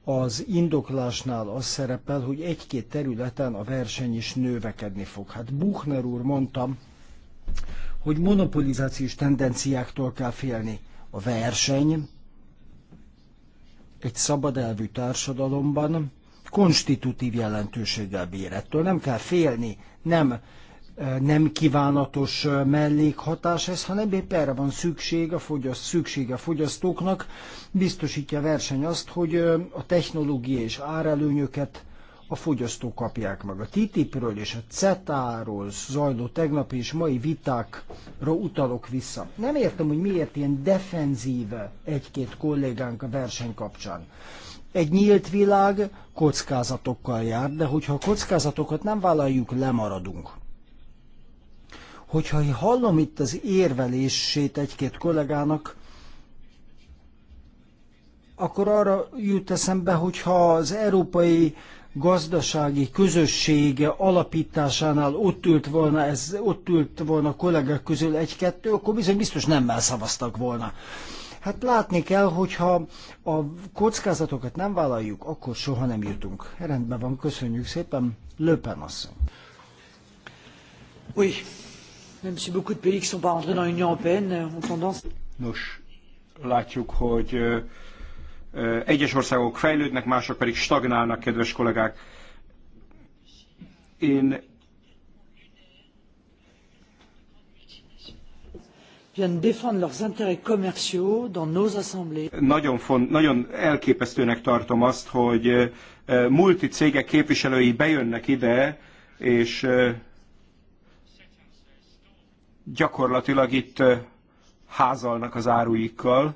S3: Az indoklásnál az szerepel, hogy egy-két területen a verseny is növekedni fog. Hát Buchner úr mondta, hogy monopolizációs tendenciáktól kell félni. A verseny egy szabad elvű társadalomban konstitutív jelentőséggel bír. Ettől nem kell félni, nem nem kívánatos mellékhatás ez, hanem épp erre van szükség a fogyaszt, szüksége a fogyasztóknak, biztosítja a verseny azt, hogy a technológia és árelőnyöket a fogyasztók kapják meg. A TTIP-ről és a CETA-ról zajló tegnapi és mai vitákra utalok vissza. Nem értem, hogy miért ilyen defenzíve egy-két kollégánk a verseny kapcsán. Egy nyílt világ kockázatokkal jár, de hogyha a kockázatokat nem vállaljuk, lemaradunk. Hogyha én hallom itt az érvelését egy-két kollégának, akkor arra jut eszembe, hogyha az európai gazdasági közösség alapításánál ott ült volna, ez, ott ült volna kollégák közül egy-kettő, akkor bizony biztos nem szavaztak volna. Hát látni kell, hogyha a kockázatokat nem vállaljuk, akkor soha nem jutunk. Rendben van, köszönjük szépen. Löpen asszony. Új, Nos,
S1: látjuk, hogy egyes országok fejlődnek, mások pedig stagnálnak, kedves kollégák. Én Nagyon, font, nagyon elképesztőnek tartom azt, hogy multi cégek képviselői bejönnek ide, és gyakorlatilag itt házalnak az áruikkal.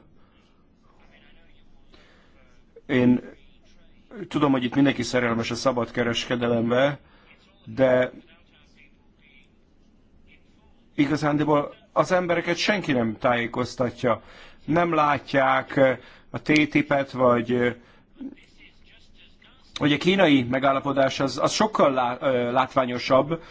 S1: Én tudom, hogy itt mindenki szerelmes a szabad kereskedelembe, de igazándiból az embereket senki nem tájékoztatja. Nem látják a TTIP-et, vagy hogy a kínai megállapodás az, az sokkal látványosabb,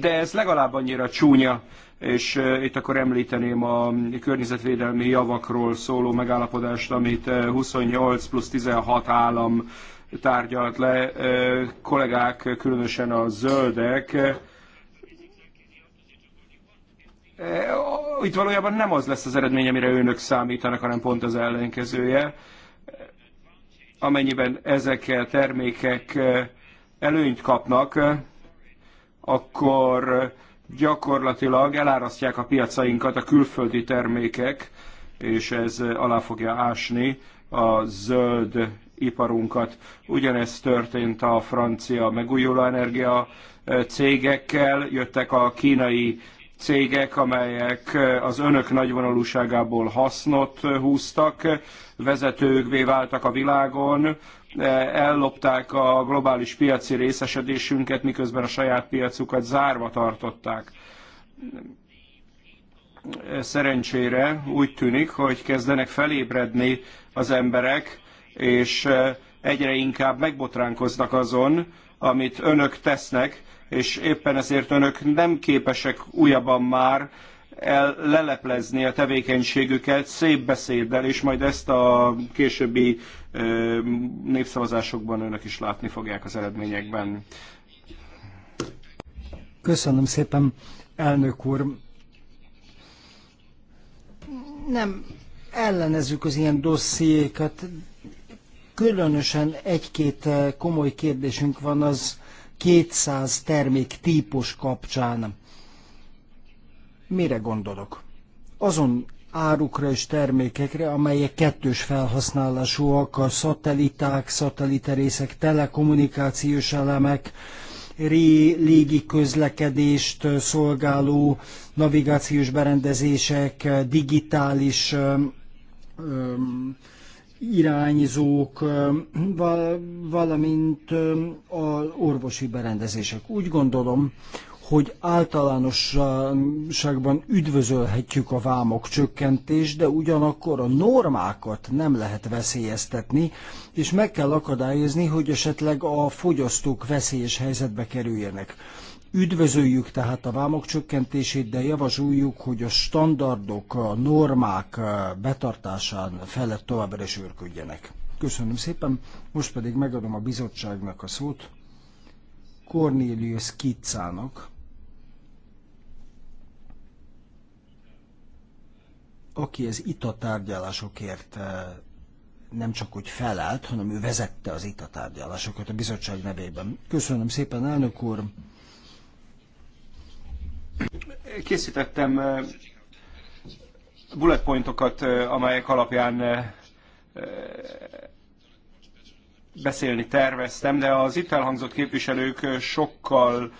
S1: de ez legalább annyira csúnya és itt akkor említeném a környezetvédelmi javakról szóló megállapodást, amit 28 plusz 16 állam tárgyalt le. Kollégák, különösen a zöldek, itt valójában nem az lesz az eredmény, amire önök számítanak, hanem pont az ellenkezője. Amennyiben ezek a termékek előnyt kapnak, akkor gyakorlatilag elárasztják a piacainkat a külföldi termékek, és ez alá fogja ásni a zöld iparunkat. Ugyanez történt a francia megújuló energia eh, cégekkel, jöttek a kínai cégek, amelyek eh, az önök nagyvonalúságából hasznot eh, húztak, vezetőkvé váltak a világon, ellopták a globális piaci részesedésünket, miközben a saját piacukat zárva tartották. Szerencsére úgy tűnik, hogy kezdenek felébredni az emberek, és e, egyre inkább megbotránkoznak azon, amit önök tesznek, és éppen ezért önök nem képesek újabban már el, leleplezni a tevékenységüket szép beszéddel, és majd ezt a későbbi népszavazásokban önök is látni fogják az eredményekben.
S3: Köszönöm szépen, elnök úr. Nem ellenezzük az ilyen dossziékat. Különösen egy-két komoly kérdésünk van az 200 termék típus kapcsán. Mire gondolok? Azon árukra és termékekre, amelyek kettős felhasználásúak, a szatelliták, szatelliterészek, telekommunikációs elemek, ré, légi közlekedést szolgáló navigációs berendezések, digitális öm, irányzók, valamint az orvosi berendezések. Úgy gondolom, hogy általánosságban üdvözölhetjük a vámok csökkentést, de ugyanakkor a normákat nem lehet veszélyeztetni, és meg kell akadályozni, hogy esetleg a fogyasztók veszélyes helyzetbe kerüljenek. Üdvözöljük tehát a vámok csökkentését, de javasoljuk, hogy a standardok, a normák betartásán felett továbbra is őrködjenek. Köszönöm szépen, most pedig megadom a bizottságnak a szót. Cornelius Kitzának, aki az ITA tárgyalásokért eh, nem csak hogy felállt, hanem ő vezette az ITA tárgyalásokat a bizottság nevében. Köszönöm szépen, elnök úr!
S1: Készítettem eh, bullet pointokat, eh, amelyek alapján beszélni terveztem, de az itt elhangzott képviselők sokkal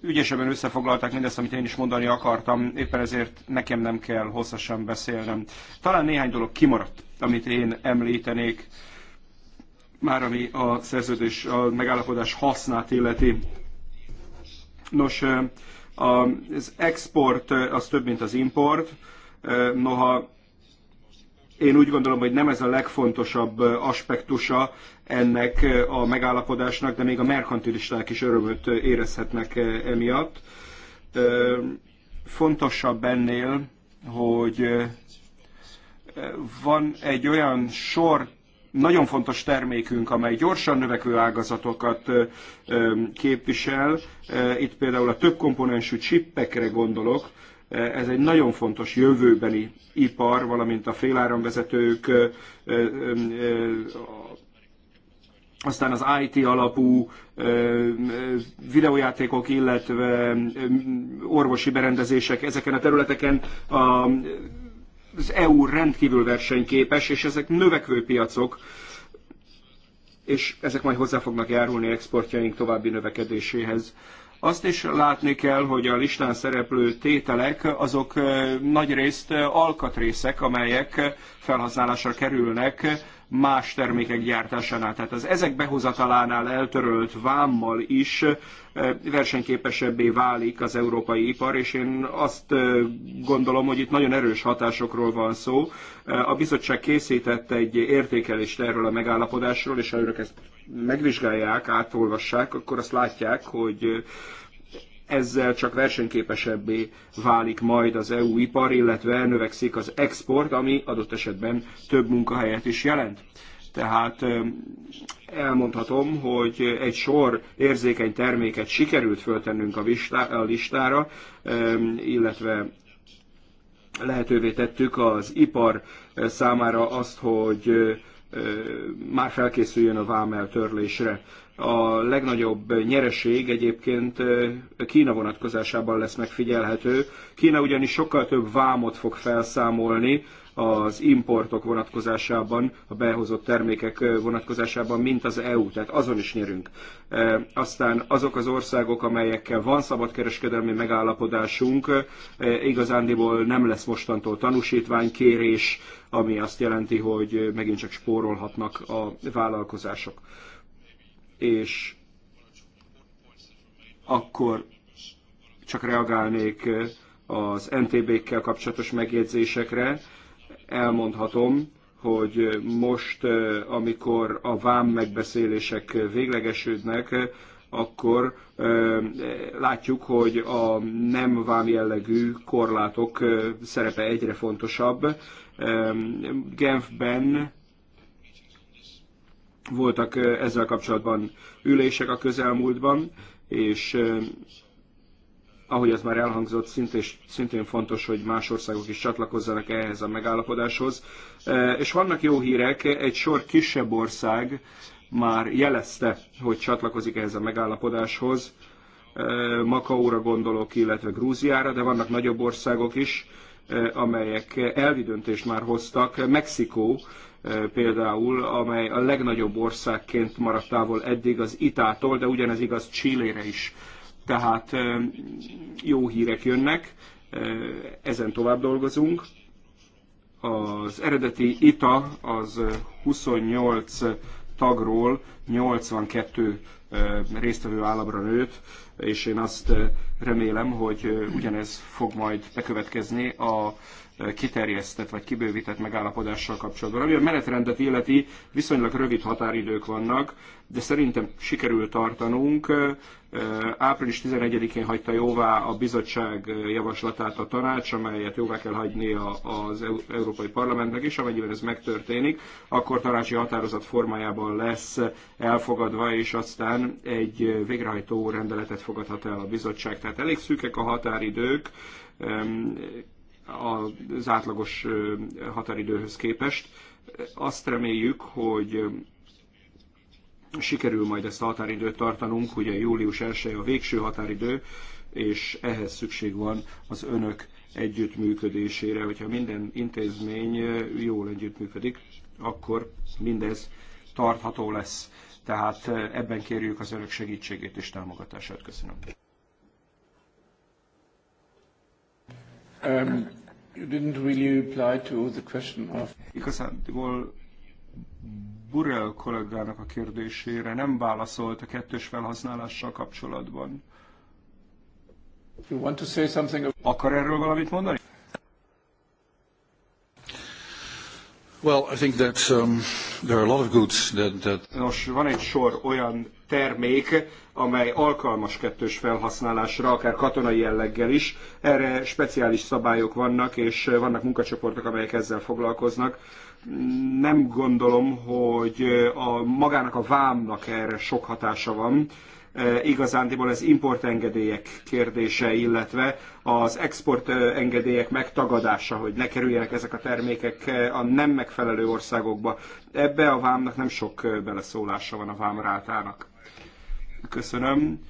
S1: ügyesebben összefoglalták mindezt, amit én is mondani akartam, éppen ezért nekem nem kell hosszasan beszélnem. Talán néhány dolog kimaradt, amit én említenék, már ami a szerződés, a megállapodás hasznát illeti. Nos, az export az több, mint az import. Noha én úgy gondolom, hogy nem ez a legfontosabb aspektusa ennek eh, a megállapodásnak, de még a merkantilisták is örömöt eh, érezhetnek eh, emiatt. Fontosabb ennél, hogy van egy olyan sor nagyon fontos termékünk, amely gyorsan növekvő ágazatokat képvisel. Itt például a több komponensű csippekre gondolok. Ez egy nagyon fontos jövőbeni ipar, valamint a féláramvezetők, aztán az IT alapú videójátékok, illetve orvosi berendezések ezeken a területeken a, az EU rendkívül versenyképes, és ezek növekvő piacok, és ezek majd hozzá fognak járulni exportjaink további növekedéséhez. Azt is látni kell, hogy a listán szereplő tételek azok nagyrészt alkatrészek, amelyek felhasználásra kerülnek más termékek gyártásánál. Tehát az ezek behozatalánál eltörölt vámmal is versenyképesebbé válik az európai ipar, és én azt gondolom, hogy itt nagyon erős hatásokról van szó. A bizottság készített egy értékelést erről a megállapodásról, és ha önök ezt megvizsgálják, átolvassák, akkor azt látják, hogy ezzel csak versenyképesebbé válik majd az EU ipar, illetve növekszik az export, ami adott esetben több munkahelyet is jelent. Tehát elmondhatom, hogy egy sor érzékeny terméket sikerült föltennünk a listára, illetve lehetővé tettük az ipar számára azt, hogy már felkészüljön a vámel törlésre. A legnagyobb nyereség egyébként Kína vonatkozásában lesz megfigyelhető. Kína ugyanis sokkal több vámot fog felszámolni az importok vonatkozásában, a behozott termékek vonatkozásában, mint az EU, tehát azon is nyerünk. Aztán azok az országok, amelyekkel van szabadkereskedelmi megállapodásunk, igazándiból nem lesz mostantól tanúsítványkérés, ami azt jelenti, hogy megint csak spórolhatnak a vállalkozások és akkor csak reagálnék az NTB-kkel kapcsolatos megjegyzésekre. Elmondhatom, hogy most, amikor a vám megbeszélések véglegesődnek, akkor látjuk, hogy a nem vám jellegű korlátok szerepe egyre fontosabb. Genfben voltak ezzel kapcsolatban ülések a közelmúltban, és ahogy az már elhangzott, szintén, szintén fontos, hogy más országok is csatlakozzanak ehhez a megállapodáshoz. És vannak jó hírek, egy sor kisebb ország már jelezte, hogy csatlakozik ehhez a megállapodáshoz. Makaóra gondolok, illetve Grúziára, de vannak nagyobb országok is, amelyek elvi döntést már hoztak. Mexikó például, amely a legnagyobb országként maradt távol eddig az Itától, de ugyanez igaz Csillére is. Tehát jó hírek jönnek, ezen tovább dolgozunk. Az eredeti ITA az 28 tagról 82 résztvevő államra nőtt, és én azt remélem, hogy ugyanez fog majd bekövetkezni a kiterjesztett vagy kibővített megállapodással kapcsolatban. Ami a menetrendet illeti, viszonylag rövid határidők vannak, de szerintem sikerül tartanunk. Április 11-én hagyta jóvá a bizottság javaslatát a tanács, amelyet jóvá kell hagyni az Európai Parlamentnek, és amennyiben ez megtörténik, akkor tanácsi határozat formájában lesz elfogadva, és aztán egy végrehajtó rendeletet fogadhat el a bizottság. Tehát elég szűkek a határidők, az átlagos határidőhöz képest. Azt reméljük, hogy sikerül majd ezt a határidőt tartanunk, ugye július 1 a végső határidő, és ehhez szükség van az önök együttműködésére. Hogyha minden intézmény jól együttműködik, akkor mindez tartható lesz. Tehát ebben kérjük az önök segítségét és támogatását. Köszönöm. Um, you didn't really reply to the question of... Igazából Burrell kollégának a kérdésére nem válaszolt a kettős felhasználással kapcsolatban. You want to say something... Akar erről valamit mondani? Nos, van egy sor olyan termék, amely alkalmas kettős felhasználásra, akár katonai jelleggel is. Erre speciális szabályok vannak, és vannak munkacsoportok, amelyek ezzel foglalkoznak. Nem gondolom, hogy a, magának a vámnak erre sok hatása van igazándiból az importengedélyek kérdése, illetve az exportengedélyek megtagadása, hogy ne kerüljenek ezek a termékek a nem megfelelő országokba. Ebbe a vámnak nem sok beleszólása van a vámrátának. Köszönöm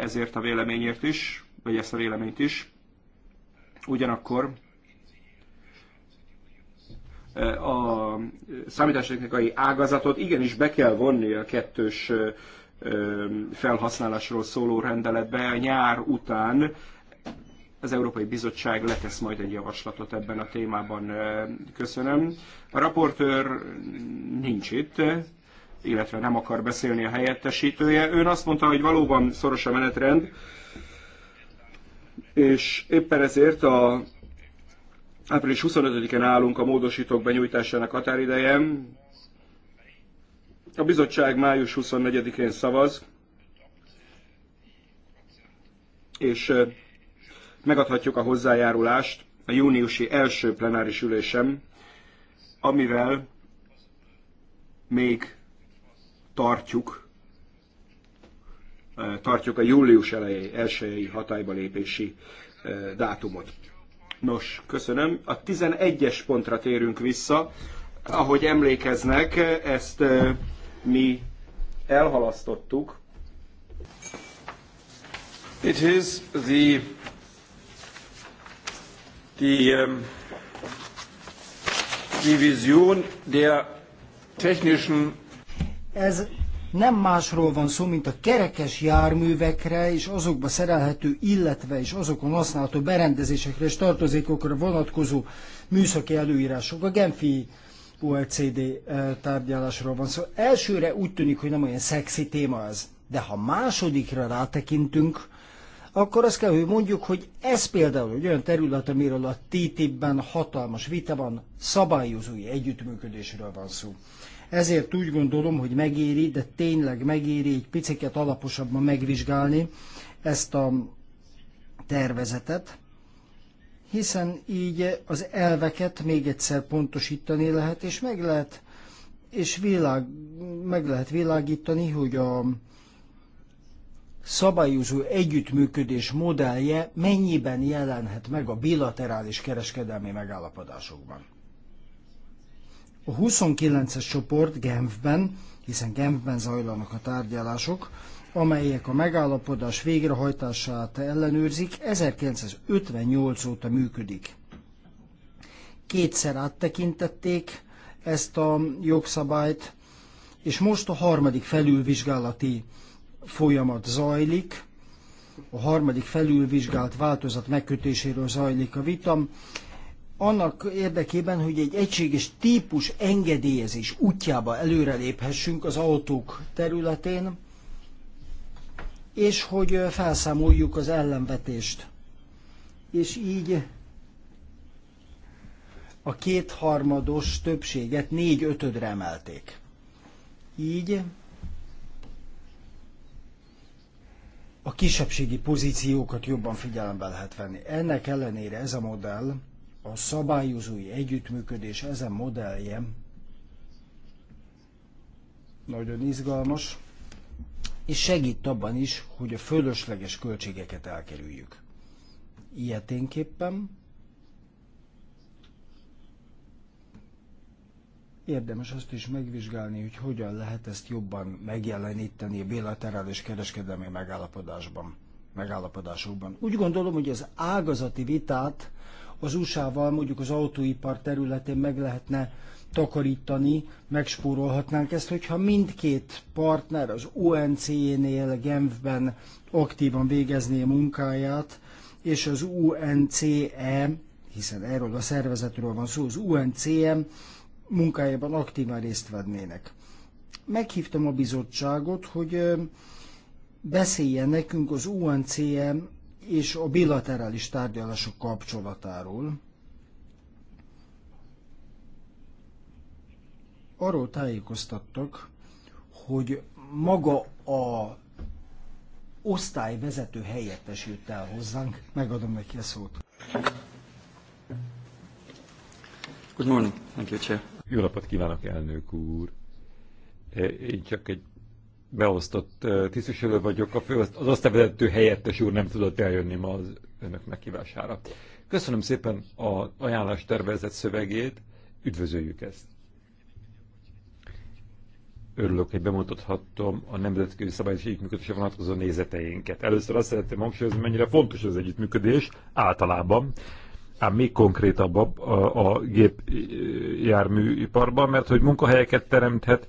S1: ezért a véleményért is, vagy ezt a véleményt is. Ugyanakkor a számítástechnikai ágazatot igenis be kell vonni a kettős felhasználásról szóló rendeletbe nyár után az Európai Bizottság letesz majd egy javaslatot ebben a témában. Köszönöm. A raportőr nincs itt, illetve nem akar beszélni a helyettesítője. Ön azt mondta, hogy valóban szoros a menetrend, és éppen ezért a április 25-en állunk a módosítók benyújtásának határideje. A bizottság május 24-én szavaz, és megadhatjuk a hozzájárulást a júniusi első plenáris ülésem, amivel még tartjuk, tartjuk a július elejé, elsői hatályba lépési dátumot. Nos, köszönöm. A 11-es pontra térünk vissza. Ahogy emlékeznek, ezt mi elhalasztottuk. It is the the um, division der
S3: technischen Ez nem másról van szó, mint a kerekes járművekre és azokba szerelhető, illetve és azokon használható berendezésekre és tartozékokra vonatkozó műszaki előírások. A Genfi OECD eh, tárgyalásról van szó. Szóval elsőre úgy tűnik, hogy nem olyan szexi téma ez, de ha másodikra rátekintünk, akkor azt kell, hogy mondjuk, hogy ez például egy olyan terület, amiről a TTIP-ben hatalmas vita van, szabályozói együttműködésről van szó. Ezért úgy gondolom, hogy megéri, de tényleg megéri egy piciket alaposabban megvizsgálni ezt a tervezetet, hiszen így az elveket még egyszer pontosítani lehet, és meg lehet, és világ, meg lehet világítani, hogy a szabályozó együttműködés modellje mennyiben jelenhet meg a bilaterális kereskedelmi megállapodásokban. A 29-es csoport Genfben, hiszen Genfben zajlanak a tárgyalások, amelyek a megállapodás végrehajtását ellenőrzik, 1958 óta működik. Kétszer áttekintették ezt a jogszabályt, és most a harmadik felülvizsgálati folyamat zajlik, a harmadik felülvizsgált változat megkötéséről zajlik a vitam, annak érdekében, hogy egy egységes típus engedélyezés útjába előreléphessünk az autók területén, és hogy felszámoljuk az ellenvetést. És így a kétharmados többséget négy ötödre emelték. Így a kisebbségi pozíciókat jobban figyelembe lehet venni. Ennek ellenére ez a modell, a szabályozói együttműködés ezen modellje nagyon izgalmas, és segít abban is, hogy a fölösleges költségeket elkerüljük. Ilyeténképpen érdemes azt is megvizsgálni, hogy hogyan lehet ezt jobban megjeleníteni a bilaterális kereskedelmi megállapodásban, megállapodásokban. Úgy gondolom, hogy az ágazati vitát az USA-val mondjuk az autóipar területén meg lehetne takarítani, megspórolhatnánk ezt, hogyha mindkét partner az UNC-nél Genfben aktívan végezné munkáját, és az UNCE, hiszen erről a szervezetről van szó, az UNCE munkájában aktívan részt vennének. Meghívtam a bizottságot, hogy beszéljen nekünk az UNCM e és a bilaterális tárgyalások kapcsolatáról, arról tájékoztattak, hogy maga a osztályvezető helyettes jött el hozzánk. Megadom neki a szót.
S2: Good morning. Thank you, Chair. Jó napot kívánok, elnök úr. E, én csak egy beosztott e, tisztviselő vagyok, a fő, az osztályvezető helyettes úr nem tudott eljönni ma az önök megkívására. Köszönöm szépen a ajánlás tervezett szövegét, üdvözöljük ezt örülök, hogy bemutathattam a nemzetközi szabályos együttműködésre vonatkozó nézeteinket. Először azt szeretném hangsúlyozni, mennyire fontos az együttműködés általában, ám még konkrétabb a, a, a gépjárműiparban, e, mert hogy munkahelyeket teremthet,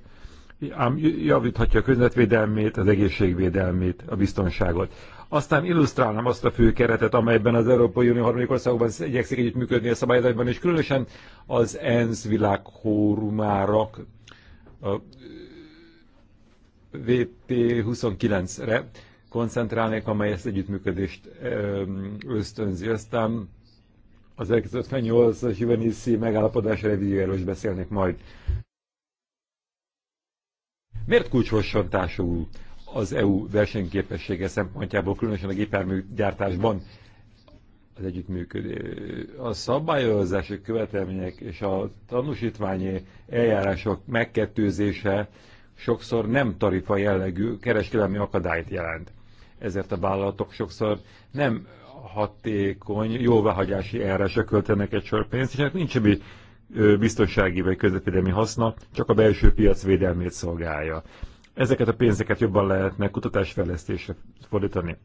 S2: ám javíthatja a környezetvédelmét, az egészségvédelmét, a biztonságot. Aztán illusztrálnám azt a fő keretet, amelyben az Európai Unió harmadik országokban igyekszik együttműködni a szabályozásban, és különösen az ENSZ világhórumárak VP29-re koncentrálnék, amely ezt együttműködést ösztönzi. Aztán az 1958-as Juveniszi megállapodás revíziójáról is beszélnék majd. Miért kulcsfosszantású az EU versenyképessége szempontjából, különösen a gépjármű gyártásban az együttműködés. A szabályozási követelmények és a tanúsítványi eljárások megkettőzése sokszor nem tarifa jellegű kereskedelmi akadályt jelent. Ezért a vállalatok sokszor nem hatékony, jóváhagyási eljárásra költenek egy sor pénzt, és ennek nincs semmi biztonsági vagy közvetvédelmi haszna, csak a belső piac védelmét szolgálja. Ezeket a pénzeket jobban lehetne kutatásfejlesztésre fordítani.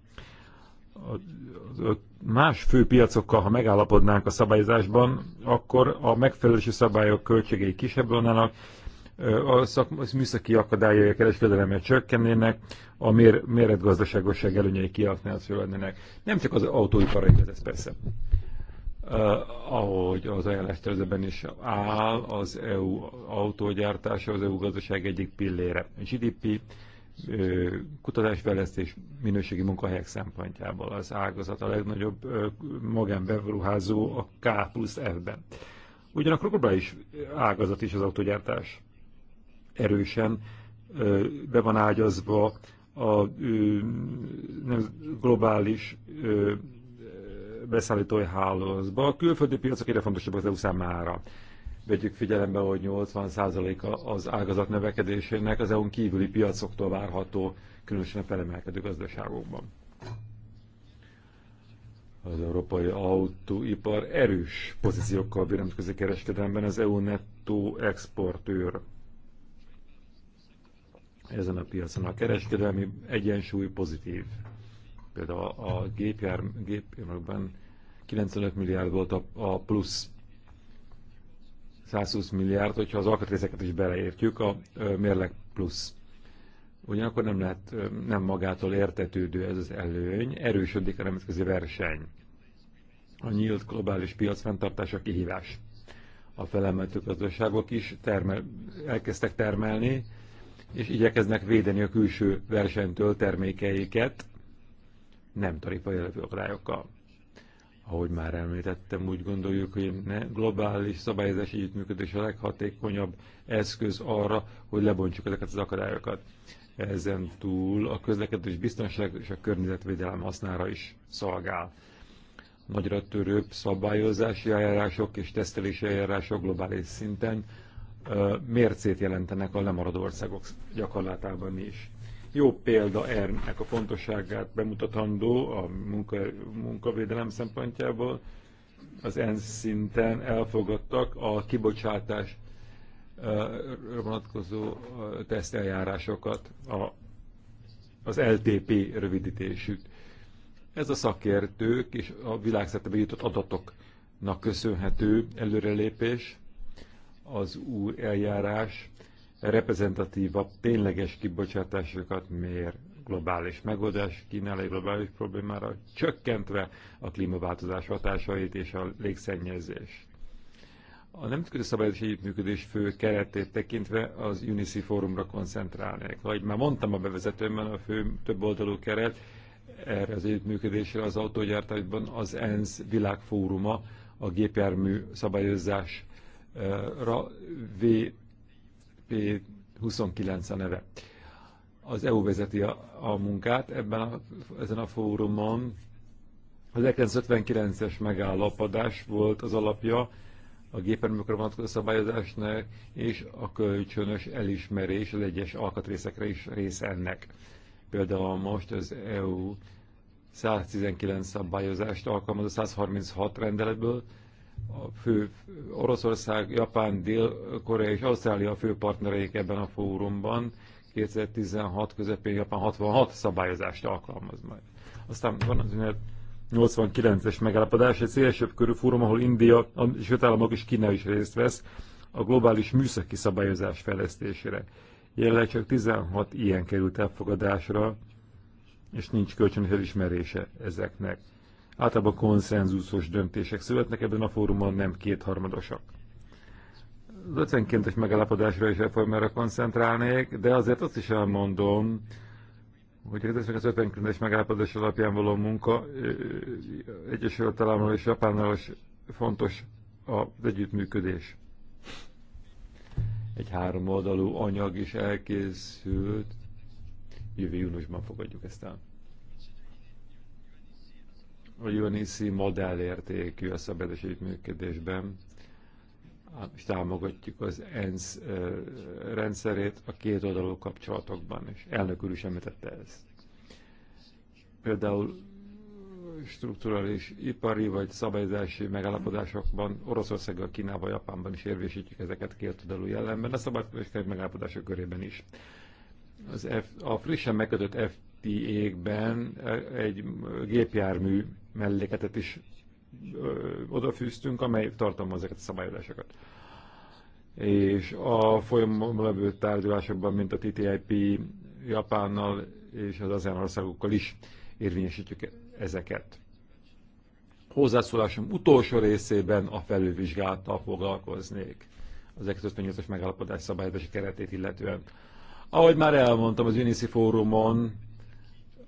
S2: Más fő piacokkal, ha megállapodnánk a szabályzásban, akkor a megfelelési szabályok költségei kisebb lennének, a szak, műszaki akadályai a kereskedelemre csökkennének, a mér, méretgazdaságosság előnyei kihasználásra lennének. Nem csak az autóipar igaz ez persze. Uh, ahogy az ajánlás tervezetben is áll, az EU autógyártása az EU gazdaság egyik pillére. A GDP, uh, kutatásfejlesztés, minőségi munkahelyek szempontjából az ágazat a legnagyobb magánbevruházó a K plusz F-ben. Ugyanakkor globális ágazat is az autógyártás erősen be van ágyazva a nem, globális beszállítói hálózba. A külföldi piacok egyre fontosabbak az EU számára. Vegyük figyelembe, hogy 80%-a az ágazat növekedésének az EU-n kívüli piacoktól várható, különösen a felemelkedő gazdaságokban. Az európai autóipar erős pozíciókkal viramkozik kereskedelemben az EU nettó exportőr ezen a piacon. A kereskedelmi egyensúly pozitív. Például a gépjár, gépjárműkben 95 milliárd volt a, a plusz 120 milliárd, hogyha az alkatrészeket is beleértjük, a mérleg plusz. Ugyanakkor nem lehet, nem magától értetődő ez az előny, erősödik a nemzetközi verseny. A nyílt globális piac fenntartása kihívás. A felemeltő gazdaságok is termel, elkezdtek termelni, és igyekeznek védeni a külső versenytől termékeiket nem tarifa jellegű akadályokkal. Ahogy már említettem, úgy gondoljuk, hogy ne globális szabályozási együttműködés a leghatékonyabb eszköz arra, hogy lebontsuk ezeket az akadályokat. Ezen túl a közlekedés biztonság és a környezetvédelem hasznára is szolgál. Nagyra törőbb szabályozási eljárások és tesztelési eljárások globális szinten mércét jelentenek a lemaradó országok gyakorlatában is. Jó példa ennek a fontosságát bemutatandó a munka, munkavédelem szempontjából. Az ENSZ szinten elfogadtak a kibocsátás vonatkozó teszteljárásokat, a, az LTP rövidítésük. Ez a szakértők és a világszerte bejutott adatoknak köszönhető előrelépés, az új eljárás reprezentatívabb, tényleges kibocsátásokat mér globális megoldás kínál egy globális problémára, csökkentve a klímaváltozás hatásait és a légszennyezés. A nemzetközi szabályozási együttműködés fő keretét tekintve az UNICEF fórumra koncentrálnék. Ahogy már mondtam a bevezetőmben, a fő több oldalú keret erre az együttműködésre az autógyártásban az ENSZ világfóruma a gépjármű szabályozás VP29 a neve. Az EU vezeti a, a munkát ebben a, ezen a fórumon. Az 1959-es e megállapodás volt az alapja a gépenműkre vonatkozó szabályozásnak, és a kölcsönös elismerés az egyes alkatrészekre is része ennek. Például most az EU 119 szabályozást alkalmaz a 136 rendeletből, a fő Oroszország, Japán, Dél-Korea és Ausztrália a fő partnereik ebben a fórumban. 2016 közepén Japán 66 szabályozást alkalmaz majd. Aztán van az 89-es megállapodás, egy szélesebb körű fórum, ahol India, és öt államok és Kína is részt vesz a globális műszaki szabályozás fejlesztésére. Jelenleg csak 16 ilyen került elfogadásra, és nincs kölcsönös elismerése ezeknek. Általában konszenzuszos döntések születnek, ebben a fórumon nem kétharmadosak. Az 52-es megállapodásra és reformára koncentrálnék, de azért azt is elmondom, hogy az 59-es megállapodás alapján való munka Egyesült Államok és Japánnal is fontos az együttműködés. Egy oldalú anyag is elkészült, jövő júniusban fogadjuk ezt el a UNEC modellértékű a szabályos működésben, és támogatjuk az ENSZ rendszerét a két oldalú kapcsolatokban, és elnök úr is említette ezt. Például strukturális ipari vagy szabályozási megállapodásokban, Oroszországgal, Kínával, Japánban is érvésítjük ezeket két oldalú jellemben, a szabályozási megállapodások körében is. Az F, a frissen megkötött égben e, egy gépjármű melléketet is odafűztünk, amely tartalma ezeket a szabályozásokat. És a folyamon levő tárgyalásokban, mint a TTIP Japánnal és az ASEAN országokkal is érvényesítjük ezeket. Hozzászólásom utolsó részében a felülvizsgálattal foglalkoznék az 1958-as megállapodás szabályozási keretét illetően. Ahogy már elmondtam az UNICI fórumon,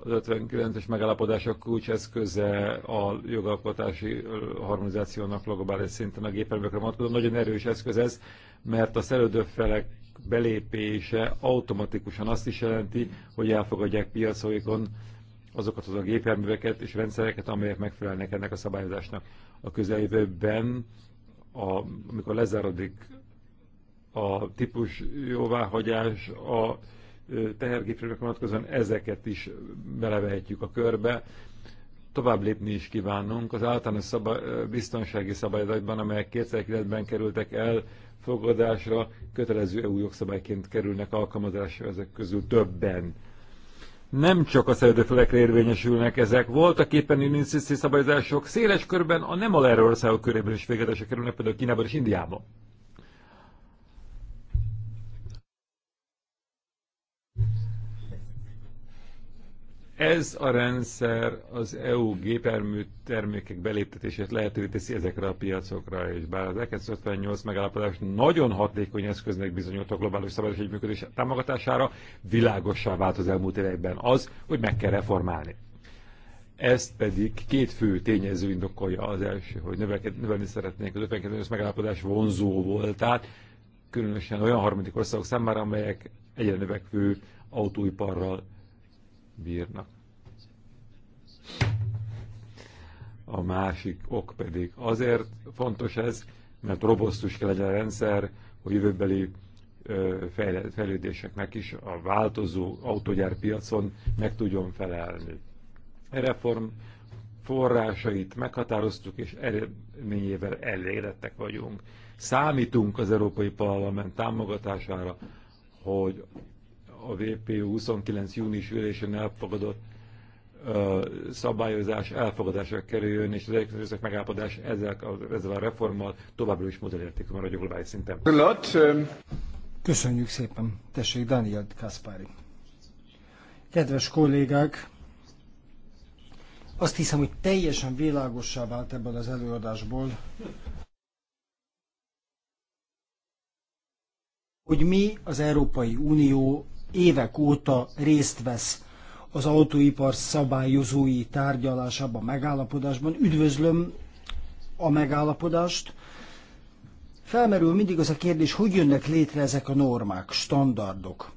S2: az 59-es megállapodások kulcseszköze a jogalkotási harmonizációnak globális szinten a gépelmekre vonatkozó. Nagyon erős eszköz ez, mert a szerődő felek belépése automatikusan azt is jelenti, hogy elfogadják piacokon azokat az a gépjárműveket és rendszereket, amelyek megfelelnek ennek a szabályozásnak. A közeljövőben, a, amikor lezárodik a típus jóváhagyás, a tehergépjárművek vonatkozóan ezeket is belevehetjük a körbe. Tovább lépni is kívánunk. Az általános szabály, biztonsági szabályzatban, amelyek 2009-ben kerültek el fogadásra, kötelező EU jogszabályként kerülnek alkalmazásra ezek közül többen nem csak a szerződőfelekre érvényesülnek ezek. Voltak éppen UNCC szabályozások széles körben, a nem a országok körében is végedésre kerülnek, például Kínában és Indiában. Ez a rendszer az EU gépermű termékek beléptetését lehetővé teszi ezekre a piacokra, és bár az EKET 58 megállapodás nagyon hatékony eszköznek bizonyult a globális szabályos együttműködés támogatására, világossá vált az elmúlt években az, hogy meg kell reformálni. Ezt pedig két fő tényező indokolja az első, hogy növelni szeretnénk az 58 megállapodás vonzó volt, tehát különösen olyan harmadik országok számára, amelyek egyre növekvő autóiparral bírnak. A másik ok pedig azért fontos ez, mert robosztus kell legyen a rendszer, hogy jövőbeli fejlődéseknek is a változó autogyárpiacon meg tudjon felelni. A e reform forrásait meghatároztuk, és eredményével elégedettek vagyunk. Számítunk az Európai Parlament támogatására, hogy a VPU 29. június ülésén elfogadott szabályozás elfogadásra kerüljön, és az egyik megállapodás ezzel, ezzel a reformmal továbbra is modellértékű marad a globális szinten.
S3: Köszönjük szépen. Tessék, Daniel Kaspari. Kedves kollégák, azt hiszem, hogy teljesen világossá vált ebből az előadásból, hogy mi az Európai Unió évek óta részt vesz az autóipar szabályozói tárgyalásában, megállapodásban. Üdvözlöm a megállapodást. Felmerül mindig az a kérdés, hogy jönnek létre ezek a normák, standardok.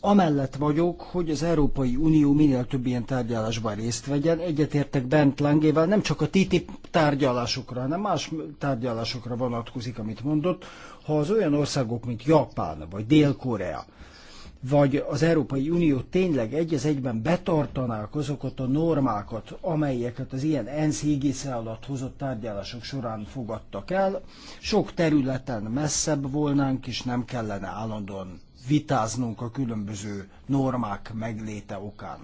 S3: Amellett vagyok, hogy az Európai Unió minél több ilyen tárgyalásban részt vegyen. Egyetértek Bent Langével, nem csak a TTIP tárgyalásokra, hanem más tárgyalásokra vonatkozik, amit mondott. Ha az olyan országok, mint Japán vagy Dél-Korea vagy az Európai Unió tényleg egy az egyben betartanák azokat a normákat, amelyeket az ilyen ENSZ égésze alatt hozott tárgyalások során fogadtak el, sok területen messzebb volnánk, és nem kellene állandóan vitáznunk a különböző normák megléte okán.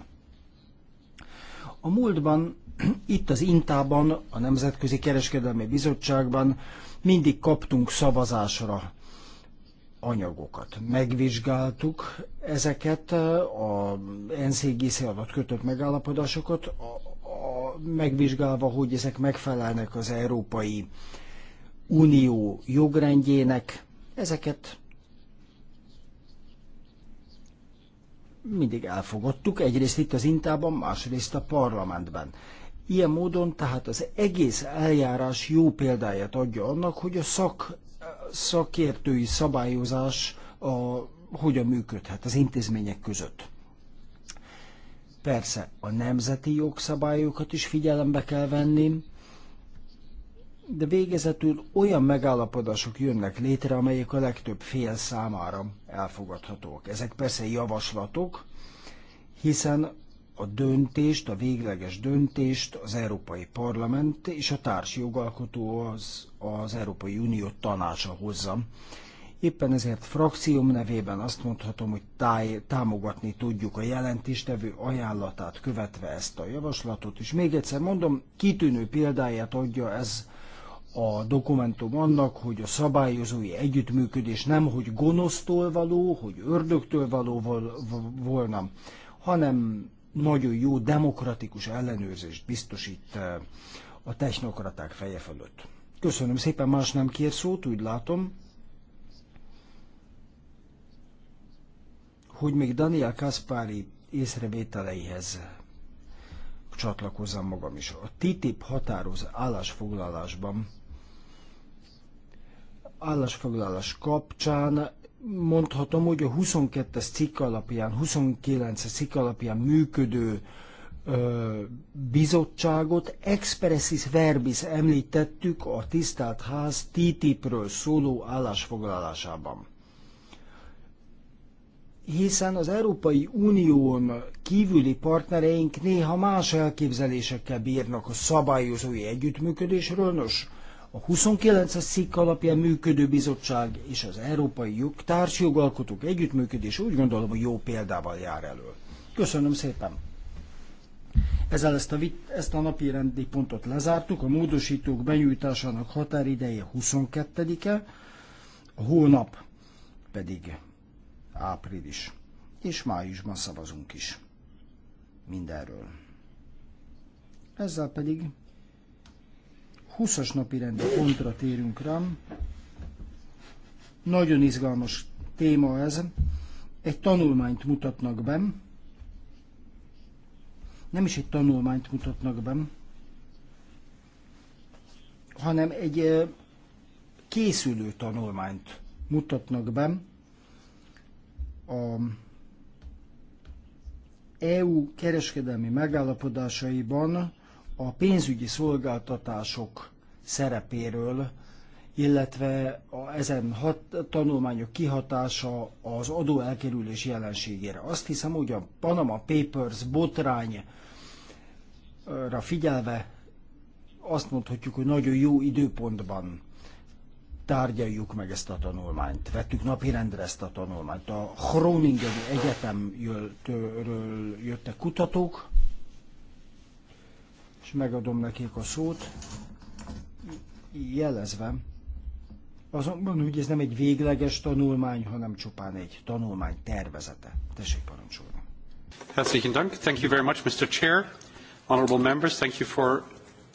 S3: A múltban [clears throat] itt az Intában, a Nemzetközi Kereskedelmi Bizottságban mindig kaptunk szavazásra anyagokat. Megvizsgáltuk ezeket, a NCGC alatt kötött megállapodásokat, a, a, megvizsgálva, hogy ezek megfelelnek az Európai Unió jogrendjének, ezeket mindig elfogadtuk, egyrészt itt az Intában, másrészt a parlamentben. Ilyen módon tehát az egész eljárás jó példáját adja annak, hogy a szak szakértői szabályozás a, hogyan működhet az intézmények között. Persze a nemzeti jogszabályokat is figyelembe kell venni, de végezetül olyan megállapodások jönnek létre, amelyek a legtöbb fél számára elfogadhatók. Ezek persze javaslatok, hiszen a döntést, a végleges döntést az Európai Parlament és a társjogalkotó az az Európai Unió tanácsa hozza. Éppen ezért frakcióm nevében azt mondhatom, hogy táj, támogatni tudjuk a jelentéstevő ajánlatát követve ezt a javaslatot, és még egyszer mondom, kitűnő példáját adja ez a dokumentum annak, hogy a szabályozói együttműködés nem hogy gonosztól való, hogy ördögtől való volna, hanem nagyon jó demokratikus ellenőrzést biztosít eh, a technokraták feje fölött. Köszönöm szépen, más nem kér szót, úgy látom. Hogy még Daniel Kaspári észrevételeihez csatlakozzam magam is. A TTIP határoz állásfoglalásban állásfoglalás kapcsán mondhatom, hogy a 22-es cikk alapján, 29-es cikk alapján működő bizottságot expressis verbis említettük a tisztelt ház TTIP-ről szóló állásfoglalásában. Hiszen az Európai Unión kívüli partnereink néha más elképzelésekkel bírnak a szabályozói együttműködésről, nos, a 29-es cikk alapján működő bizottság és az európai jog, társjogalkotók együttműködés úgy gondolom, hogy jó példával jár elő. Köszönöm szépen! Ezzel ezt a, vit, ezt a napi rendi pontot lezártuk, a módosítók benyújtásának határideje 22-e, a hónap pedig április, és májusban szavazunk is mindenről. Ezzel pedig 20-as napi rendi pontra térünk rá. Nagyon izgalmas téma ez. Egy tanulmányt mutatnak benn, nem is egy tanulmányt mutatnak be, hanem egy készülő tanulmányt mutatnak be a EU kereskedelmi megállapodásaiban a pénzügyi szolgáltatások szerepéről, illetve a, ezen hat, tanulmányok kihatása az adóelkerülés jelenségére. Azt hiszem, hogy a Panama Papers botrány ra figyelve azt mondhatjuk, hogy nagyon jó időpontban tárgyaljuk meg ezt a tanulmányt. Vettük napirendre ezt a tanulmányt. A Groningeni Egyetemről jöttek kutatók, és megadom nekik a szót, jelezve, azonban, hogy ez nem egy végleges tanulmány, hanem csupán egy tanulmány tervezete. Tessék parancsolni.
S1: Herzlichen Dank. Thank you very much, Mr. Chair members, thank you for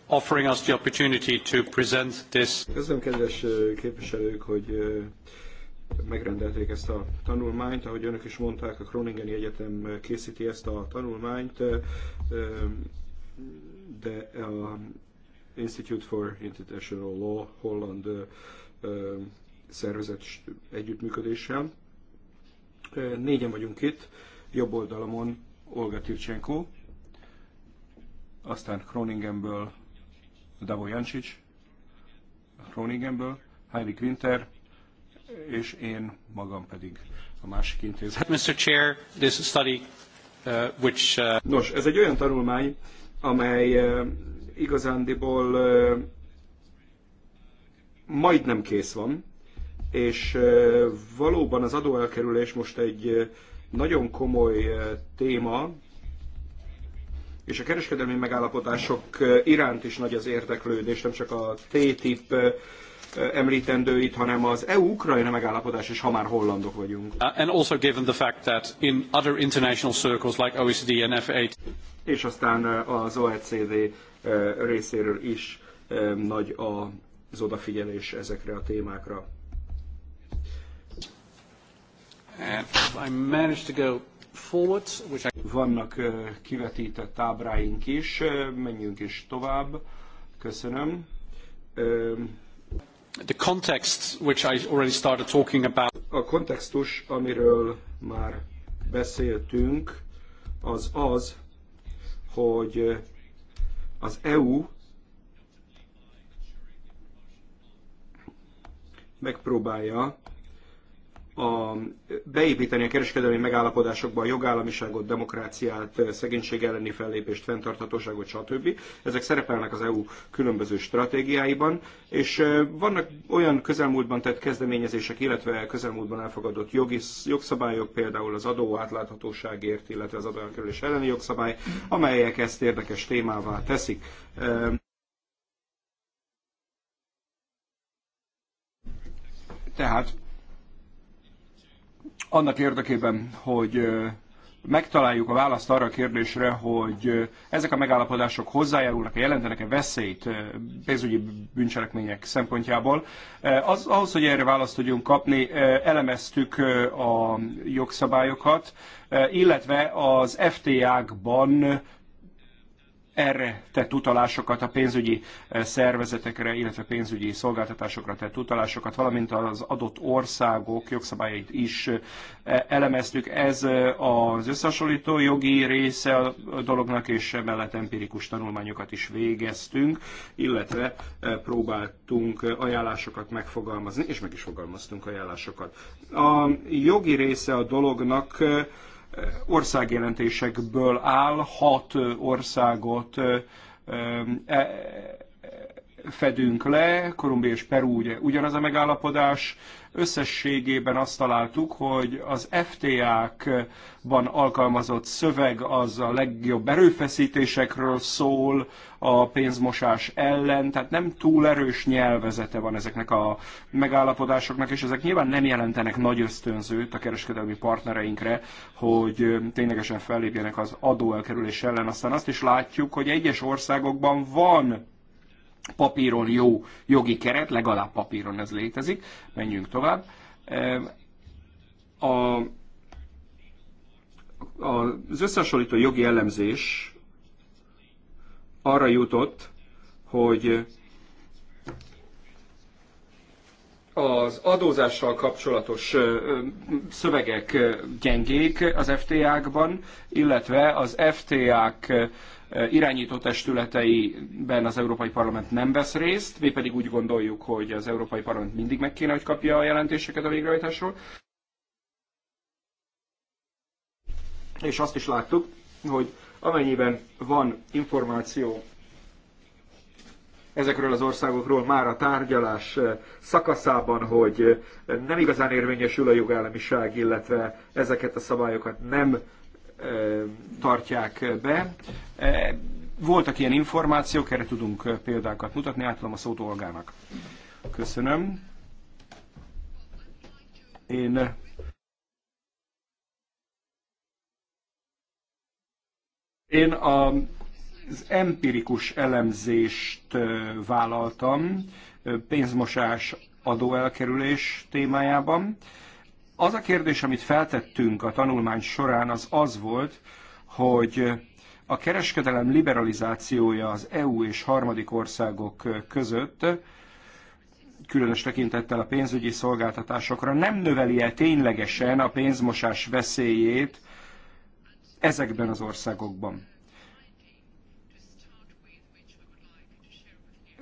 S1: offering us the opportunity to present this. Köszönöm, kedves képviselők, hogy megrendelték ezt a tanulmányt. Ahogy önök is mondták, a Kroningeni Egyetem készíti ezt a tanulmányt, de a Institute for International Law holland szervezet együttműködéssel. Négyen vagyunk itt, jobb oldalamon Olga Tivcsenko, aztán Kroningenből Davo Jancsics, Kroningenből Heinrich Winter, és én magam pedig a másik intézet. Mr. Chair, this study, uh, which, uh... Nos, ez egy olyan tanulmány, amely uh, igazándiból uh, majdnem kész van, és uh, valóban az adóelkerülés most egy uh, nagyon komoly uh, téma, és a kereskedelmi megállapodások iránt is nagy az érdeklődés, nem csak a TTIP említendő itt, hanem az EU-Ukrajna megállapodás és ha már hollandok vagyunk. Uh, and also given the fact that in other international circles like OECD and F8 és aztán az OECD részéről is nagy az odafigyelés ezekre a témákra. And uh, I managed to go vannak kivetített ábráink is, menjünk is tovább. Köszönöm. The context which I already started talking about. A kontextus, amiről már beszéltünk, az az, hogy az EU megpróbálja a, beépíteni a kereskedelmi megállapodásokba a jogállamiságot, demokráciát, szegénység elleni fellépést, fenntarthatóságot, stb. Ezek szerepelnek az EU különböző stratégiáiban, és vannak olyan közelmúltban tett kezdeményezések, illetve közelmúltban elfogadott jogi, jogszabályok, például az adó átláthatóságért, illetve az adóelkerülés elleni jogszabály, amelyek ezt érdekes témává teszik. Tehát annak érdekében, hogy megtaláljuk a választ arra a kérdésre, hogy ezek a megállapodások hozzájárulnak-e, jelentenek-e veszélyt pénzügyi bűncselekmények szempontjából. Az, ahhoz, hogy erre választ tudjunk kapni, elemeztük a jogszabályokat, illetve az FTA-kban erre tett utalásokat, a pénzügyi eh, szervezetekre, illetve pénzügyi szolgáltatásokra tett utalásokat, valamint az adott országok jogszabályait is eh, elemeztük. Ez eh, az összehasonlító jogi része a dolognak, és emellett empirikus tanulmányokat is végeztünk, illetve próbáltunk ajánlásokat megfogalmazni, és meg is fogalmaztunk ajánlásokat. A jogi része a dolognak országjelentésekből áll, hat országot e, fedünk le, Kolumbia és Peru ugye ugyanaz a megállapodás, összességében azt találtuk, hogy az FTA-kban alkalmazott szöveg az a legjobb erőfeszítésekről szól a pénzmosás ellen, tehát nem túl erős nyelvezete van ezeknek a megállapodásoknak, és ezek nyilván nem jelentenek nagy ösztönzőt a kereskedelmi partnereinkre, hogy ténylegesen fellépjenek az adóelkerülés ellen. Aztán azt is látjuk, hogy egyes országokban van papíron jó jogi keret, legalább papíron ez létezik. Menjünk tovább. A, az összehasonlító jogi elemzés arra jutott, hogy az adózással kapcsolatos szövegek gyengék az FTA-kban, illetve az FTA-k irányító testületeiben az Európai Parlament nem vesz részt, mi pedig úgy gondoljuk, hogy az Európai Parlament mindig meg kéne, hogy kapja a jelentéseket a végrehajtásról. És azt is láttuk, hogy amennyiben van információ ezekről az országokról már a tárgyalás eh, szakaszában, hogy eh, nem igazán érvényesül a jogállamiság, illetve ezeket a szabályokat nem tartják be. Voltak ilyen információk, erre tudunk példákat mutatni, átadom a szót Olgának. Köszönöm. Én Én a, az empirikus elemzést vállaltam pénzmosás adóelkerülés témájában. Az a kérdés, amit feltettünk a tanulmány során, az az volt, hogy a kereskedelem liberalizációja az EU és harmadik országok között, különös tekintettel a pénzügyi szolgáltatásokra, nem növeli-e ténylegesen a pénzmosás veszélyét ezekben az országokban?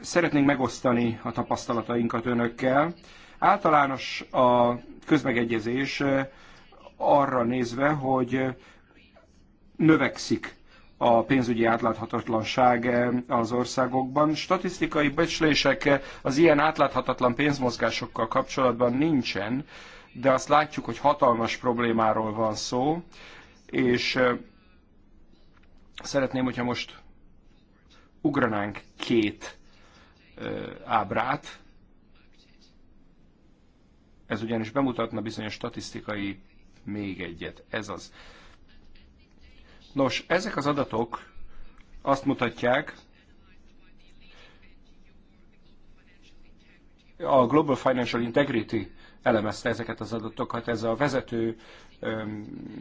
S1: Szeretnénk megosztani a tapasztalatainkat önökkel Általános a közmegegyezés arra nézve, hogy növekszik a pénzügyi átláthatatlanság az országokban. Statisztikai becslések az ilyen átláthatatlan pénzmozgásokkal kapcsolatban nincsen, de azt látjuk, hogy hatalmas problémáról van szó, és szeretném, hogyha most ugranánk két ábrát, ez ugyanis bemutatna bizonyos statisztikai még egyet. Ez az. Nos, ezek az adatok azt mutatják, a Global Financial Integrity elemezte ezeket az adatokat, ez a vezető,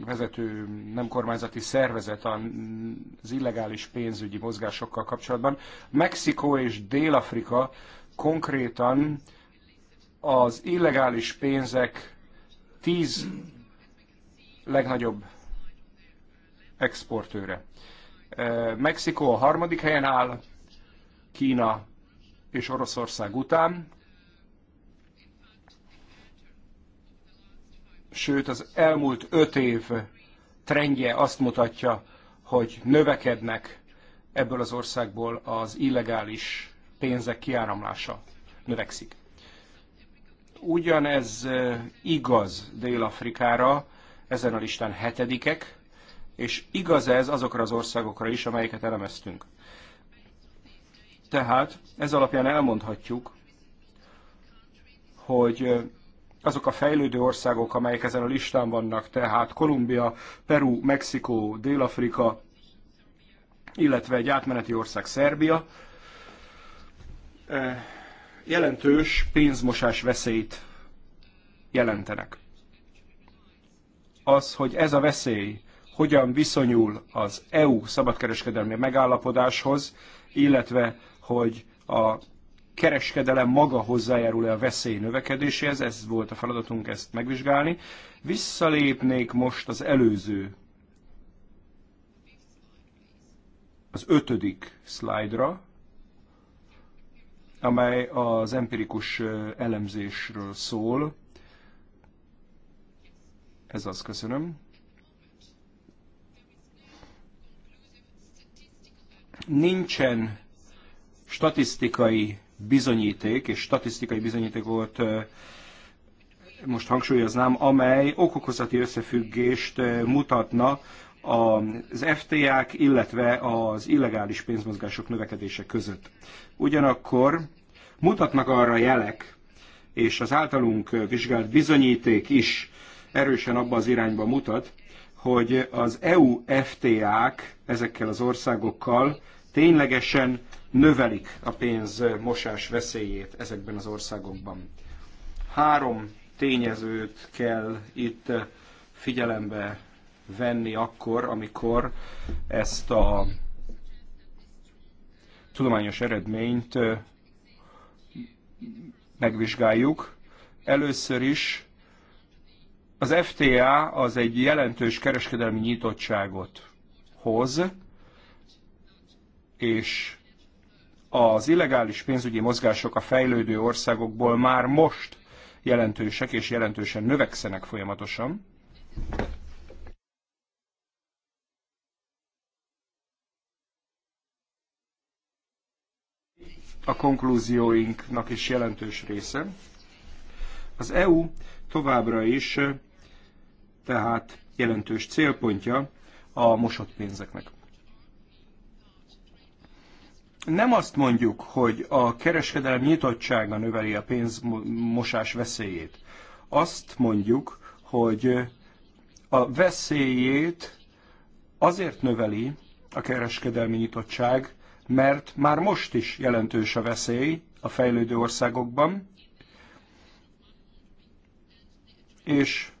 S1: vezető nem kormányzati szervezet az illegális pénzügyi mozgásokkal kapcsolatban. Mexikó és Dél-Afrika konkrétan az illegális pénzek tíz legnagyobb exportőre. Mexikó a harmadik helyen áll, Kína és Oroszország után. Sőt, az elmúlt öt év trendje azt mutatja, hogy növekednek ebből az országból az illegális pénzek kiáramlása növekszik. Ugyanez igaz Dél-Afrikára, ezen a listán hetedikek, és igaz ez azokra az országokra is, amelyeket elemeztünk. Tehát ez alapján elmondhatjuk, hogy azok a fejlődő országok, amelyek ezen a listán vannak, tehát Kolumbia, Peru, Mexikó, Dél-Afrika, illetve egy átmeneti ország Szerbia, jelentős pénzmosás veszélyt jelentenek. Az, hogy ez a veszély hogyan viszonyul az EU szabadkereskedelmi megállapodáshoz, illetve hogy a kereskedelem maga hozzájárul-e a veszély növekedéséhez, ez volt a feladatunk ezt megvizsgálni. Visszalépnék most az előző, az ötödik szlájdra, amely az empirikus elemzésről szól. Ez az, köszönöm. Nincsen statisztikai bizonyíték, és statisztikai bizonyítékot most hangsúlyoznám, amely okokozati összefüggést mutatna az FTA-k, illetve az illegális pénzmozgások növekedése között. Ugyanakkor mutatnak arra jelek, és az általunk vizsgált bizonyíték is erősen abba az irányba mutat, hogy az EU FTA-k ezekkel az országokkal ténylegesen növelik a pénzmosás veszélyét ezekben az országokban. Három tényezőt kell itt figyelembe venni akkor, amikor ezt a tudományos eredményt megvizsgáljuk. Először is az FTA az egy jelentős kereskedelmi nyitottságot hoz, és az illegális pénzügyi mozgások a fejlődő országokból már most jelentősek és jelentősen növekszenek folyamatosan. a konklúzióinknak is jelentős része. Az EU továbbra is tehát jelentős célpontja a mosott pénzeknek. Nem azt mondjuk, hogy a kereskedelem nyitottsága növeli a pénzmosás veszélyét. Azt mondjuk, hogy a veszélyét azért növeli a kereskedelmi nyitottság, mert már most is jelentős a veszély a fejlődő országokban, és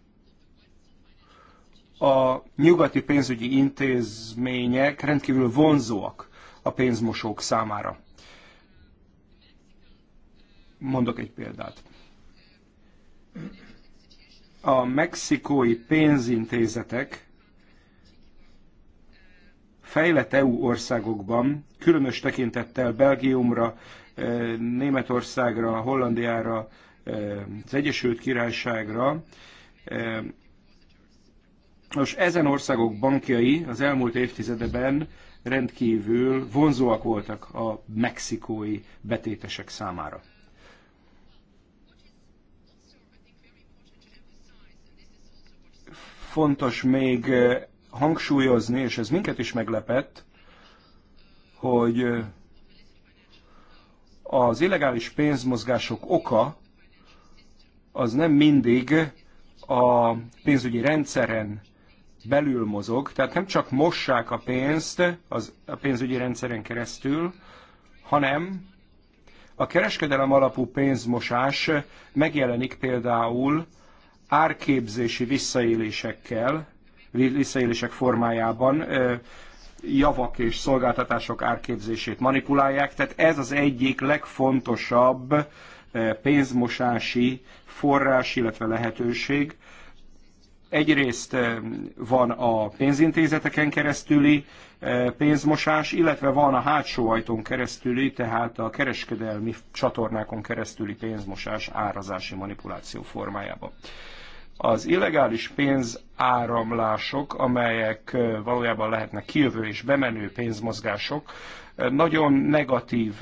S1: a nyugati pénzügyi intézmények rendkívül vonzóak a pénzmosók számára. Mondok egy példát. A mexikói pénzintézetek fejlett EU országokban, különös tekintettel Belgiumra, eh, Németországra, Hollandiára, eh, az Egyesült Királyságra, most eh, ezen országok bankjai az elmúlt évtizedben rendkívül vonzóak voltak a mexikói betétesek számára. Fontos még hangsúlyozni, és ez minket is meglepett, hogy az illegális pénzmozgások oka az nem mindig a pénzügyi rendszeren belül mozog, tehát nem csak mossák a pénzt az, a pénzügyi rendszeren keresztül, hanem a kereskedelem alapú pénzmosás megjelenik például árképzési visszaélésekkel, visszaélések formájában javak és szolgáltatások árképzését manipulálják. Tehát ez az egyik legfontosabb pénzmosási forrás, illetve lehetőség. Egyrészt van a pénzintézeteken keresztüli pénzmosás, illetve van a hátsó ajtón keresztüli, tehát a kereskedelmi csatornákon keresztüli pénzmosás árazási manipuláció formájában az illegális pénzáramlások, amelyek valójában lehetnek kijövő és bemenő pénzmozgások, nagyon negatív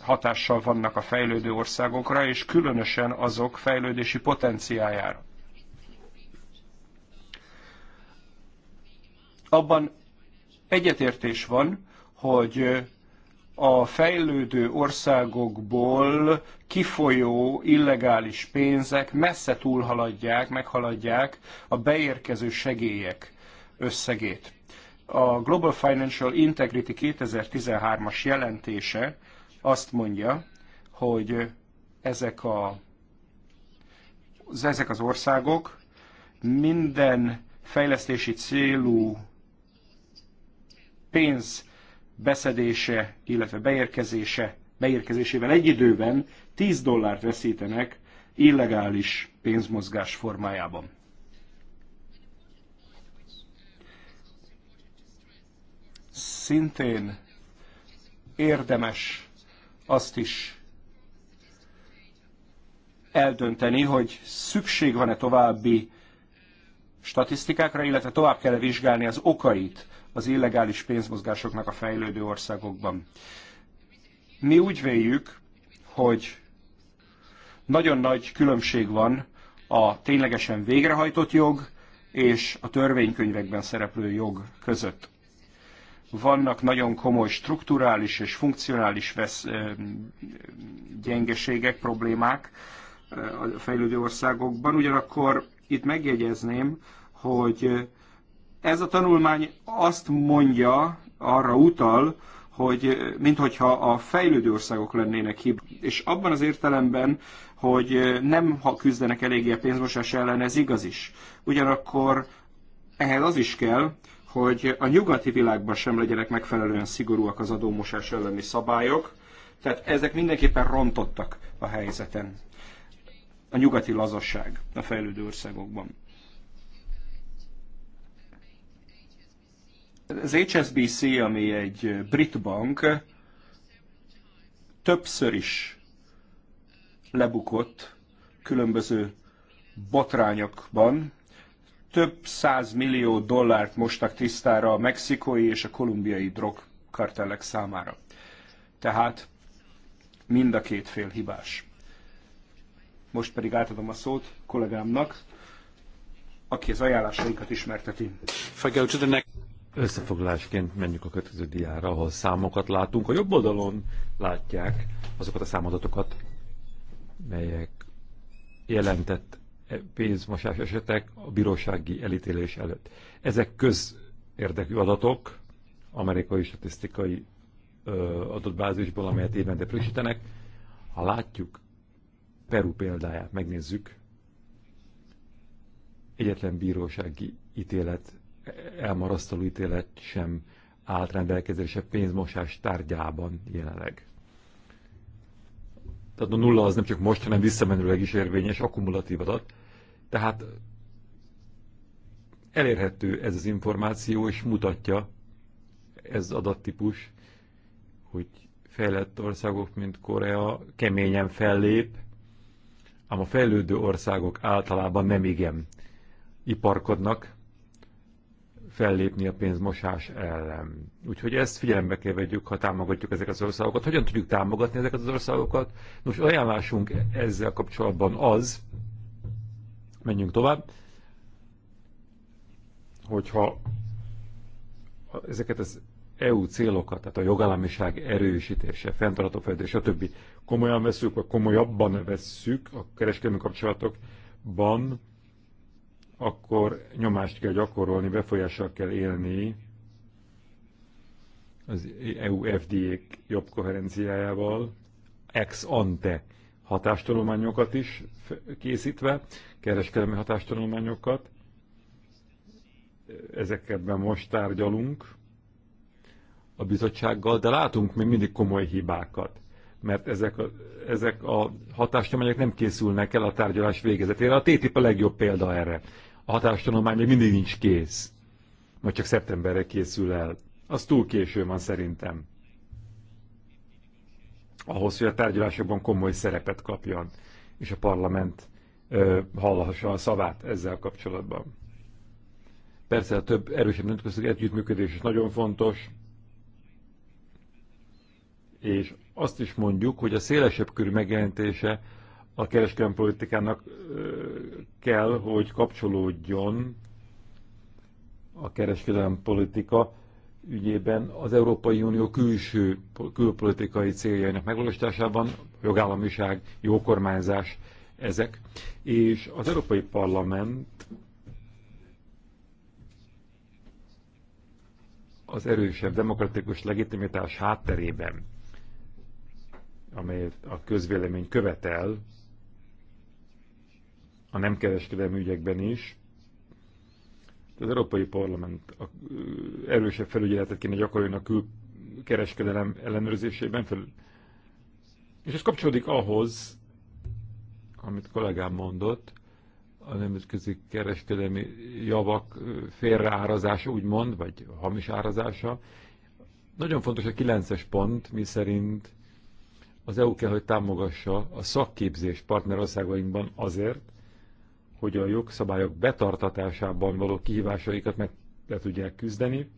S1: hatással vannak a fejlődő országokra, és különösen azok fejlődési potenciájára. Abban egyetértés van, hogy a fejlődő országokból kifolyó illegális pénzek messze túlhaladják, meghaladják a beérkező segélyek összegét. A Global Financial Integrity 2013-as jelentése azt mondja, hogy ezek, a, ezek az országok minden fejlesztési célú pénz beszedése, illetve beérkezése beérkezésével egy időben 10 dollárt veszítenek illegális pénzmozgás formájában. Szintén érdemes azt is eldönteni, hogy szükség van-e további statisztikákra, illetve tovább kell vizsgálni az okait az illegális pénzmozgásoknak a fejlődő országokban. Mi úgy véljük, hogy nagyon nagy különbség van a ténylegesen végrehajtott jog és a törvénykönyvekben szereplő jog között. Vannak nagyon komoly strukturális és funkcionális vesz, gyengeségek, problémák a fejlődő országokban, ugyanakkor itt megjegyezném, hogy ez a tanulmány azt mondja, arra utal, hogy minthogyha a fejlődő országok lennének hib. És abban az értelemben, hogy nem ha küzdenek eléggé a pénzmosás ellen, ez igaz is. Ugyanakkor ehhez az is kell, hogy a nyugati világban sem legyenek megfelelően szigorúak az adómosás elleni szabályok, tehát ezek mindenképpen rontottak a helyzeten. A nyugati lazasság a fejlődő országokban. Az HSBC, ami egy brit bank, többször is lebukott különböző botrányokban, több száz millió dollárt mostak tisztára a mexikói és a kolumbiai drogkartellek számára. Tehát mind a két fél hibás. Most pedig átadom a szót kollégámnak, aki az ajánlásainkat ismerteti
S2: összefoglalásként menjük a következő diára, ahol számokat látunk. A jobb oldalon látják azokat a számadatokat, melyek jelentett pénzmosás esetek a bírósági elítélés előtt. Ezek közérdekű adatok, amerikai statisztikai adatbázisból, amelyet évente frissítenek. Ha látjuk Peru példáját, megnézzük, egyetlen bírósági ítélet elmarasztaló ítélet sem állt rendelkezésre pénzmosás tárgyában jelenleg. Tehát a nulla az nem csak most, hanem visszamenőleg is érvényes, akkumulatív adat. Tehát elérhető ez az információ, és mutatja ez az adattípus, hogy fejlett országok, mint Korea keményen fellép, ám a fejlődő országok általában nem igen iparkodnak fellépni a pénzmosás ellen. Úgyhogy ezt figyelembe kell vegyük, ha támogatjuk ezeket az országokat. Hogyan tudjuk támogatni ezeket az országokat? Nos, ajánlásunk ezzel kapcsolatban az, menjünk tovább, hogyha ezeket az EU célokat, tehát a jogállamiság erősítése, fenntartó fejlődés, stb. komolyan veszük, vagy komolyabban veszük a kereskedelmi kapcsolatokban, akkor nyomást kell gyakorolni, befolyással kell élni az EU FDA-k jobb koherenciájával, ex ante hatástanulmányokat is készítve, kereskedelmi hatástanulmányokat. Ezekben most tárgyalunk a bizottsággal, de látunk még mindig komoly hibákat, mert ezek a, ezek a hatástanulmányok nem készülnek el a tárgyalás végezetére. A TTIP a legjobb példa erre. A hatástanulmány még mindig nincs kész. Majd csak szeptemberre készül el. Az túl késő van szerintem. Ahhoz, hogy a tárgyalásokban komoly szerepet kapjon, és a parlament ö, hallhassa a szavát ezzel kapcsolatban. Persze a több erősebb nemzetközi együttműködés is nagyon fontos, és azt is mondjuk, hogy a szélesebb körű megjelentése a kereskedelmi politikának kell, hogy kapcsolódjon a kereskedelmi politika ügyében az Európai Unió külső külpolitikai céljainak megvalósításában, jogállamiság, jókormányzás, ezek. És az Európai Parlament az erősebb demokratikus legitimitás hátterében, amelyet a közvélemény követel, a nem kereskedelmi ügyekben is. Az Európai Parlament a erősebb felügyeletet kéne gyakorolni a külkereskedelem ellenőrzésében. Fel... És ez kapcsolódik ahhoz, amit kollégám mondott, a nemzetközi kereskedelmi javak félreárazása, úgymond, vagy hamis árazása. Nagyon fontos a kilences pont, mi szerint az EU kell, hogy támogassa a szakképzés partnerországainkban azért, hogy a jogszabályok betartatásában való kihívásaikat meg le tudják küzdeni,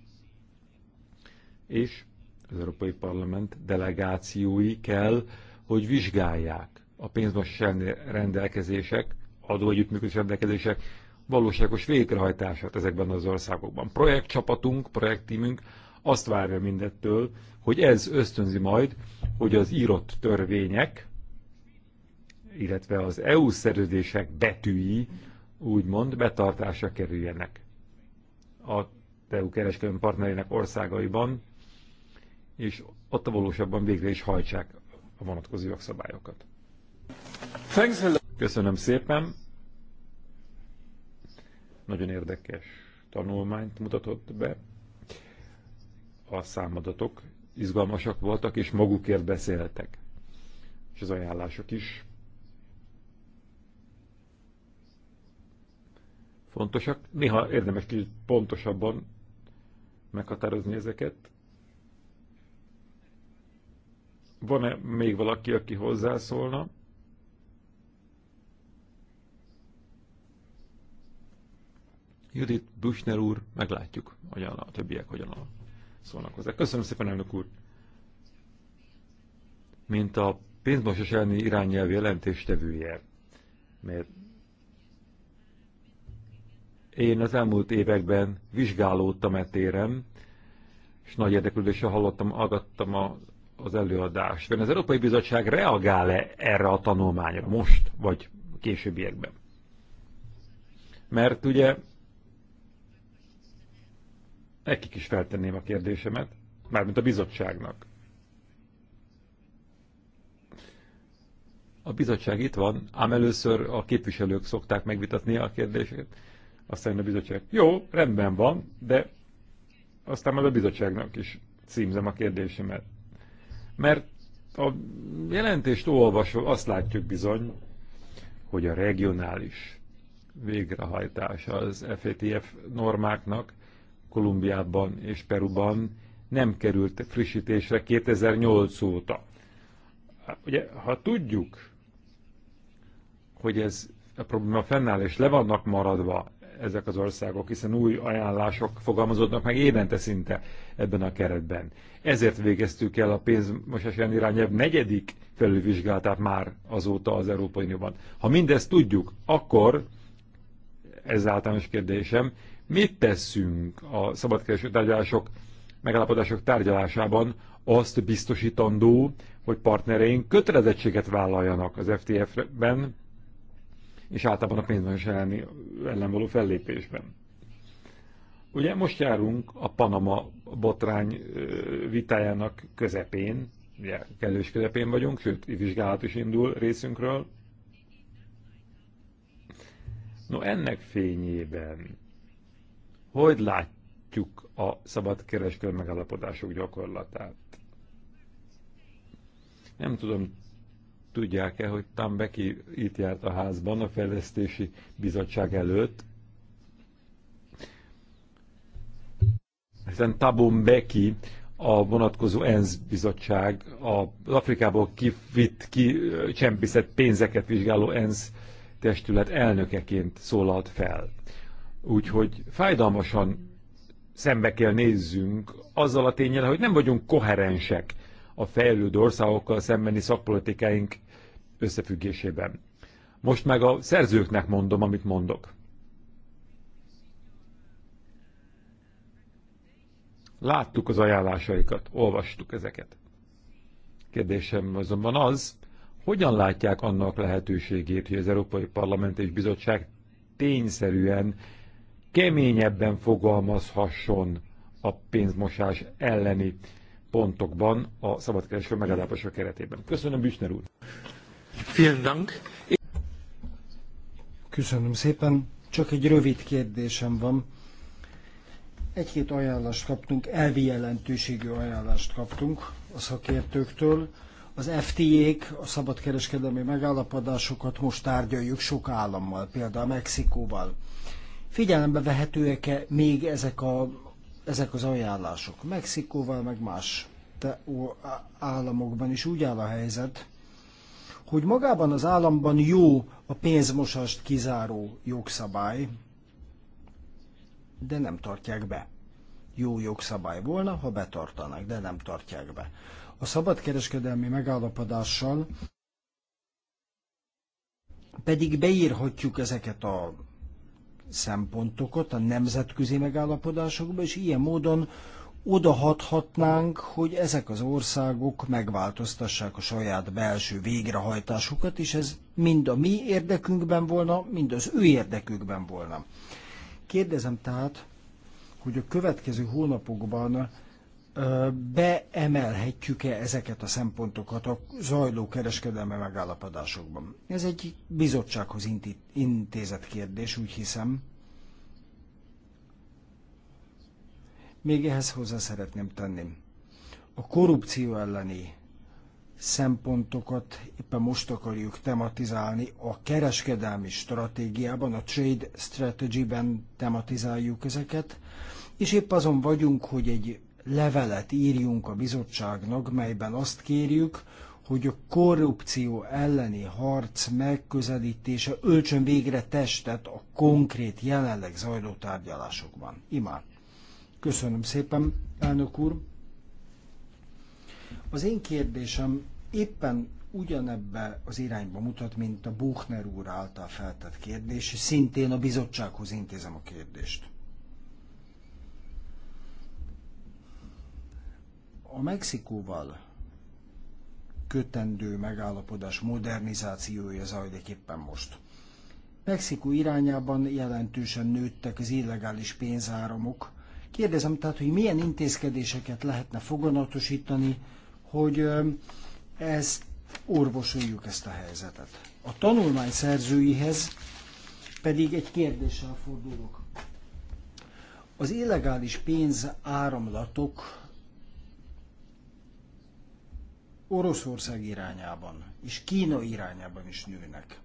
S2: és az Európai Parlament delegációi kell, hogy vizsgálják a pénzmosság rendelkezések, adóegyüttműködés rendelkezések valóságos végrehajtását ezekben az országokban. Projektcsapatunk, projektimünk azt várja mindettől, hogy ez ösztönzi majd, hogy az írott törvények illetve az EU szerződések betűi úgymond betartásra kerüljenek a EU kereskedelmi partnerének országaiban, és ott a valósabban végre is hajtsák a vonatkozó jogszabályokat. Köszönöm szépen! Nagyon érdekes tanulmányt mutatott be. A számadatok izgalmasak voltak, és magukért beszéltek. És az ajánlások is fontosak. Néha érdemes kicsit pontosabban meghatározni ezeket. Van-e még valaki, aki hozzászólna? Judit Bushner úr, meglátjuk, hogyan a többiek hogyan szólnak hozzá. Köszönöm szépen, elnök úr! Mint a pénzmosás elleni irányelvi jelentéstevője, mert én az elmúlt években vizsgálódtam e téren, és nagy érdeklődéssel hallottam, aggattam a, az előadást. Vajon az Európai Bizottság reagál-e erre a tanulmányra most, vagy későbbiekben? Mert ugye nekik is feltenném a kérdésemet, mármint a bizottságnak. A bizottság itt van, ám először a képviselők szokták megvitatni a kérdéseket. Aztán a bizottság, jó, rendben van, de aztán majd a bizottságnak is címzem a kérdésemet. Mert a jelentést olvasva azt látjuk bizony, hogy a regionális végrehajtása az FATF normáknak Kolumbiában és Peruban nem került frissítésre 2008 óta. Ugye, ha tudjuk, hogy ez a probléma fennáll, és le vannak maradva ezek az országok, hiszen új ajánlások fogalmazódnak meg évente szinte ebben a keretben. Ezért végeztük el a pénzmosás irányelv negyedik felülvizsgálatát már azóta az Európai Unióban. Ha mindezt tudjuk, akkor ez általános kérdésem, mit teszünk a szabadkereső tárgyalások, megállapodások tárgyalásában azt biztosítandó, hogy partnereink kötelezettséget vállaljanak az FTF-ben, és általában a pénzmosás ellen való fellépésben. Ugye most járunk a Panama botrány vitájának közepén, ugye kellős közepén vagyunk, sőt, vizsgálat is indul részünkről. No, ennek fényében hogy látjuk a szabadkereskedelmi megállapodások gyakorlatát? Nem tudom, Tudják-e, hogy Tambeki itt járt a házban a fejlesztési bizottság előtt, hiszen Tabon Beki a vonatkozó ENSZ bizottság, az Afrikából kivitt, ki csempészett pénzeket vizsgáló ENSZ testület elnökeként szólalt fel. Úgyhogy fájdalmasan szembe kell nézzünk azzal a tényel, hogy nem vagyunk koherensek a fejlődő országokkal szembeni szakpolitikáink összefüggésében. Most meg a szerzőknek mondom, amit mondok. Láttuk az ajánlásaikat, olvastuk ezeket. Kérdésem azonban az, hogyan látják annak lehetőségét, hogy az Európai Parlament és Bizottság tényszerűen keményebben fogalmazhasson a pénzmosás elleni pontokban a szabadkereső megállapodások keretében. Köszönöm, Büchner úr!
S3: Vielen Dank! Köszönöm szépen! Csak egy rövid kérdésem van. Egy-két ajánlást kaptunk, elvi jelentőségű ajánlást kaptunk a szakértőktől. Az FTA-k, a szabadkereskedelmi megállapodásokat most tárgyaljuk sok állammal, például Mexikóval. Figyelembe vehetőek-e még ezek a ezek az ajánlások. Mexikóval, meg más államokban is úgy áll a helyzet, hogy magában az államban jó a pénzmosást kizáró jogszabály, de nem tartják be. Jó jogszabály volna, ha betartanak, de nem tartják be. A szabadkereskedelmi megállapodással pedig beírhatjuk ezeket a szempontokat a nemzetközi megállapodásokba, és ilyen módon odahathatnánk, hogy ezek az országok megváltoztassák a saját belső végrehajtásukat, és ez mind a mi érdekünkben volna, mind az ő érdekükben volna. Kérdezem tehát, hogy a következő hónapokban beemelhetjük-e ezeket a szempontokat a zajló kereskedelme megállapodásokban. Ez egy bizottsághoz intézett kérdés, úgy hiszem. Még ehhez hozzá szeretném tenni. A korrupció elleni szempontokat éppen most akarjuk tematizálni a kereskedelmi stratégiában, a Trade Strategy-ben tematizáljuk ezeket, és épp azon vagyunk, hogy egy levelet írjunk a bizottságnak, melyben azt kérjük, hogy a korrupció elleni harc megközelítése öltsön végre testet a konkrét jelenleg zajló tárgyalásokban. Imád. Köszönöm szépen, elnök úr. Az én kérdésem éppen ugyanebbe az irányba mutat, mint a Buchner úr által feltett kérdés, és szintén a bizottsághoz intézem a kérdést. A Mexikóval kötendő megállapodás modernizációja zajlik éppen most. Mexikó irányában jelentősen nőttek az illegális pénzáramok. Kérdezem tehát, hogy milyen intézkedéseket lehetne foganatosítani, hogy ezt orvosoljuk ezt a helyzetet. A tanulmány szerzőihez pedig egy kérdéssel fordulok. Az illegális pénzáramlatok Oroszország irányában és Kína irányában is nőnek.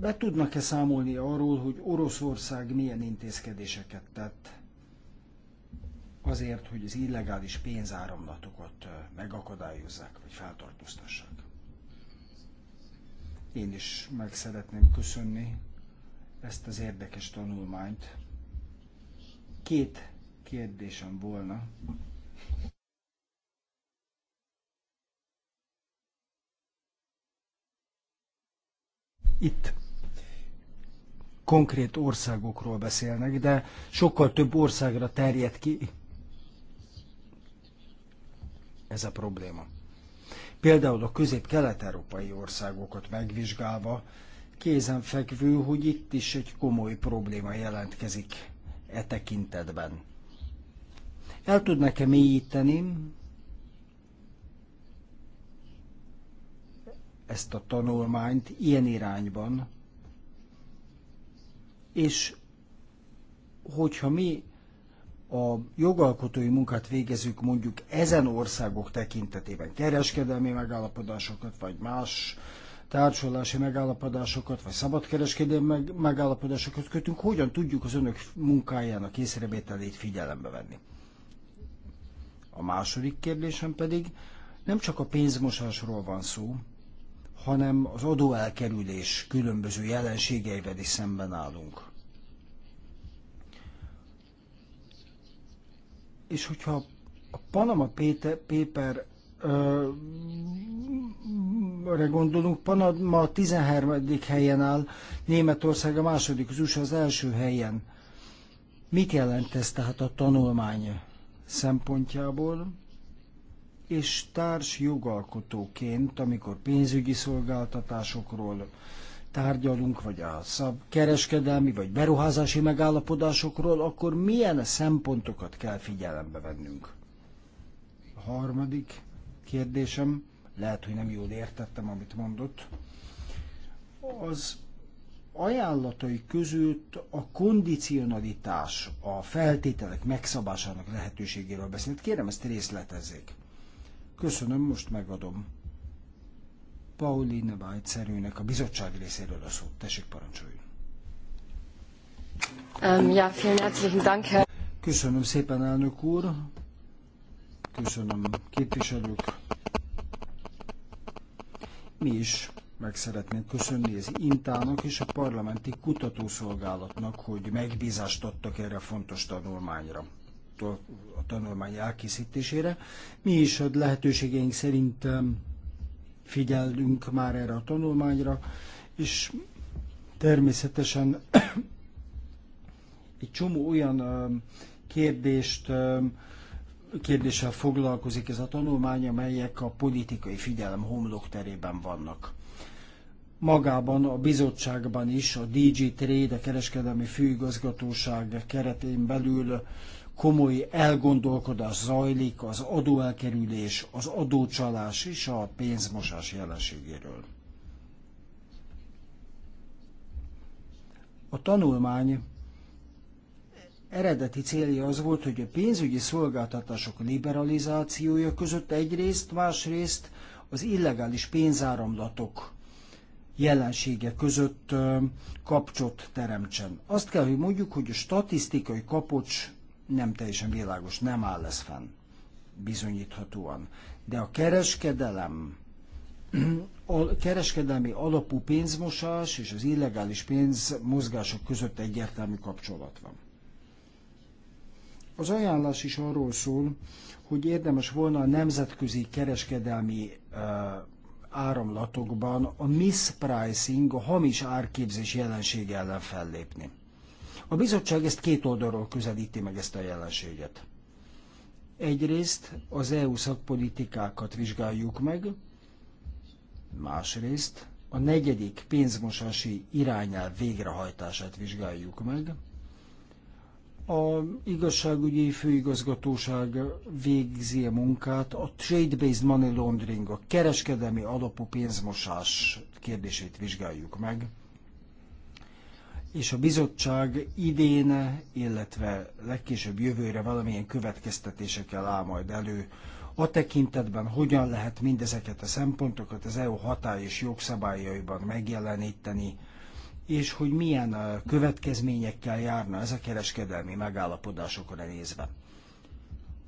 S3: Be tudnak-e számolni arról, hogy Oroszország milyen intézkedéseket tett azért, hogy az illegális pénzáramlatokat megakadályozzák vagy feltartóztassák? Én is meg szeretném köszönni ezt az érdekes tanulmányt. Két kérdésem volna. Itt konkrét országokról beszélnek, de sokkal több országra terjed ki ez a probléma. Például a közép-kelet-európai országokat megvizsgálva kézenfekvő, hogy itt is egy komoly probléma jelentkezik e tekintetben. El tudnak-e mélyíteni ezt a tanulmányt ilyen irányban, és hogyha mi a jogalkotói munkát végezünk, mondjuk ezen országok tekintetében, kereskedelmi megállapodásokat, vagy más társulási megállapodásokat, vagy szabadkereskedelmi megállapodásokat kötünk, hogyan tudjuk az önök munkájának észrevételét figyelembe venni. A második kérdésem pedig nem csak a pénzmosásról van szó, hanem az adóelkerülés különböző jelenségeivel is szemben állunk. És hogyha a Panama Paper re gondolunk, Panama a 13. helyen áll, Németország a második, az USA az első helyen. Mit jelent ez tehát a tanulmány szempontjából? és társ jogalkotóként, amikor pénzügyi szolgáltatásokról tárgyalunk, vagy a szab kereskedelmi, vagy beruházási megállapodásokról, akkor milyen szempontokat kell figyelembe vennünk? A harmadik kérdésem, lehet, hogy nem jól értettem, amit mondott, az ajánlatai között a kondicionalitás, a feltételek megszabásának lehetőségéről beszélt. Kérem, ezt részletezzék. Köszönöm, most megadom. Pauline Weitzer a bizottság részéről a szót. Tessék, parancsoljon. Um, ja, vielen herzlichen Dank, Herr. Köszönöm szépen, elnök úr. Köszönöm, képviselők. Mi is meg szeretnénk köszönni az Intának és a Parlamenti Kutatószolgálatnak, hogy megbízást adtak erre a fontos tanulmányra a, a tanulmány elkészítésére. Mi is a lehetőségeink szerint figyelünk már erre a tanulmányra, és természetesen egy csomó olyan kérdést, kérdéssel foglalkozik ez a tanulmány, amelyek a politikai figyelem homlok terében vannak. Magában a bizottságban is a DG Trade, a kereskedelmi főigazgatóság keretén belül komoly elgondolkodás zajlik az adóelkerülés, az adócsalás és a pénzmosás jelenségéről. A tanulmány eredeti célja az volt, hogy a pénzügyi szolgáltatások liberalizációja között egyrészt, másrészt az illegális pénzáramlatok jelensége között kapcsot teremtsen. Azt kell, hogy mondjuk, hogy a statisztikai kapocs nem teljesen világos, nem áll ez fenn bizonyíthatóan. De a kereskedelem, [clears throat] a kereskedelmi alapú pénzmosás és az illegális pénzmozgások között egyértelmű kapcsolat van. Az ajánlás is arról szól, hogy érdemes volna a nemzetközi kereskedelmi uh, áramlatokban a mispricing, a hamis árképzés jelenség ellen fellépni. A bizottság ezt két oldalról közelíti meg ezt a jelenséget. Egyrészt az EU szakpolitikákat vizsgáljuk meg, másrészt a negyedik pénzmosási irányelv végrehajtását vizsgáljuk meg. A igazságügyi főigazgatóság végzi a munkát, a trade-based money laundering, a kereskedelmi alapú pénzmosás kérdését vizsgáljuk meg és a bizottság idén, illetve legkésőbb jövőre valamilyen következtetésekkel áll majd elő, a tekintetben hogyan lehet mindezeket a szempontokat az EU hatály és jogszabályaiban megjeleníteni, és hogy milyen eh, következményekkel járna ez a kereskedelmi megállapodásokra nézve.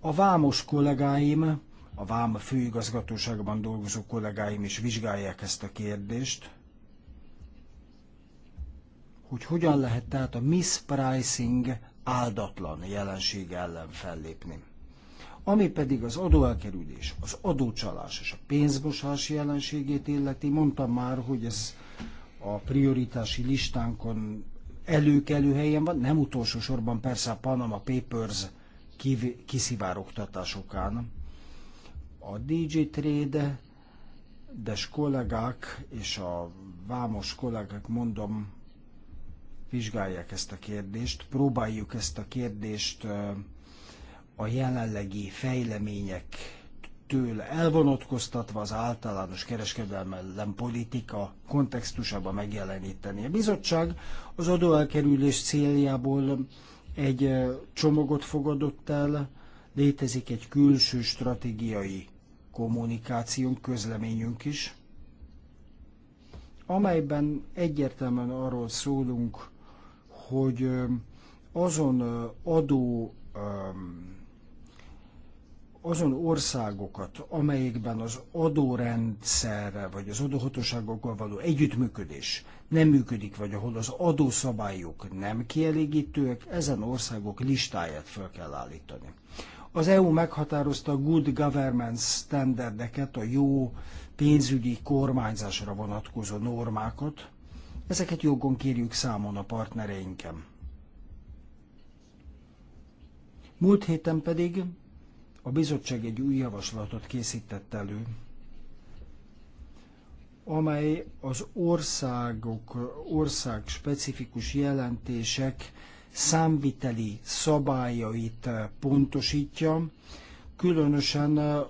S3: A vámos kollégáim, a vám főigazgatóságban dolgozó kollégáim is vizsgálják ezt a kérdést, hogy hogyan lehet tehát a mispricing áldatlan jelenség ellen fellépni. Ami pedig az adóelkerülés, az adócsalás és a pénzmosás jelenségét illeti, mondtam már, hogy ez a prioritási listánkon előkelő helyen van, nem utolsó sorban persze a Panama Papers kiv- kiszivárogtatásokán. A DJ Trade, des kollégák és a vámos kollégák, mondom, vizsgálják ezt a kérdést, próbáljuk ezt a kérdést a jelenlegi fejlemények től elvonatkoztatva az általános kereskedelmellen politika kontextusába megjeleníteni. A bizottság az adóelkerülés céljából egy csomagot fogadott el, létezik egy külső stratégiai kommunikációnk, közleményünk is, amelyben egyértelműen arról szólunk, hogy azon adó azon országokat, amelyekben az adórendszerre vagy az adóhatóságokkal való együttműködés nem működik, vagy ahol az adószabályok nem kielégítőek, ezen országok listáját fel kell állítani. Az EU meghatározta a good governance standardeket, a jó pénzügyi kormányzásra vonatkozó normákat, Ezeket jogon kérjük számon a partnereinkem. Múlt héten pedig a bizottság egy új javaslatot készített elő, amely az országok, ország specifikus jelentések számviteli szabályait pontosítja, különösen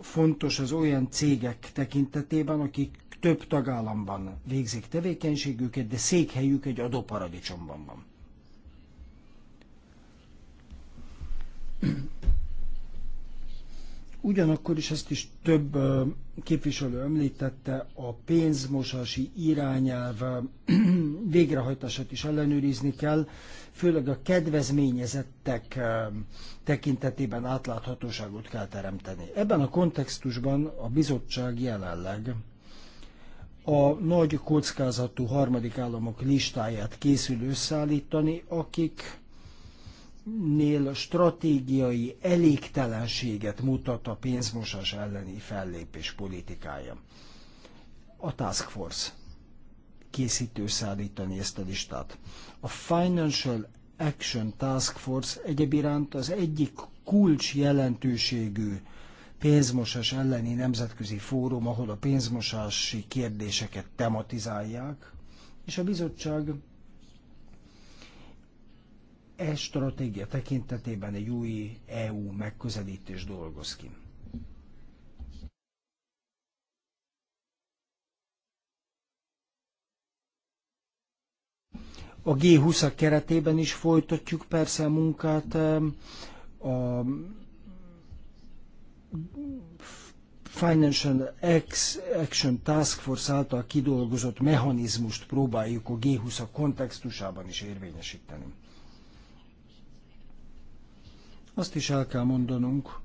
S3: fontos az olyan cégek tekintetében, akik több tagállamban végzik tevékenységüket, de székhelyük egy adóparadicsomban van. Ugyanakkor is ezt is több képviselő említette, a pénzmosási irányelv [clears throat] végrehajtását is ellenőrizni kell, főleg a kedvezményezettek tekintetében átláthatóságot kell teremteni. Ebben a kontextusban a bizottság jelenleg a nagy kockázatú harmadik államok listáját készül összeállítani, akik nél stratégiai elégtelenséget mutat a pénzmosás elleni fellépés politikája. A Task Force készít összeállítani ezt a listát. A Financial Action Task Force egyebiránt az egyik kulcs jelentőségű pénzmosás elleni nemzetközi fórum, ahol a pénzmosási kérdéseket tematizálják, és a bizottság e stratégia tekintetében egy új EU megközelítés dolgoz ki. A G20-ak keretében is folytatjuk persze a munkát, a Financial Action Task Force által kidolgozott mechanizmust próbáljuk a G20-a kontextusában is érvényesíteni. Azt is el kell mondanunk,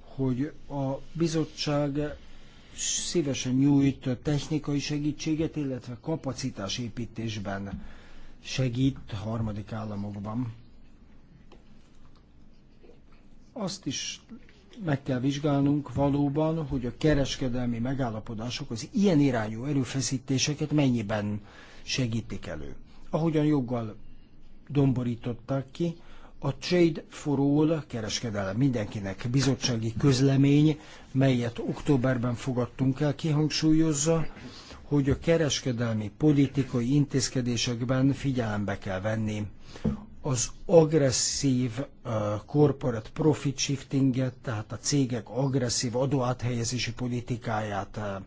S3: hogy a bizottság szívesen nyújt technikai segítséget, illetve kapacitásépítésben segít harmadik államokban. Azt is meg kell vizsgálnunk valóban, hogy a kereskedelmi megállapodások az ilyen irányú erőfeszítéseket mennyiben segítik elő. Ahogyan joggal domborították ki, a Trade for All kereskedelem mindenkinek bizottsági közlemény, melyet októberben fogadtunk el, kihangsúlyozza, hogy a kereskedelmi politikai intézkedésekben figyelembe kell venni az agresszív uh, corporate profit shiftinget, tehát a cégek agresszív adóáthelyezési politikáját, uh,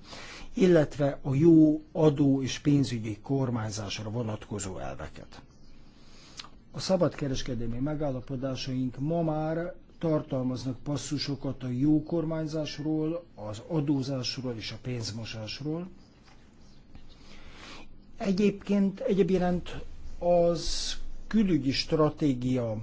S3: illetve a jó adó és pénzügyi kormányzásra vonatkozó elveket. A szabadkereskedelmi megállapodásaink ma már tartalmaznak passzusokat a jó kormányzásról, az adózásról és a pénzmosásról. Egyébként egyébként az külügyi stratégia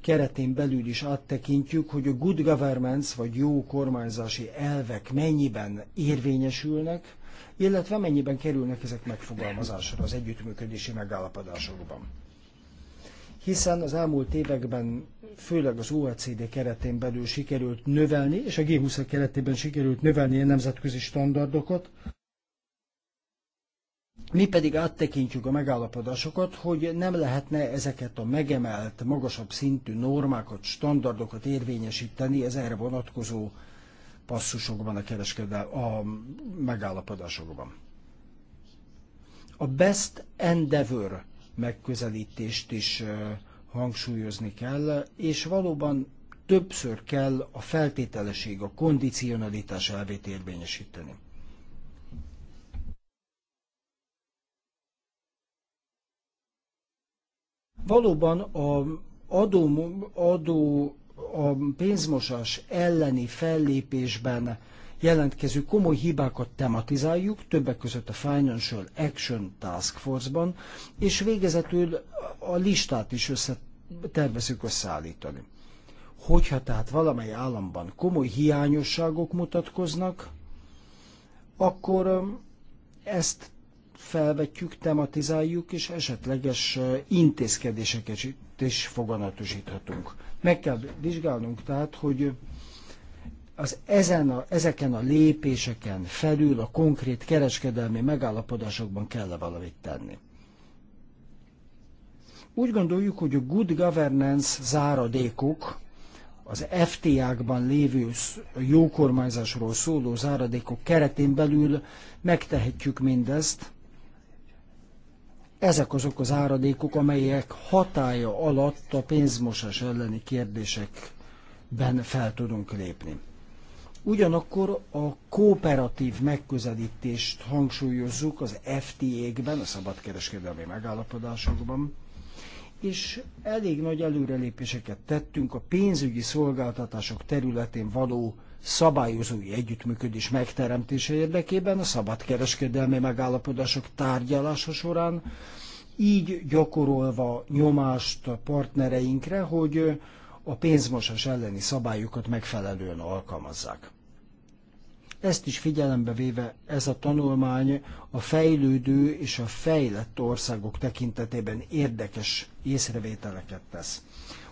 S3: keretén belül is áttekintjük, hogy a good governance vagy jó kormányzási elvek mennyiben érvényesülnek, illetve mennyiben kerülnek ezek megfogalmazásra az együttműködési megállapodásokban. Hiszen az elmúlt években főleg az OECD keretén belül sikerült növelni, és a G20 keretében sikerült növelni a nemzetközi standardokat, mi pedig áttekintjük a megállapodásokat, hogy nem lehetne ezeket a megemelt, magasabb szintű normákat, standardokat érvényesíteni az erre vonatkozó passzusokban, a, a megállapodásokban. A best endeavor megközelítést is hangsúlyozni kell, és valóban többször kell a feltételeség, a kondicionalitás elvét érvényesíteni. Valóban a adó, adó a pénzmosás elleni fellépésben jelentkező komoly hibákat tematizáljuk, többek között a Financial Action Task Force-ban, és végezetül a listát is össze, tervezünk összeállítani. Hogyha tehát valamely államban komoly hiányosságok mutatkoznak, akkor um, ezt felvetjük, tematizáljuk, és esetleges eh, intézkedéseket is foganatosíthatunk. Meg kell vizsgálnunk tehát, hogy az ezen a, ezeken a lépéseken felül a konkrét kereskedelmi megállapodásokban kell -e valamit tenni. Úgy gondoljuk, hogy a good governance záradékok, az FTA-kban lévő jókormányzásról szóló záradékok keretén belül megtehetjük mindezt, ezek azok az áradékok, amelyek hatája alatt a pénzmosás elleni kérdésekben fel tudunk lépni. Ugyanakkor a kooperatív megközelítést hangsúlyozzuk az FTA-kben, a szabadkereskedelmi megállapodásokban, és elég nagy előrelépéseket tettünk a pénzügyi szolgáltatások területén való szabályozói együttműködés megteremtése érdekében a szabadkereskedelmi megállapodások tárgyalása során, így gyakorolva nyomást partnereinkre, hogy a pénzmosás elleni szabályokat megfelelően alkalmazzák. Ezt is figyelembe véve ez a tanulmány a fejlődő és a fejlett országok tekintetében érdekes észrevételeket tesz.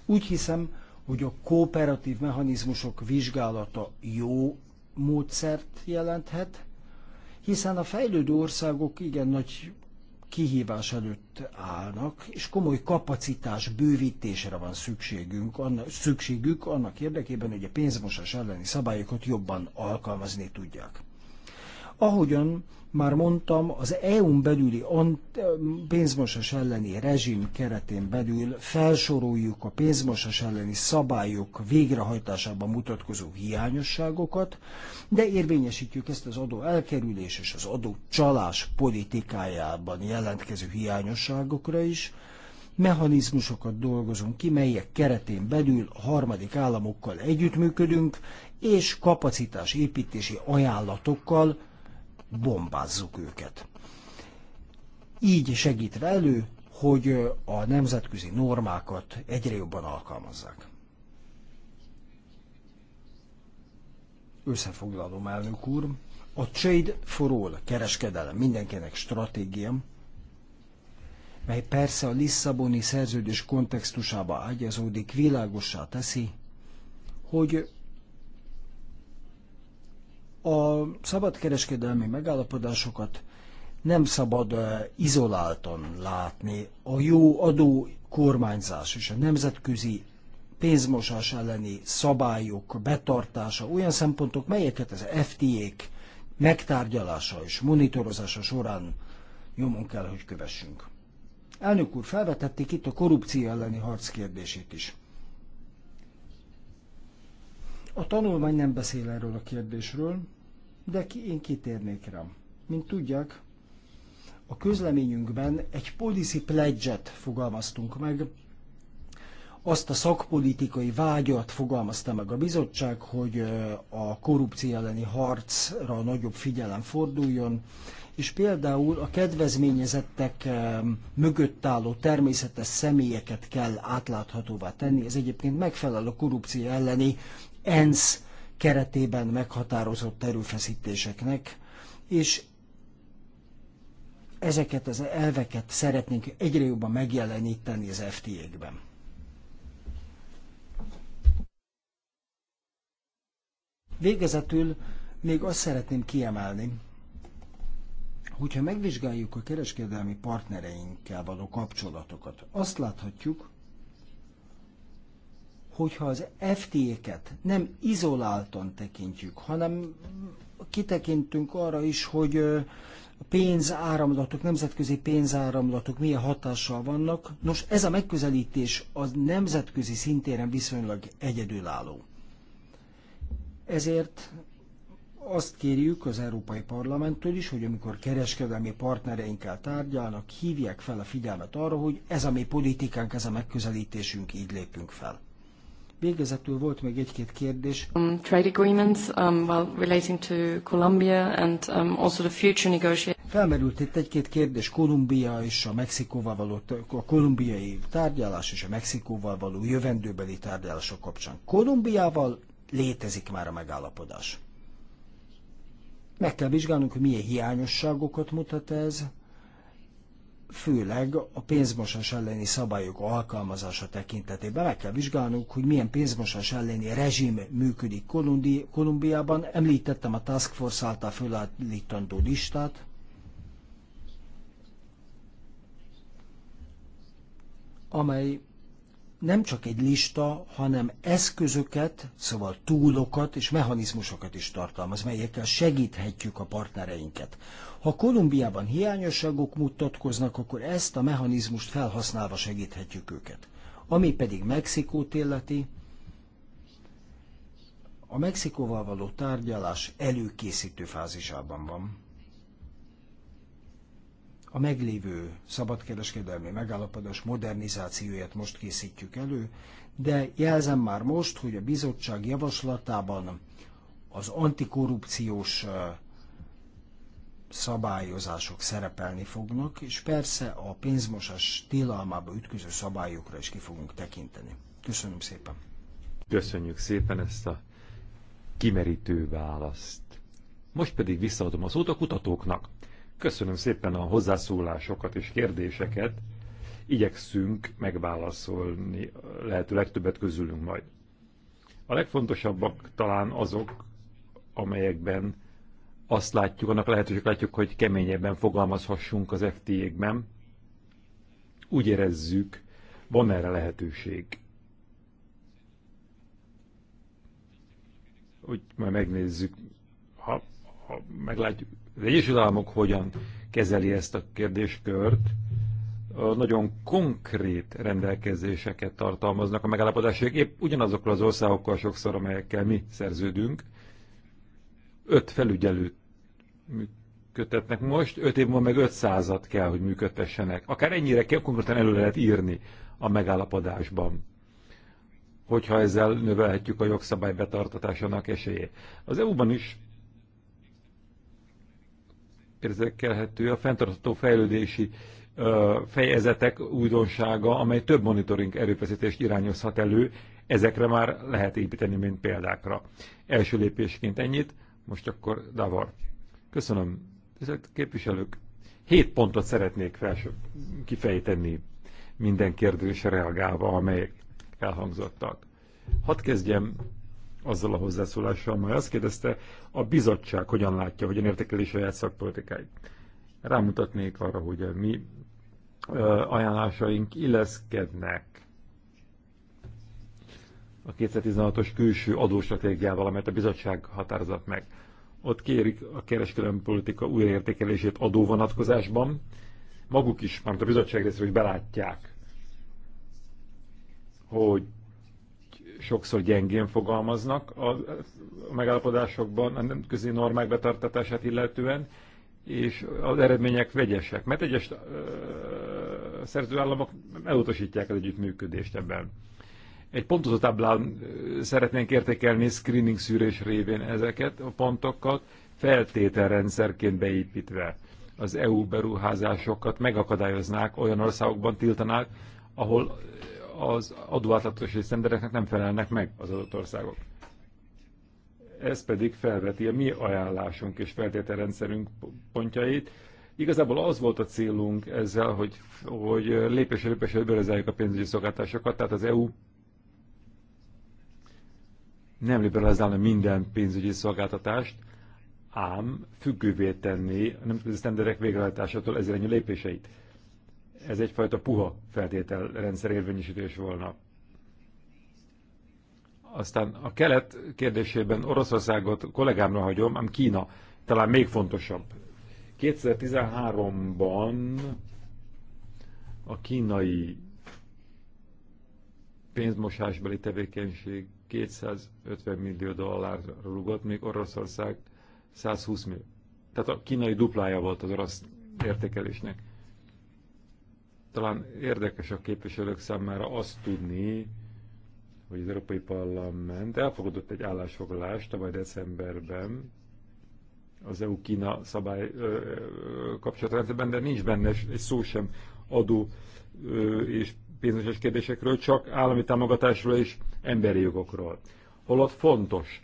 S3: Úgy hiszem, hogy a kooperatív mechanizmusok vizsgálata jó módszert jelenthet, hiszen a fejlődő országok igen nagy kihívás előtt állnak, és komoly kapacitás bővítésre van szükségünk, annak, szükségük annak érdekében, hogy a pénzmosás elleni szabályokat jobban alkalmazni tudják. Ahogyan már mondtam, az EU-n belüli pénzmosás elleni rezsim keretén belül felsoroljuk a pénzmosás elleni szabályok végrehajtásában mutatkozó hiányosságokat, de érvényesítjük ezt az adó elkerülés és az adó csalás politikájában jelentkező hiányosságokra is, mechanizmusokat dolgozunk ki, melyek keretén belül a harmadik államokkal együttműködünk, és kapacitás építési ajánlatokkal, bombázzuk őket. Így segít elő, hogy a nemzetközi normákat egyre jobban alkalmazzák. Összefoglalom, elnök úr. A Trade for All kereskedelem mindenkinek stratégia, mely persze a Lisszaboni szerződés kontextusába ágyazódik, világossá teszi, hogy a szabadkereskedelmi megállapodásokat nem szabad izoláltan látni. A jó adó kormányzás és a nemzetközi pénzmosás elleni szabályok betartása, olyan szempontok, melyeket az FTA-k megtárgyalása és monitorozása során nyomon kell, hogy kövessünk. Elnök úr, felvetették itt a korrupció elleni harc kérdését is. A tanulmány nem beszél erről a kérdésről, de én kitérnék rám. Mint tudják, a közleményünkben egy policy pledge-et fogalmaztunk meg, azt a szakpolitikai vágyat fogalmazta meg a bizottság, hogy a korrupció elleni harcra nagyobb figyelem forduljon, és például a kedvezményezettek mögött álló természetes személyeket kell átláthatóvá tenni. Ez egyébként megfelel a korrupció elleni ENSZ keretében meghatározott erőfeszítéseknek, és ezeket az elveket szeretnénk egyre jobban megjeleníteni az FTA-kben. Végezetül még azt szeretném kiemelni, hogyha megvizsgáljuk a kereskedelmi partnereinkkel való kapcsolatokat, azt láthatjuk, hogyha az FTA-ket nem izoláltan tekintjük, hanem kitekintünk arra is, hogy a pénzáramlatok, nemzetközi pénzáramlatok milyen hatással vannak. Nos, ez a megközelítés az nemzetközi szintéren viszonylag egyedülálló. Ezért azt kérjük az Európai Parlamenttől is, hogy amikor kereskedelmi partnereinkkel tárgyalnak, hívják fel a figyelmet arra, hogy ez a mi politikánk, ez a megközelítésünk, így lépünk fel. Végezetül volt még egy-két kérdés. Um, trade agreements, um, well, relating to Colombia and um, also the future negotiations. Felmerült itt egy-két kérdés Kolumbia és a Mexikóval való, a kolumbiai tárgyalás és a Mexikóval való jövendőbeli tárgyalások kapcsán. Kolumbiával létezik már a megállapodás. Meg kell vizsgálnunk, hogy milyen hiányosságokat mutat ez, főleg a pénzmosás elleni szabályok alkalmazása tekintetében meg kell vizsgálnunk, hogy milyen pénzmosás elleni rezsim működik Kolumbi- Kolumbiában. Említettem a Task Force által fölállítandó listát. amely nem csak egy lista, hanem eszközöket, szóval túlokat és mechanizmusokat is tartalmaz, melyekkel segíthetjük a partnereinket. Ha Kolumbiában hiányosságok mutatkoznak, akkor ezt a mechanizmust felhasználva segíthetjük őket. Ami pedig Mexikót illeti, a Mexikóval való tárgyalás előkészítő fázisában van a meglévő szabadkereskedelmi megállapodás modernizációját most készítjük elő, de jelzem már most, hogy a bizottság javaslatában az antikorrupciós szabályozások szerepelni fognak, és persze a pénzmosás tilalmába ütköző szabályokra is ki fogunk tekinteni. Köszönöm szépen!
S2: Köszönjük szépen ezt a kimerítő választ. Most pedig visszaadom az szót a kutatóknak. Köszönöm szépen a hozzászólásokat és kérdéseket. Igyekszünk megválaszolni lehető legtöbbet közülünk majd. A legfontosabbak talán azok, amelyekben azt látjuk, annak lehetőség látjuk, hogy keményebben fogalmazhassunk az fta ben Úgy érezzük, van erre lehetőség. Úgy majd megnézzük, ha, ha meglátjuk, az Egyesült Államok hogyan kezeli ezt a kérdéskört, nagyon konkrét rendelkezéseket tartalmaznak a megállapodások, épp ugyanazokkal az országokkal sokszor, amelyekkel mi szerződünk. Öt felügyelőt működtetnek most, öt év múlva meg öt százat kell, hogy működtessenek. Akár ennyire kell, konkrétan elő lehet írni a megállapodásban hogyha ezzel növelhetjük a jogszabály betartatásának esélyét. Az EU-ban is érzékelhető a fenntartható fejlődési fejezetek újdonsága, amely több monitoring erőfeszítést irányozhat elő, ezekre már lehet építeni, mint példákra. Első lépésként ennyit, most akkor Davar. Köszönöm. Tisztelt képviselők, hét pontot szeretnék felső, kifejteni minden kérdésre reagálva, amelyek elhangzottak. Hadd kezdjem azzal a hozzászólással, majd azt kérdezte, a bizottság hogyan látja, hogyan értékeli saját szakpolitikáit. Rámutatnék arra, hogy a mi ajánlásaink illeszkednek a 2016-os külső adóstratégiával, amelyet a bizottság határozott meg. Ott kérik a kereskedelmi politika újraértékelését adóvonatkozásban. Maguk is, mert a bizottság részéről, hogy belátják, hogy sokszor gyengén fogalmaznak a megállapodásokban a nemzetközi normák betartatását illetően, és az eredmények vegyesek, mert egyes ö, szerzőállamok elutasítják az együttműködést ebben. Egy pontozó táblán szeretnénk értékelni screening szűrés révén ezeket a pontokat, feltételrendszerként beépítve az EU beruházásokat megakadályoznák, olyan országokban tiltanák, ahol az adóátlátozási szendereknek nem felelnek meg az adott országok. Ez pedig felveti a mi ajánlásunk és feltételrendszerünk pontjait. Igazából az volt a célunk ezzel, hogy, hogy lépésről lépésre liberalizáljuk a pénzügyi szolgáltásokat, tehát az EU nem liberalizálna minden pénzügyi szolgáltatást, ám függővé tenni a nemzetközi sztenderek végrehajtásától ennyi lépéseit ez egyfajta puha feltételrendszer érvényesítés volna. Aztán a kelet kérdésében Oroszországot kollégámra hagyom, ám Kína talán még fontosabb. 2013-ban a kínai pénzmosásbeli tevékenység 250 millió dollárra rugott, még Oroszország 120 millió. Tehát a kínai duplája volt az orosz értékelésnek talán érdekes a képviselők számára azt tudni, hogy az Európai Parlament elfogadott egy állásfoglalást tavaly decemberben az EU-Kína szabály kapcsolatrendszerben, de nincs benne egy szó sem adó ö, és pénzes kérdésekről, csak állami támogatásról és emberi jogokról. Holott fontos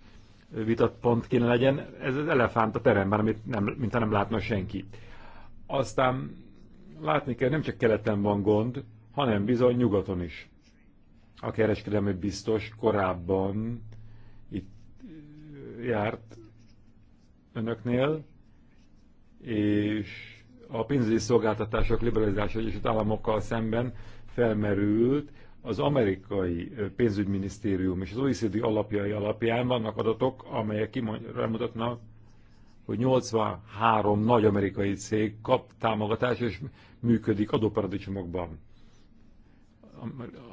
S2: vitatpont kéne legyen, ez az elefánt a teremben, amit nem, mint nem látna senki. Aztán látni kell, nem csak keleten van gond, hanem bizony nyugaton is. A kereskedelmi biztos korábban itt járt önöknél, és a pénzügyi szolgáltatások és az Államokkal szemben felmerült, az amerikai pénzügyminisztérium és az OECD alapjai alapján vannak adatok, amelyek kimutatnak hogy 83 nagy amerikai cég kap támogatást és működik adóparadicsomokban.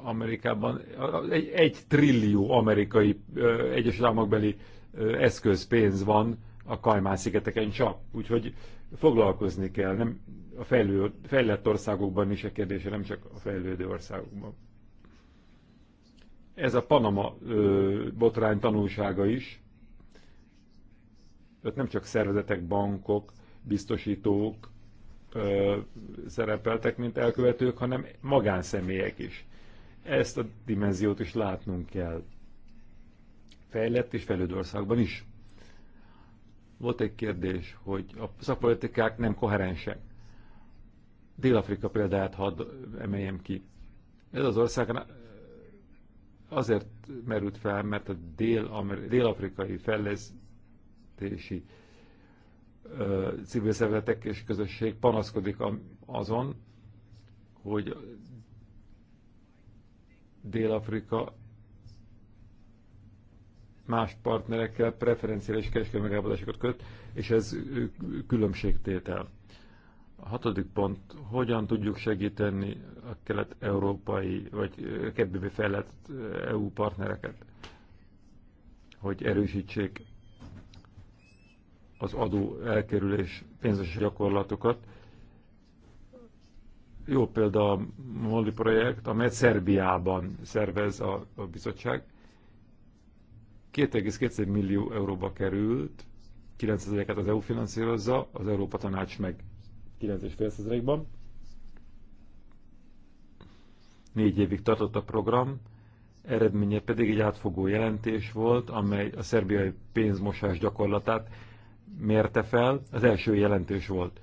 S2: Amerikában egy, egy trillió amerikai egyes államokbeli eszközpénz van a Kajmán-szigeteken csak, úgyhogy foglalkozni kell, nem a fejlő, fejlett országokban is a kérdése, nem csak a fejlődő országokban. Ez a Panama ö, botrány tanulsága is, ott nem csak szervezetek, bankok, biztosítók ö, szerepeltek, mint elkövetők, hanem magánszemélyek is. Ezt a dimenziót is látnunk kell. Fejlett és fejlődő országban is. Volt egy kérdés, hogy a szakpolitikák nem koherensek. Dél-Afrika példáját hadd emeljem ki. Ez az ország azért merült fel, mert a dél-afrikai dél fejlesztés költségvetési civil szervezetek és közösség panaszkodik azon, hogy Dél-Afrika más partnerekkel preferenciális kereskedelmi megállapodásokat köt, és ez különbségtétel. A hatodik pont, hogyan tudjuk segíteni a kelet-európai, vagy kedvébe fejlett EU partnereket, hogy erősítsék az adó elkerülés pénzes gyakorlatokat. Jó példa a Molli projekt, amelyet Szerbiában szervez a, a bizottság. 2,2 millió euróba került, 9000 et az EU finanszírozza, az Európa Tanács meg 9,5%-ban. Négy évig tartott a program, eredménye pedig egy átfogó jelentés volt, amely a szerbiai pénzmosás gyakorlatát mérte fel, az első jelentős volt,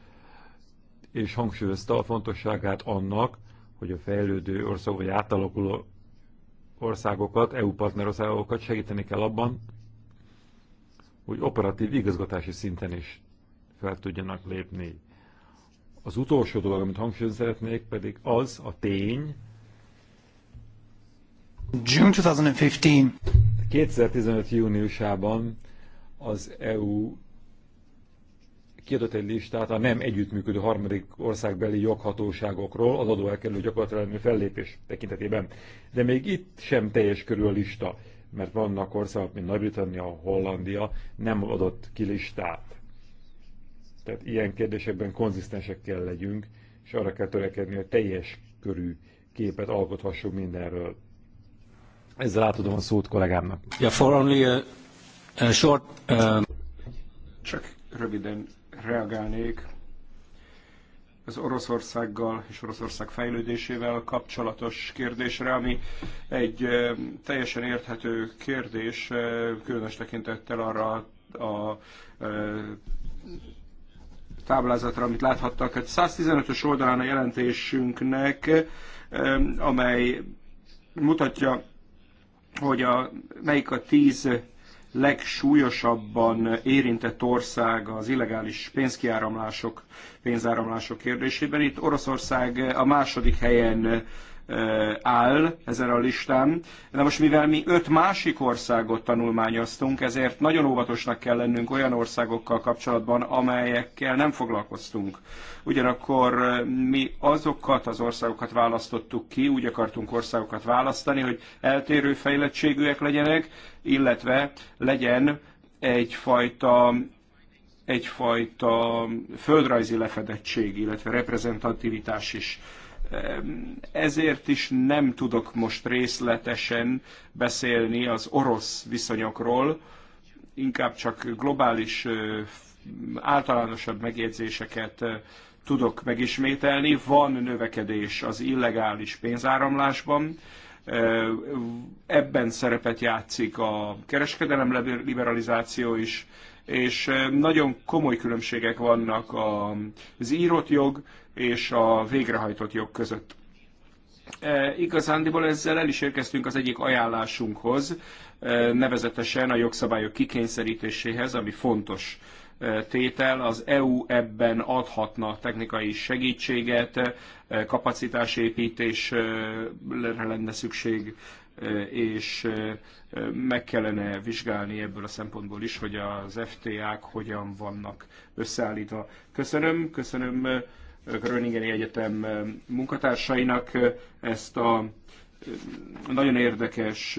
S2: és hangsúlyozta a fontosságát annak, hogy a fejlődő ország vagy átalakuló országokat, EU partnerországokat segíteni kell abban, hogy operatív igazgatási szinten is fel tudjanak lépni. Az utolsó dolog, amit hangsúlyozni szeretnék, pedig az a tény, June 2015. 2015 júniusában az EU kiadott egy listát a nem együttműködő harmadik országbeli joghatóságokról az adóelkerülő gyakorlatilag fellépés tekintetében. De még itt sem teljes körül a lista, mert vannak országok, mint Nagy-Britannia, Hollandia nem adott ki listát. Tehát ilyen kérdésekben konzisztensek kell legyünk, és arra kell törekedni, hogy teljes körű képet alkothassunk mindenről. Ezzel átadom a szót kollégámnak.
S1: Yeah, for only a, a short, um... Csak röviden reagálnék az Oroszországgal és Oroszország fejlődésével kapcsolatos kérdésre, ami egy teljesen érthető kérdés, különös tekintettel arra a táblázatra, amit láthattak. Hát 115-ös oldalán a jelentésünknek, amely mutatja, hogy a, melyik a 10 legsúlyosabban érintett ország az illegális pénzkiáramlások, pénzáramlások kérdésében. Itt Oroszország a második helyen Eh, áll ezen a listán. De most mivel mi öt másik országot tanulmányoztunk, ezért nagyon óvatosnak kell lennünk olyan országokkal kapcsolatban, amelyekkel nem foglalkoztunk. Ugyanakkor eh, mi azokat az országokat választottuk ki, úgy akartunk országokat választani, hogy eltérő fejlettségűek legyenek, illetve legyen egyfajta egyfajta földrajzi lefedettség, illetve reprezentativitás is ezért is nem tudok most részletesen beszélni az orosz viszonyokról, inkább csak globális, általánosabb megjegyzéseket tudok megismételni. Van növekedés az illegális pénzáramlásban, ebben szerepet játszik a kereskedelem liberalizáció is, és nagyon komoly különbségek vannak az írott jog és a végrehajtott jog között. E, igazándiból ezzel el is érkeztünk az egyik ajánlásunkhoz, e, nevezetesen a jogszabályok kikényszerítéséhez, ami fontos e, tétel, az EU ebben adhatna technikai segítséget, e, kapacitásépítésre lenne szükség, e, és meg kellene vizsgálni ebből a szempontból is, hogy az FTA-k hogyan vannak összeállítva. Köszönöm, köszönöm Gröningeni Egyetem eh, munkatársainak eh, ezt a eh, nagyon érdekes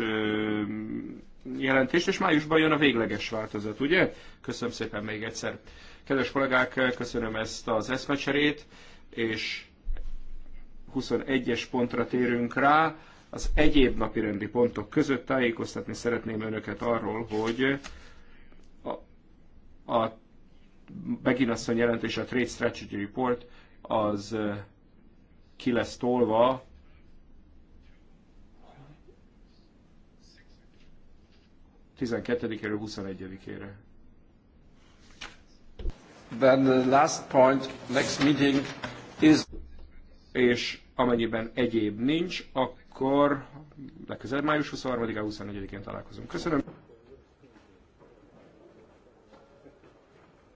S1: jelentést, és májusban jön a végleges változat, ugye? Köszönöm szépen még egyszer. Kedves kollégák, köszönöm ezt az eszmecserét, és 21-es pontra térünk rá. Az egyéb napirendi pontok között tájékoztatni szeretném önöket arról, hogy a, a Beginasszony jelentése a Trade Strategy Report az ki lesz tolva tizenkettedikéről 21-ére. Then the last point, next meeting is... És amennyiben egyéb nincs, akkor legközelebb május 23-án, 24-én találkozunk. Köszönöm.